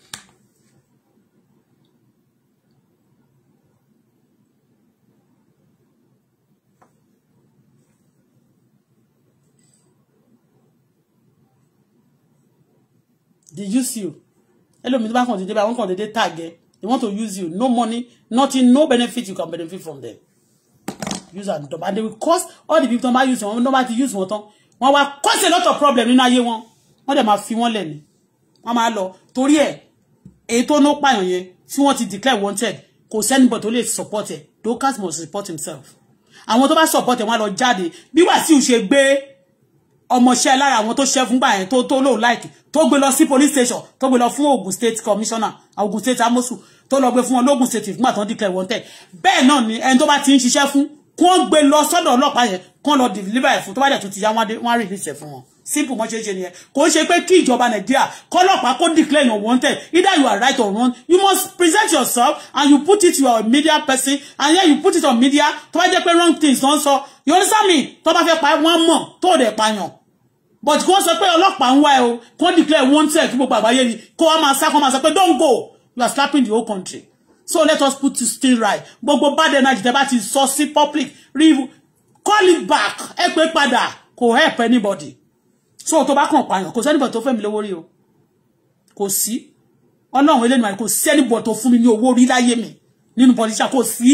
they use you ẹlòmíì tó bá kàn dédé bá wọn kàn dédé tag ẹ they want to use you no money nothing no benefit you can benefit from them use and dump and they will cause all the people tó bá use wọn tó bá ti use wọn tán wọn wá cause a lot of problem nínú ayé wọn wọn dẹ̀ máa fi wọn lẹ̀ ni wọn máa lọ torí ẹ̀ èyí tó ná pààyàn yẹn tí wọ́n ti declare wanted kò sẹ́nibọ̀ tó lè support ẹ̀ Dorcas must support himself àwọn tó bá support ẹ̀ wọ́n á lọ jáde bí Wàsíù ṣe gbé ọmọọṣẹ́ lára àwọn tó ṣẹ́ fúngbà yẹn tó tó lóun láìkì tó gbé lọ sí police station tó gbé lọ fún Ogun State Commissioner Ogun State Amosu tó lọ gbé fún wọn lógun State fúngbà tó ń dìkẹ̀ wọ́n tẹ̀ bẹ́ẹ̀ náà ni ẹni tó bá ti ń ṣiṣẹ́ fún kó gbé lọ sọ́dọ̀ ọlọ́pàá yẹn kó lọ deliver ẹ̀ fún tó bá dẹ̀ tó ti yá wọn release ẹ̀ fún wọn simple mọ́ ṣe ṣe nìyẹn kò ṣe pé kí ìjọba nàìjíríà kọ́lọ́pàá kó declare your wanted either you are right or wrong you must present yourself and you put it to your media person and then you put it on media to bá jẹ́ pé wrong things don so. you understand me To bá fẹ́ pa wọ́n mọ̀ tó dẹ̀ pààyàn but kí wọ́n sọ pé ọlọ́pàá ń o kó declare wanted kí gbogbo àgbáyé ni kó wá máa sá kó máa sọ pé don go you are slapping the whole country so let us put this thing right gbogbo bad energy tẹ́ bá ti sọ sí public call it back ẹ pé padà kò help anybody so tó bá kàn pààyàn kò sẹ́nìbọ̀ tó fẹ́ mi lówó rí o kò sí ọlọ́run eléyìí máa kò sẹ́nìbọ̀ tó fún mi ní owó rí láyé mi nínú pọlíṣà kò sí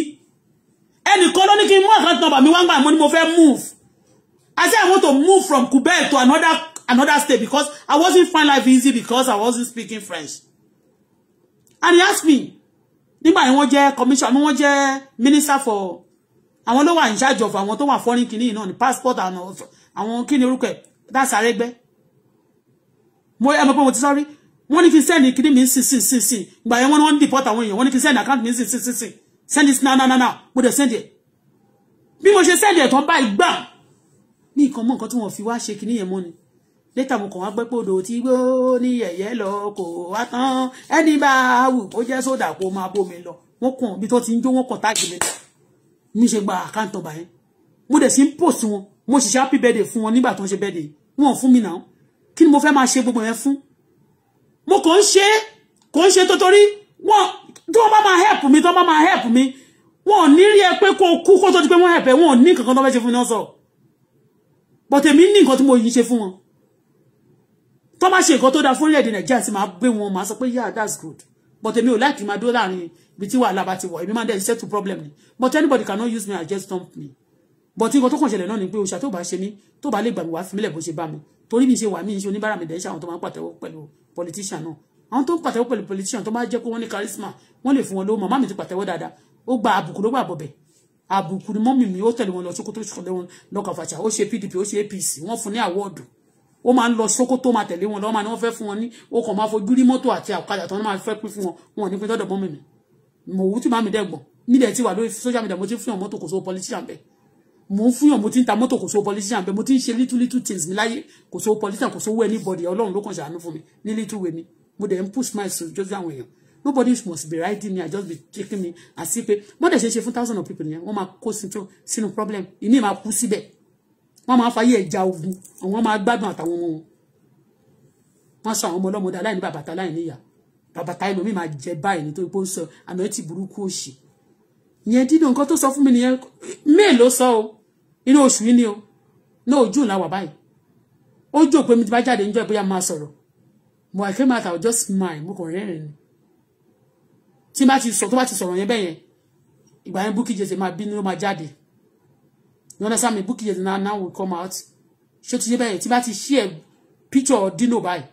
ẹnìkan ló ní kí n mú àkáǹtì nọ́mbà mi wá ń gbà mo ní mo fẹ́ move I say I want to move from Quebec to another another state because I wasn't find life easy because I wasn't speaking French and he asked me nígbà yẹn wọ́n jẹ́ commissioner wọ́n jẹ́ minister for àwọn ló wà in charge of àwọn to wà foreign kìnìún náà ní passport àwọn kìnìún orúkọ ẹ̀ that's Aregbe mo ẹ mọ̀ pé mo ti sọ́rí wọ́n ní kí n sẹ́ni kìíní mi sìn sìn sìn sìn ìgbà yẹn wọ́n ní wọ́n ń dìpọ́t àwọn èèyàn wọ́n ní kí n sẹ́ni àkáǹtì mi sìn sìn sìn sìn send this now now now now mo dẹ̀ send it bí mo ṣe send it tán báyìí gbà ní nǹkan mọ́ nǹkan tí wọ́n fi wá ṣe kìíní yẹn mọ́ ni létà mo kàn wá gbẹ́ pé odò tí gbó ní yẹ̀yẹ́ lọ kò wá tán ẹni bá a wù kó jẹ́ sódà kó máa bómi lọ wọ́n kàn bí tó ti ń jó wọ́n kàn táàgì mi lọ mi ṣe gba àkáǹtì ọ̀bà yẹn mo dẹ̀ sí post wọn mo ṣiṣẹ́ happy birthday fún wọn nígbà tó ń ṣe birthday wọn fún mi náà kí ni mo fẹ́ máa ṣe gbogbo yẹn fún mo kò ń ṣe kò ń ṣe tótórí wọn tí wọn bá máa help mi tí wọn bá máa help mi wọn ò ní rí ẹ pé kó kú kó tó di pé wọn help ẹ wọn ò ní nǹkan tó fẹ́ ṣe fún mi náà sọ but èmi ní nǹkan tí mo yìí ṣe fún wọn tó bá ṣe nǹkan tó dáa fún orílẹ̀-èdè nàìjíríà sì máa gbé wọn máa sọ pé yeah that's good but èmi ò láìkí máa dúró láàrin ibi tí wàhálà bá ti wọ̀ èmi máa dẹ̀ ṣiṣẹ́ to problem ni but anybody cannot use me and just dump me bọ̀tí nǹkan tó kàn ṣẹlẹ̀ náà ni pé òṣà tó bá ṣe mí tó bá lè gbàgbé wá fi mílẹ̀ bó ṣe bá mi torí mi ṣe wà mí ṣe oníbàárà mi dẹ́ṣẹ́ àwọn tó máa ń pàtẹ́wọ́ pẹ̀lú politician náà àwọn tó ń pàtẹ́wọ́ pẹ̀lú politician tó máa jẹ́ pé wọ́n ní charisma wọ́n lè fún wọn lówó màmá mi ti pàtẹ́wọ́ dáadáa ó gba àbùkù ló gbà bọ̀bẹ̀ àbùkù ni mọ́mì mi ó tẹ̀lé wọn lọ Sókótó ṣùkọ́lé wọn lọ́kàn fàṣà ó ṣe PDP ó ṣe APC wọ́n fún ní àwọ́ọ̀dù ó máa ń lọ Sókótó máa tẹ̀lé wọn lọ́wọ́ máa ní wọ́n fẹ́ fún wọn ní ó kàn máa fojú rí mo ń fúnyàn mo ti ń ta mọ́tò kò sówó politician bẹ́ẹ̀ mo ti ń ṣe little little things mi láyé kò sówó politician kò sówó anybody ọlọ́run ló kàn ṣàánú fún mi ní little way mi mo dẹ̀ ń push my soul jọjọ àwọn èèyàn nobody must be riding me i just be taking me as if pé bọ́dẹ̀ ṣe ṣe fún thousand of people nìyẹn wọ́n máa kó sínú problem ìní máa kú síbẹ̀ wọ́n máa fàyè ẹja ogun àwọn máa gbádùn àtàwọn ọmọ wọn wọ́n sọ àwọn ọmọ ọlọ́mọdé aláìní bàbá tá aláìní ìyá bàbá tá ẹlòmíì máa jẹ báyìí nítorí pé ó ń sọ àná ẹ burúkú òṣì ìyẹn dídùn nǹkan tó sọ fún mi nìyẹn mail ló sọ o inú oṣù yìí ni o no june la wà báyìí ó jò pé mi ti bá jáde níjọ́ bóyá máa sọ̀rọ̀ mo àìfẹ́ máa tà ó just smile mo kàn rẹ́rìn ni tí bá ti sọ tó bá ti sọ̀rọ̀ yẹn bẹ́ẹ̀ yẹn ìgbà yẹn Bukky Jesse máa bínú ló máa jáde you understand me Bukky Jesse now now will come out ṣé ti yé bẹ́ẹ̀ yẹn tí bá ti share picture Dino báyìí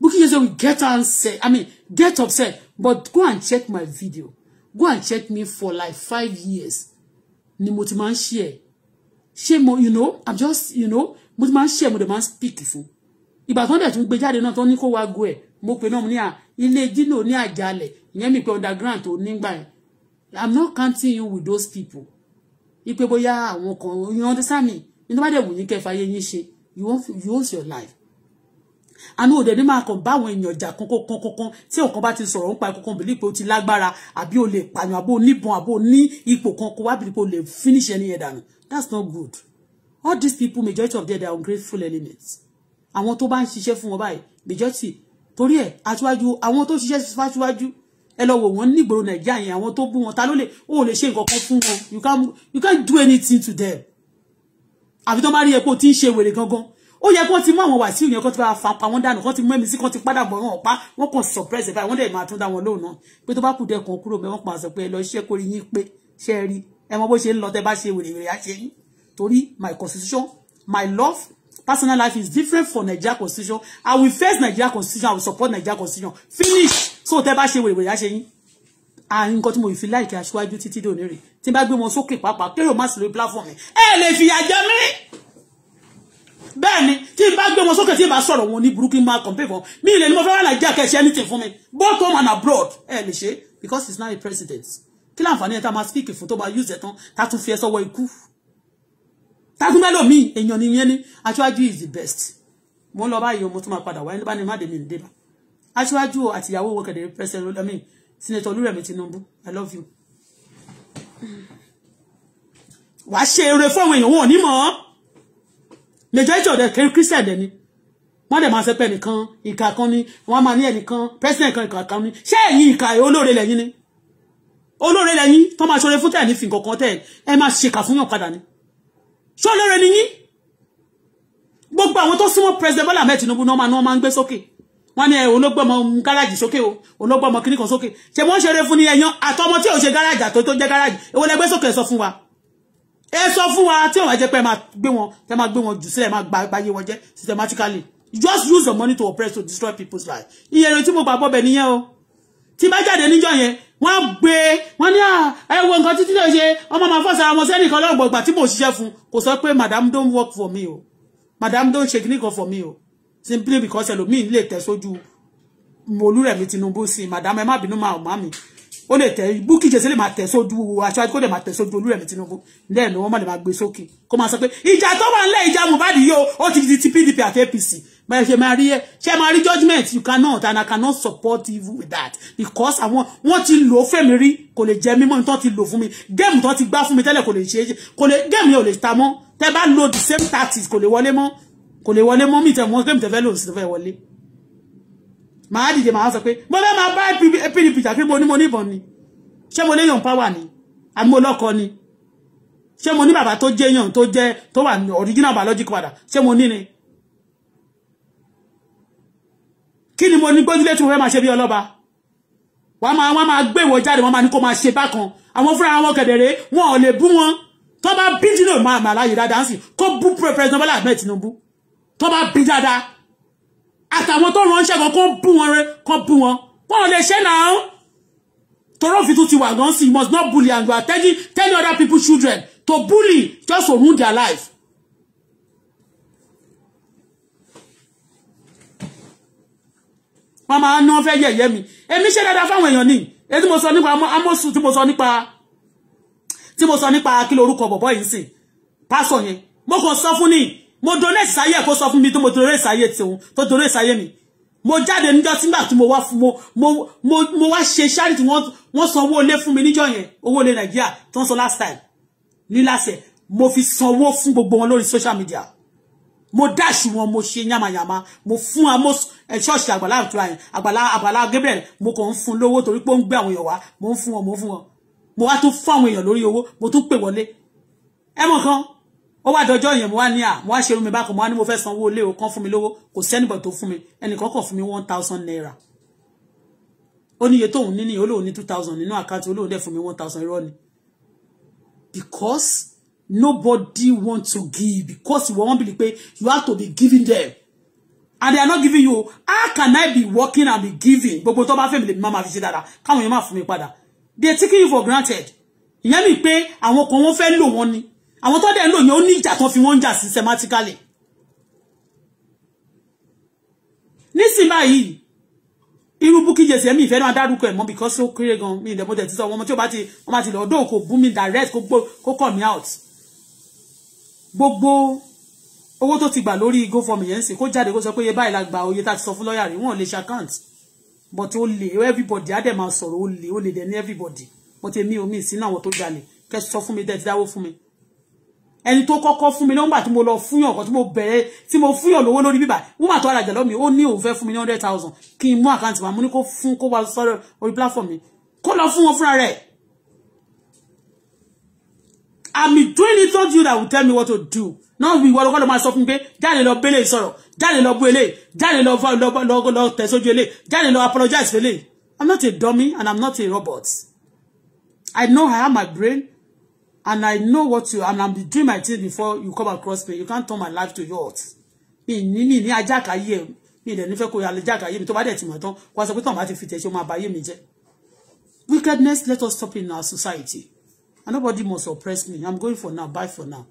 Bukky Jesse will get answer I mean get upset but go and check my video go and check me for like five years ni mo ti máa ń share ṣé mo you know i'm just you know mo ti máa ń ṣe mo dẹ̀ máa ń speak fún ìgbà tó ń dẹ̀ tún gbé jáde náà tó ní kó wá go ẹ̀ mo pe náà mo ní à ah, ilé jìnnà ní àjálẹ̀ ìyẹn mi pé underground tó nígbà yẹn i'm not counting you with those people ipe bóyá àwọn kan you understand me ní tó bá dẹ̀ wù yín kẹfà yé yín ṣe you won't use your life àánú òde ní máa kàn báwọn èèyàn jà kankan kankan tí ọ̀kan bá ti sọ̀rọ̀ ń pa kankan bìlí pé o ti lágbára àbí o lè pààyàn àbó oníbọn àbó ní ipò kan kó wá bìlí pé o lè finish ẹni yẹn dànù that's not good all these people majority of them they are ungrateful elements àwọn tó bá ń ṣiṣẹ́ fún wọn báyìí majority torí ẹ̀ aṣíwájú àwọn tó ṣiṣẹ́ fáṣíwájú ẹ lọ wò wọ́n nígboro nàìjíríà yẹn àwọn tó bú wọn ta ló lè ó lè ṣe nǹkan kan fún wọn you can you can do anything to them àfi tó bá rí epo tí ń ṣe wèrè gangan ó yẹ kó ti mú àwọn wàsíù yẹn kó ti bá fa pa wọn dànù kó ti mú ẹ̀mí sí kó ti padà bọ̀ wọn ọ̀pá wọn kàn surprise ẹ̀ báyìí wọ́n dẹ̀ máa tún dá wọn lóhùn náà pé tó bá kù dẹ̀ kàn kúrò bẹ́ẹ̀ wọ́n pa àṣọ pé ẹ lọ iṣẹ́ kórìí yín pé ṣe é rí ẹ mọ bó ṣe ń lọ tẹ́ bá ṣe wèrè wèrè á torí my constitution my love personal life is different from Nigeria constitution I will face Nigeria constitution I will support Nigeria constitution finish so tẹ́ bá ṣe wèrè wèrè á ṣe yín àárín nǹkan tí mo fi láìkí aṣíwájú títí dòní rè tí n bá gbé wọn sókè pàápàá kérò má sí lórí platform mi ẹ lè fìyà jẹ mí bẹ́ẹ̀ ni tí n bá gbé wọn sókè tí n bá sọ̀rọ̀ wọn ní burúkú máa compare fún mi ilé ni mo fẹ́ wà láìjẹ́ àkẹ́ṣẹ́ anything fún mi both home and abroad ẹ lè ṣe because is now a president kí láǹfààní ẹ̀ tá speak fún tó bá use ẹ̀ tán tá tún fi ẹ sọ́wọ́ ikú tá tún mẹ́lò míì èèyàn nìyẹn ni aṣáájú is the best mo ń lọ báyìí mo tún máa padà wáyé bá ní má dèmi ìdè bá aṣáájú àtìyàwó owó kẹ̀dẹ̀ president olómi senator olúrẹ̀mí tinubu i love you wàá ṣe eré fún àwọn èèyàn wọn ò ní mọ̀ ọ́ majority of the christian dẹ̀ ni wọ́n dẹ̀ máa ṣe pé ẹnìkan ìkà kan ni wọ́n máa ní ẹnìkan president kan ìkà kan ni ṣé ẹ̀yin ìkà olóore lẹ́yìn ni olóore lẹ́yìn tó máa ṣoore fún tẹ̀ ní fi kankan tẹ̀ ẹ máa ṣèkà fún yàn padà ni ṣé olóore ni yín gbogbo àwọn tó súnmọ́ president Bọ́lá Ahmed Tinubu náà máa máa ń gbé sókè wọ́n ní olóògbọ́mọ mm, gáràjì sókè o olóògbọ́mọ kíní kan sókè ṣe wọ́n ṣeré fún ní ẹyan àtọmọ tí ò ṣe gáràjì àtọ tó jẹ́ gáràjì èwo lẹgbẹ́ sókè sọ fún wa ẹ sọ fún wa tí òun jẹ́ pé máa gbé wọn tẹ máa gbé wọn jù sílẹ̀ máa gbáyé wọn jẹ́ systematically just use the money to oppress to destroy people's life ìyẹn tí mo gbàgbọ́ bẹ̀ nìyẹn o tí bá jáde níjọ́ yẹn wọ́n gbé wọ́n ní ah, ẹ wo nǹkan títí lè ṣe ọmọ máa fọ́sà àwọn sẹ́ni kan lọ́gbọ̀n ìgbà tí mò ń ṣiṣẹ́ fún kò sọ pé madam don work for me o madam don ṣe kíní kan for me o simply because ẹlòmíì lè tẹ̀ sójú Olúrẹ̀mí Tinubu sí madam ẹ má bínú máa ọ̀má mi ó lè tẹ̀ Bukky Jesse lè máa tẹ̀ sójú aṣáájú kó lè máa tẹ̀ sójú Olúrẹ̀mí Tinubu lẹ́ẹ̀ni wọ́n má lè máa gbé sókè kó máa sọ pé ìjà tó wà nílẹ̀ ìjà Mohbad yìí o ó ti di ti PDP àti APC bẹ́ẹ̀ ṣe máa rí you cannot and I cannot support you with that because àwọn wọ́n ti lò ó fèmí rí kò lè jẹ mímọ́ nítorí ti lò fún mi géèmù tó ti gbá fún mi tẹ́lẹ̀ kò lè ṣe kò lè géèmù yẹn ò lè ta mọ́ tẹ́ bá lo the same tactics kò lè wọlé mọ́ kò lè wọlé mọ́ mi Game wọ́n géèmù tẹ́ fẹ́ lòun sì fẹ́ wọlé màá dìde màá sọ pé mo fẹ́ máa bá pdp jàpé mo ní mo níbọn ni ṣé mo léyàn power ni àbí mo lọ́kọ ni ṣé mo ní bàbá tó jẹ́ yàn tó jẹ́ tó wà original biological padà ṣé mo ní ni kí ni mo ní gbójúlé tí mo fẹ́ máa ṣe bí ọlọ́ba wọ́n máa wọ́n máa gbé ìwọ jáde wọ́n máa ní kó máa ṣe bákan àwọn fúnra wọn kẹ̀dẹ̀rẹ́ wọn ò lè bú wọn tó bá bí jìnnà máa mà láyè dáadáa sí kó bú president Bọ́lá Ahmed Tinubu tó bá bí dáadáa àtàwọn tó ránṣẹ́ kan kó bú wọn rẹ kó bú wọn wọn ò lè ṣe náà tọrọ fi ti wà gan sí must not bully and you are telling telling other people children to bully just to ruin their life wọ́n máa ń ná fẹ́ yẹ̀yẹ́ mi èmi ṣe dáadáa fáwọn èèyàn ni èyí tí mo sọ nípa amósù tí mo sọ nípa tí mo sọ nípa kí lorúkọ bọ̀bọ̀ yìí sìn pásọ̀ yẹn mo kàn sọ fún ni mo donate sáyé kó sọ fún mi tó mo donate sáyé tiwọn tó donate sáyé mi mo jáde níjọ́ tí nígbà tí mo wá fún mo mo mo wá ṣe charity wọ́n wọ́n san owó ilé fún mi níjọ́ yẹn owó ilé Nàìjíríà tó ń san last time ní last mo fi sanwó fún gbogbo wọn lórí social media mo dash wọn mo ṣe yamayama mo fún amos eh, church àgbàlá àtúrà yẹn àgbàlá àgbàlá gabriel mo kàn ń fún lówó torí pé ó ń gbé àwọn èèyàn mo ń fún mo ń fún mo wá tún fún àwọn èèyàn lórí owó mo tún pè wọlé ẹ mọ̀ kan ó wà dọjọ́ yẹn mo wá ní à mo wá ṣerú mi bákan mo wá mo fẹ́ sanwó ilé o kán fún mi lówó kò sẹ́nìbọ̀ tó fún mi ẹnìkan kàn fún mi one thousand naira oni níye tóun níní olóhùn ní two thousand nínú àkáǹtì olóhùn dẹ̀ fún mi one thousand irọ́ ni because nobody want to give because you won't believe pay. you have to be giving them and they are not giving you how can I be working and be giving gbogbo tó bá fẹ́ mi lè máa fi ṣe dáadáa káwọn èèyàn máa fún mi taking you for granted ìyẹn mi pé àwọn kan wọ́n fẹ́ lò wọ́n ni àwọn tó dẹ̀ You only yẹn ó ní ìjà tó fi wọ́n ń He systematically nísìnyí báyìí irú búkí jẹsẹ mi ìfẹ́ náà dárúkọ ẹ̀ mọ́ because ó kéré gan mi ìdẹ̀mọ́tẹ̀ ti sọ ọmọ tí ó bá ti ọmọ ti lọ ọdọ́ kò bú mi direct kó call me out gbogbo owó tó ti gbà lórí gofọmi yẹn ń sìn kó jáde kó sọ pé iye báyìí la gba oye tá a ti sọ fún lọ́ọ̀yà rẹ̀ wọ́n lè ṣe account but ó lè everybody á dẹ̀ máa sọ̀rọ̀ ó lè ó lè dẹ̀ ní everybody but èmi ò mí sínú àwọn tó jalè kẹ́ sọ fún mi dẹ́ ti dáwó fún mi ẹni tó kọ́kọ́ fún mi nígbà tí mo lọ fúnyàn kan tí mo bẹ̀rẹ̀ tí mo fúnyàn lówó lórí bíbà wọ́n mà tó ara jẹ̀ lọ́mi ó ní òun fẹ́ fún mi ní hundred thousand kí n mú àkáǹtì màmú ní kó fún kó wá sọ́dọ̀ orí platform mi kó lọ fún wọn fúnra rẹ̀ I'm doing it not you that will tell me what to do Now we náà ìwọ ọlọ́kọ́ ló máa sọ fún mi pé jáde lọ bẹ́lẹ̀ sọ̀rọ̀ jáde lọ bú eléyìí jáde lọ lọ tẹ̀sójú eléyìí jáde lọ apologize for eléyìí I'm not a dummy and I'm not a robot I know I have my brain and I know what you and I'm doing my thing before you come across me you can't turn my life to yours Me, ní mi ní ajákàyé mi ìdẹ̀ nífẹ̀ẹ́ kò yà lè jákàyé mi tó bá dẹ̀ ti mọ̀ tán the sọ pé tàn bá ti fi tẹ̀ ṣe ó máa wickedness let us stop in our society and nobody must oppress me i'm going for now bye for now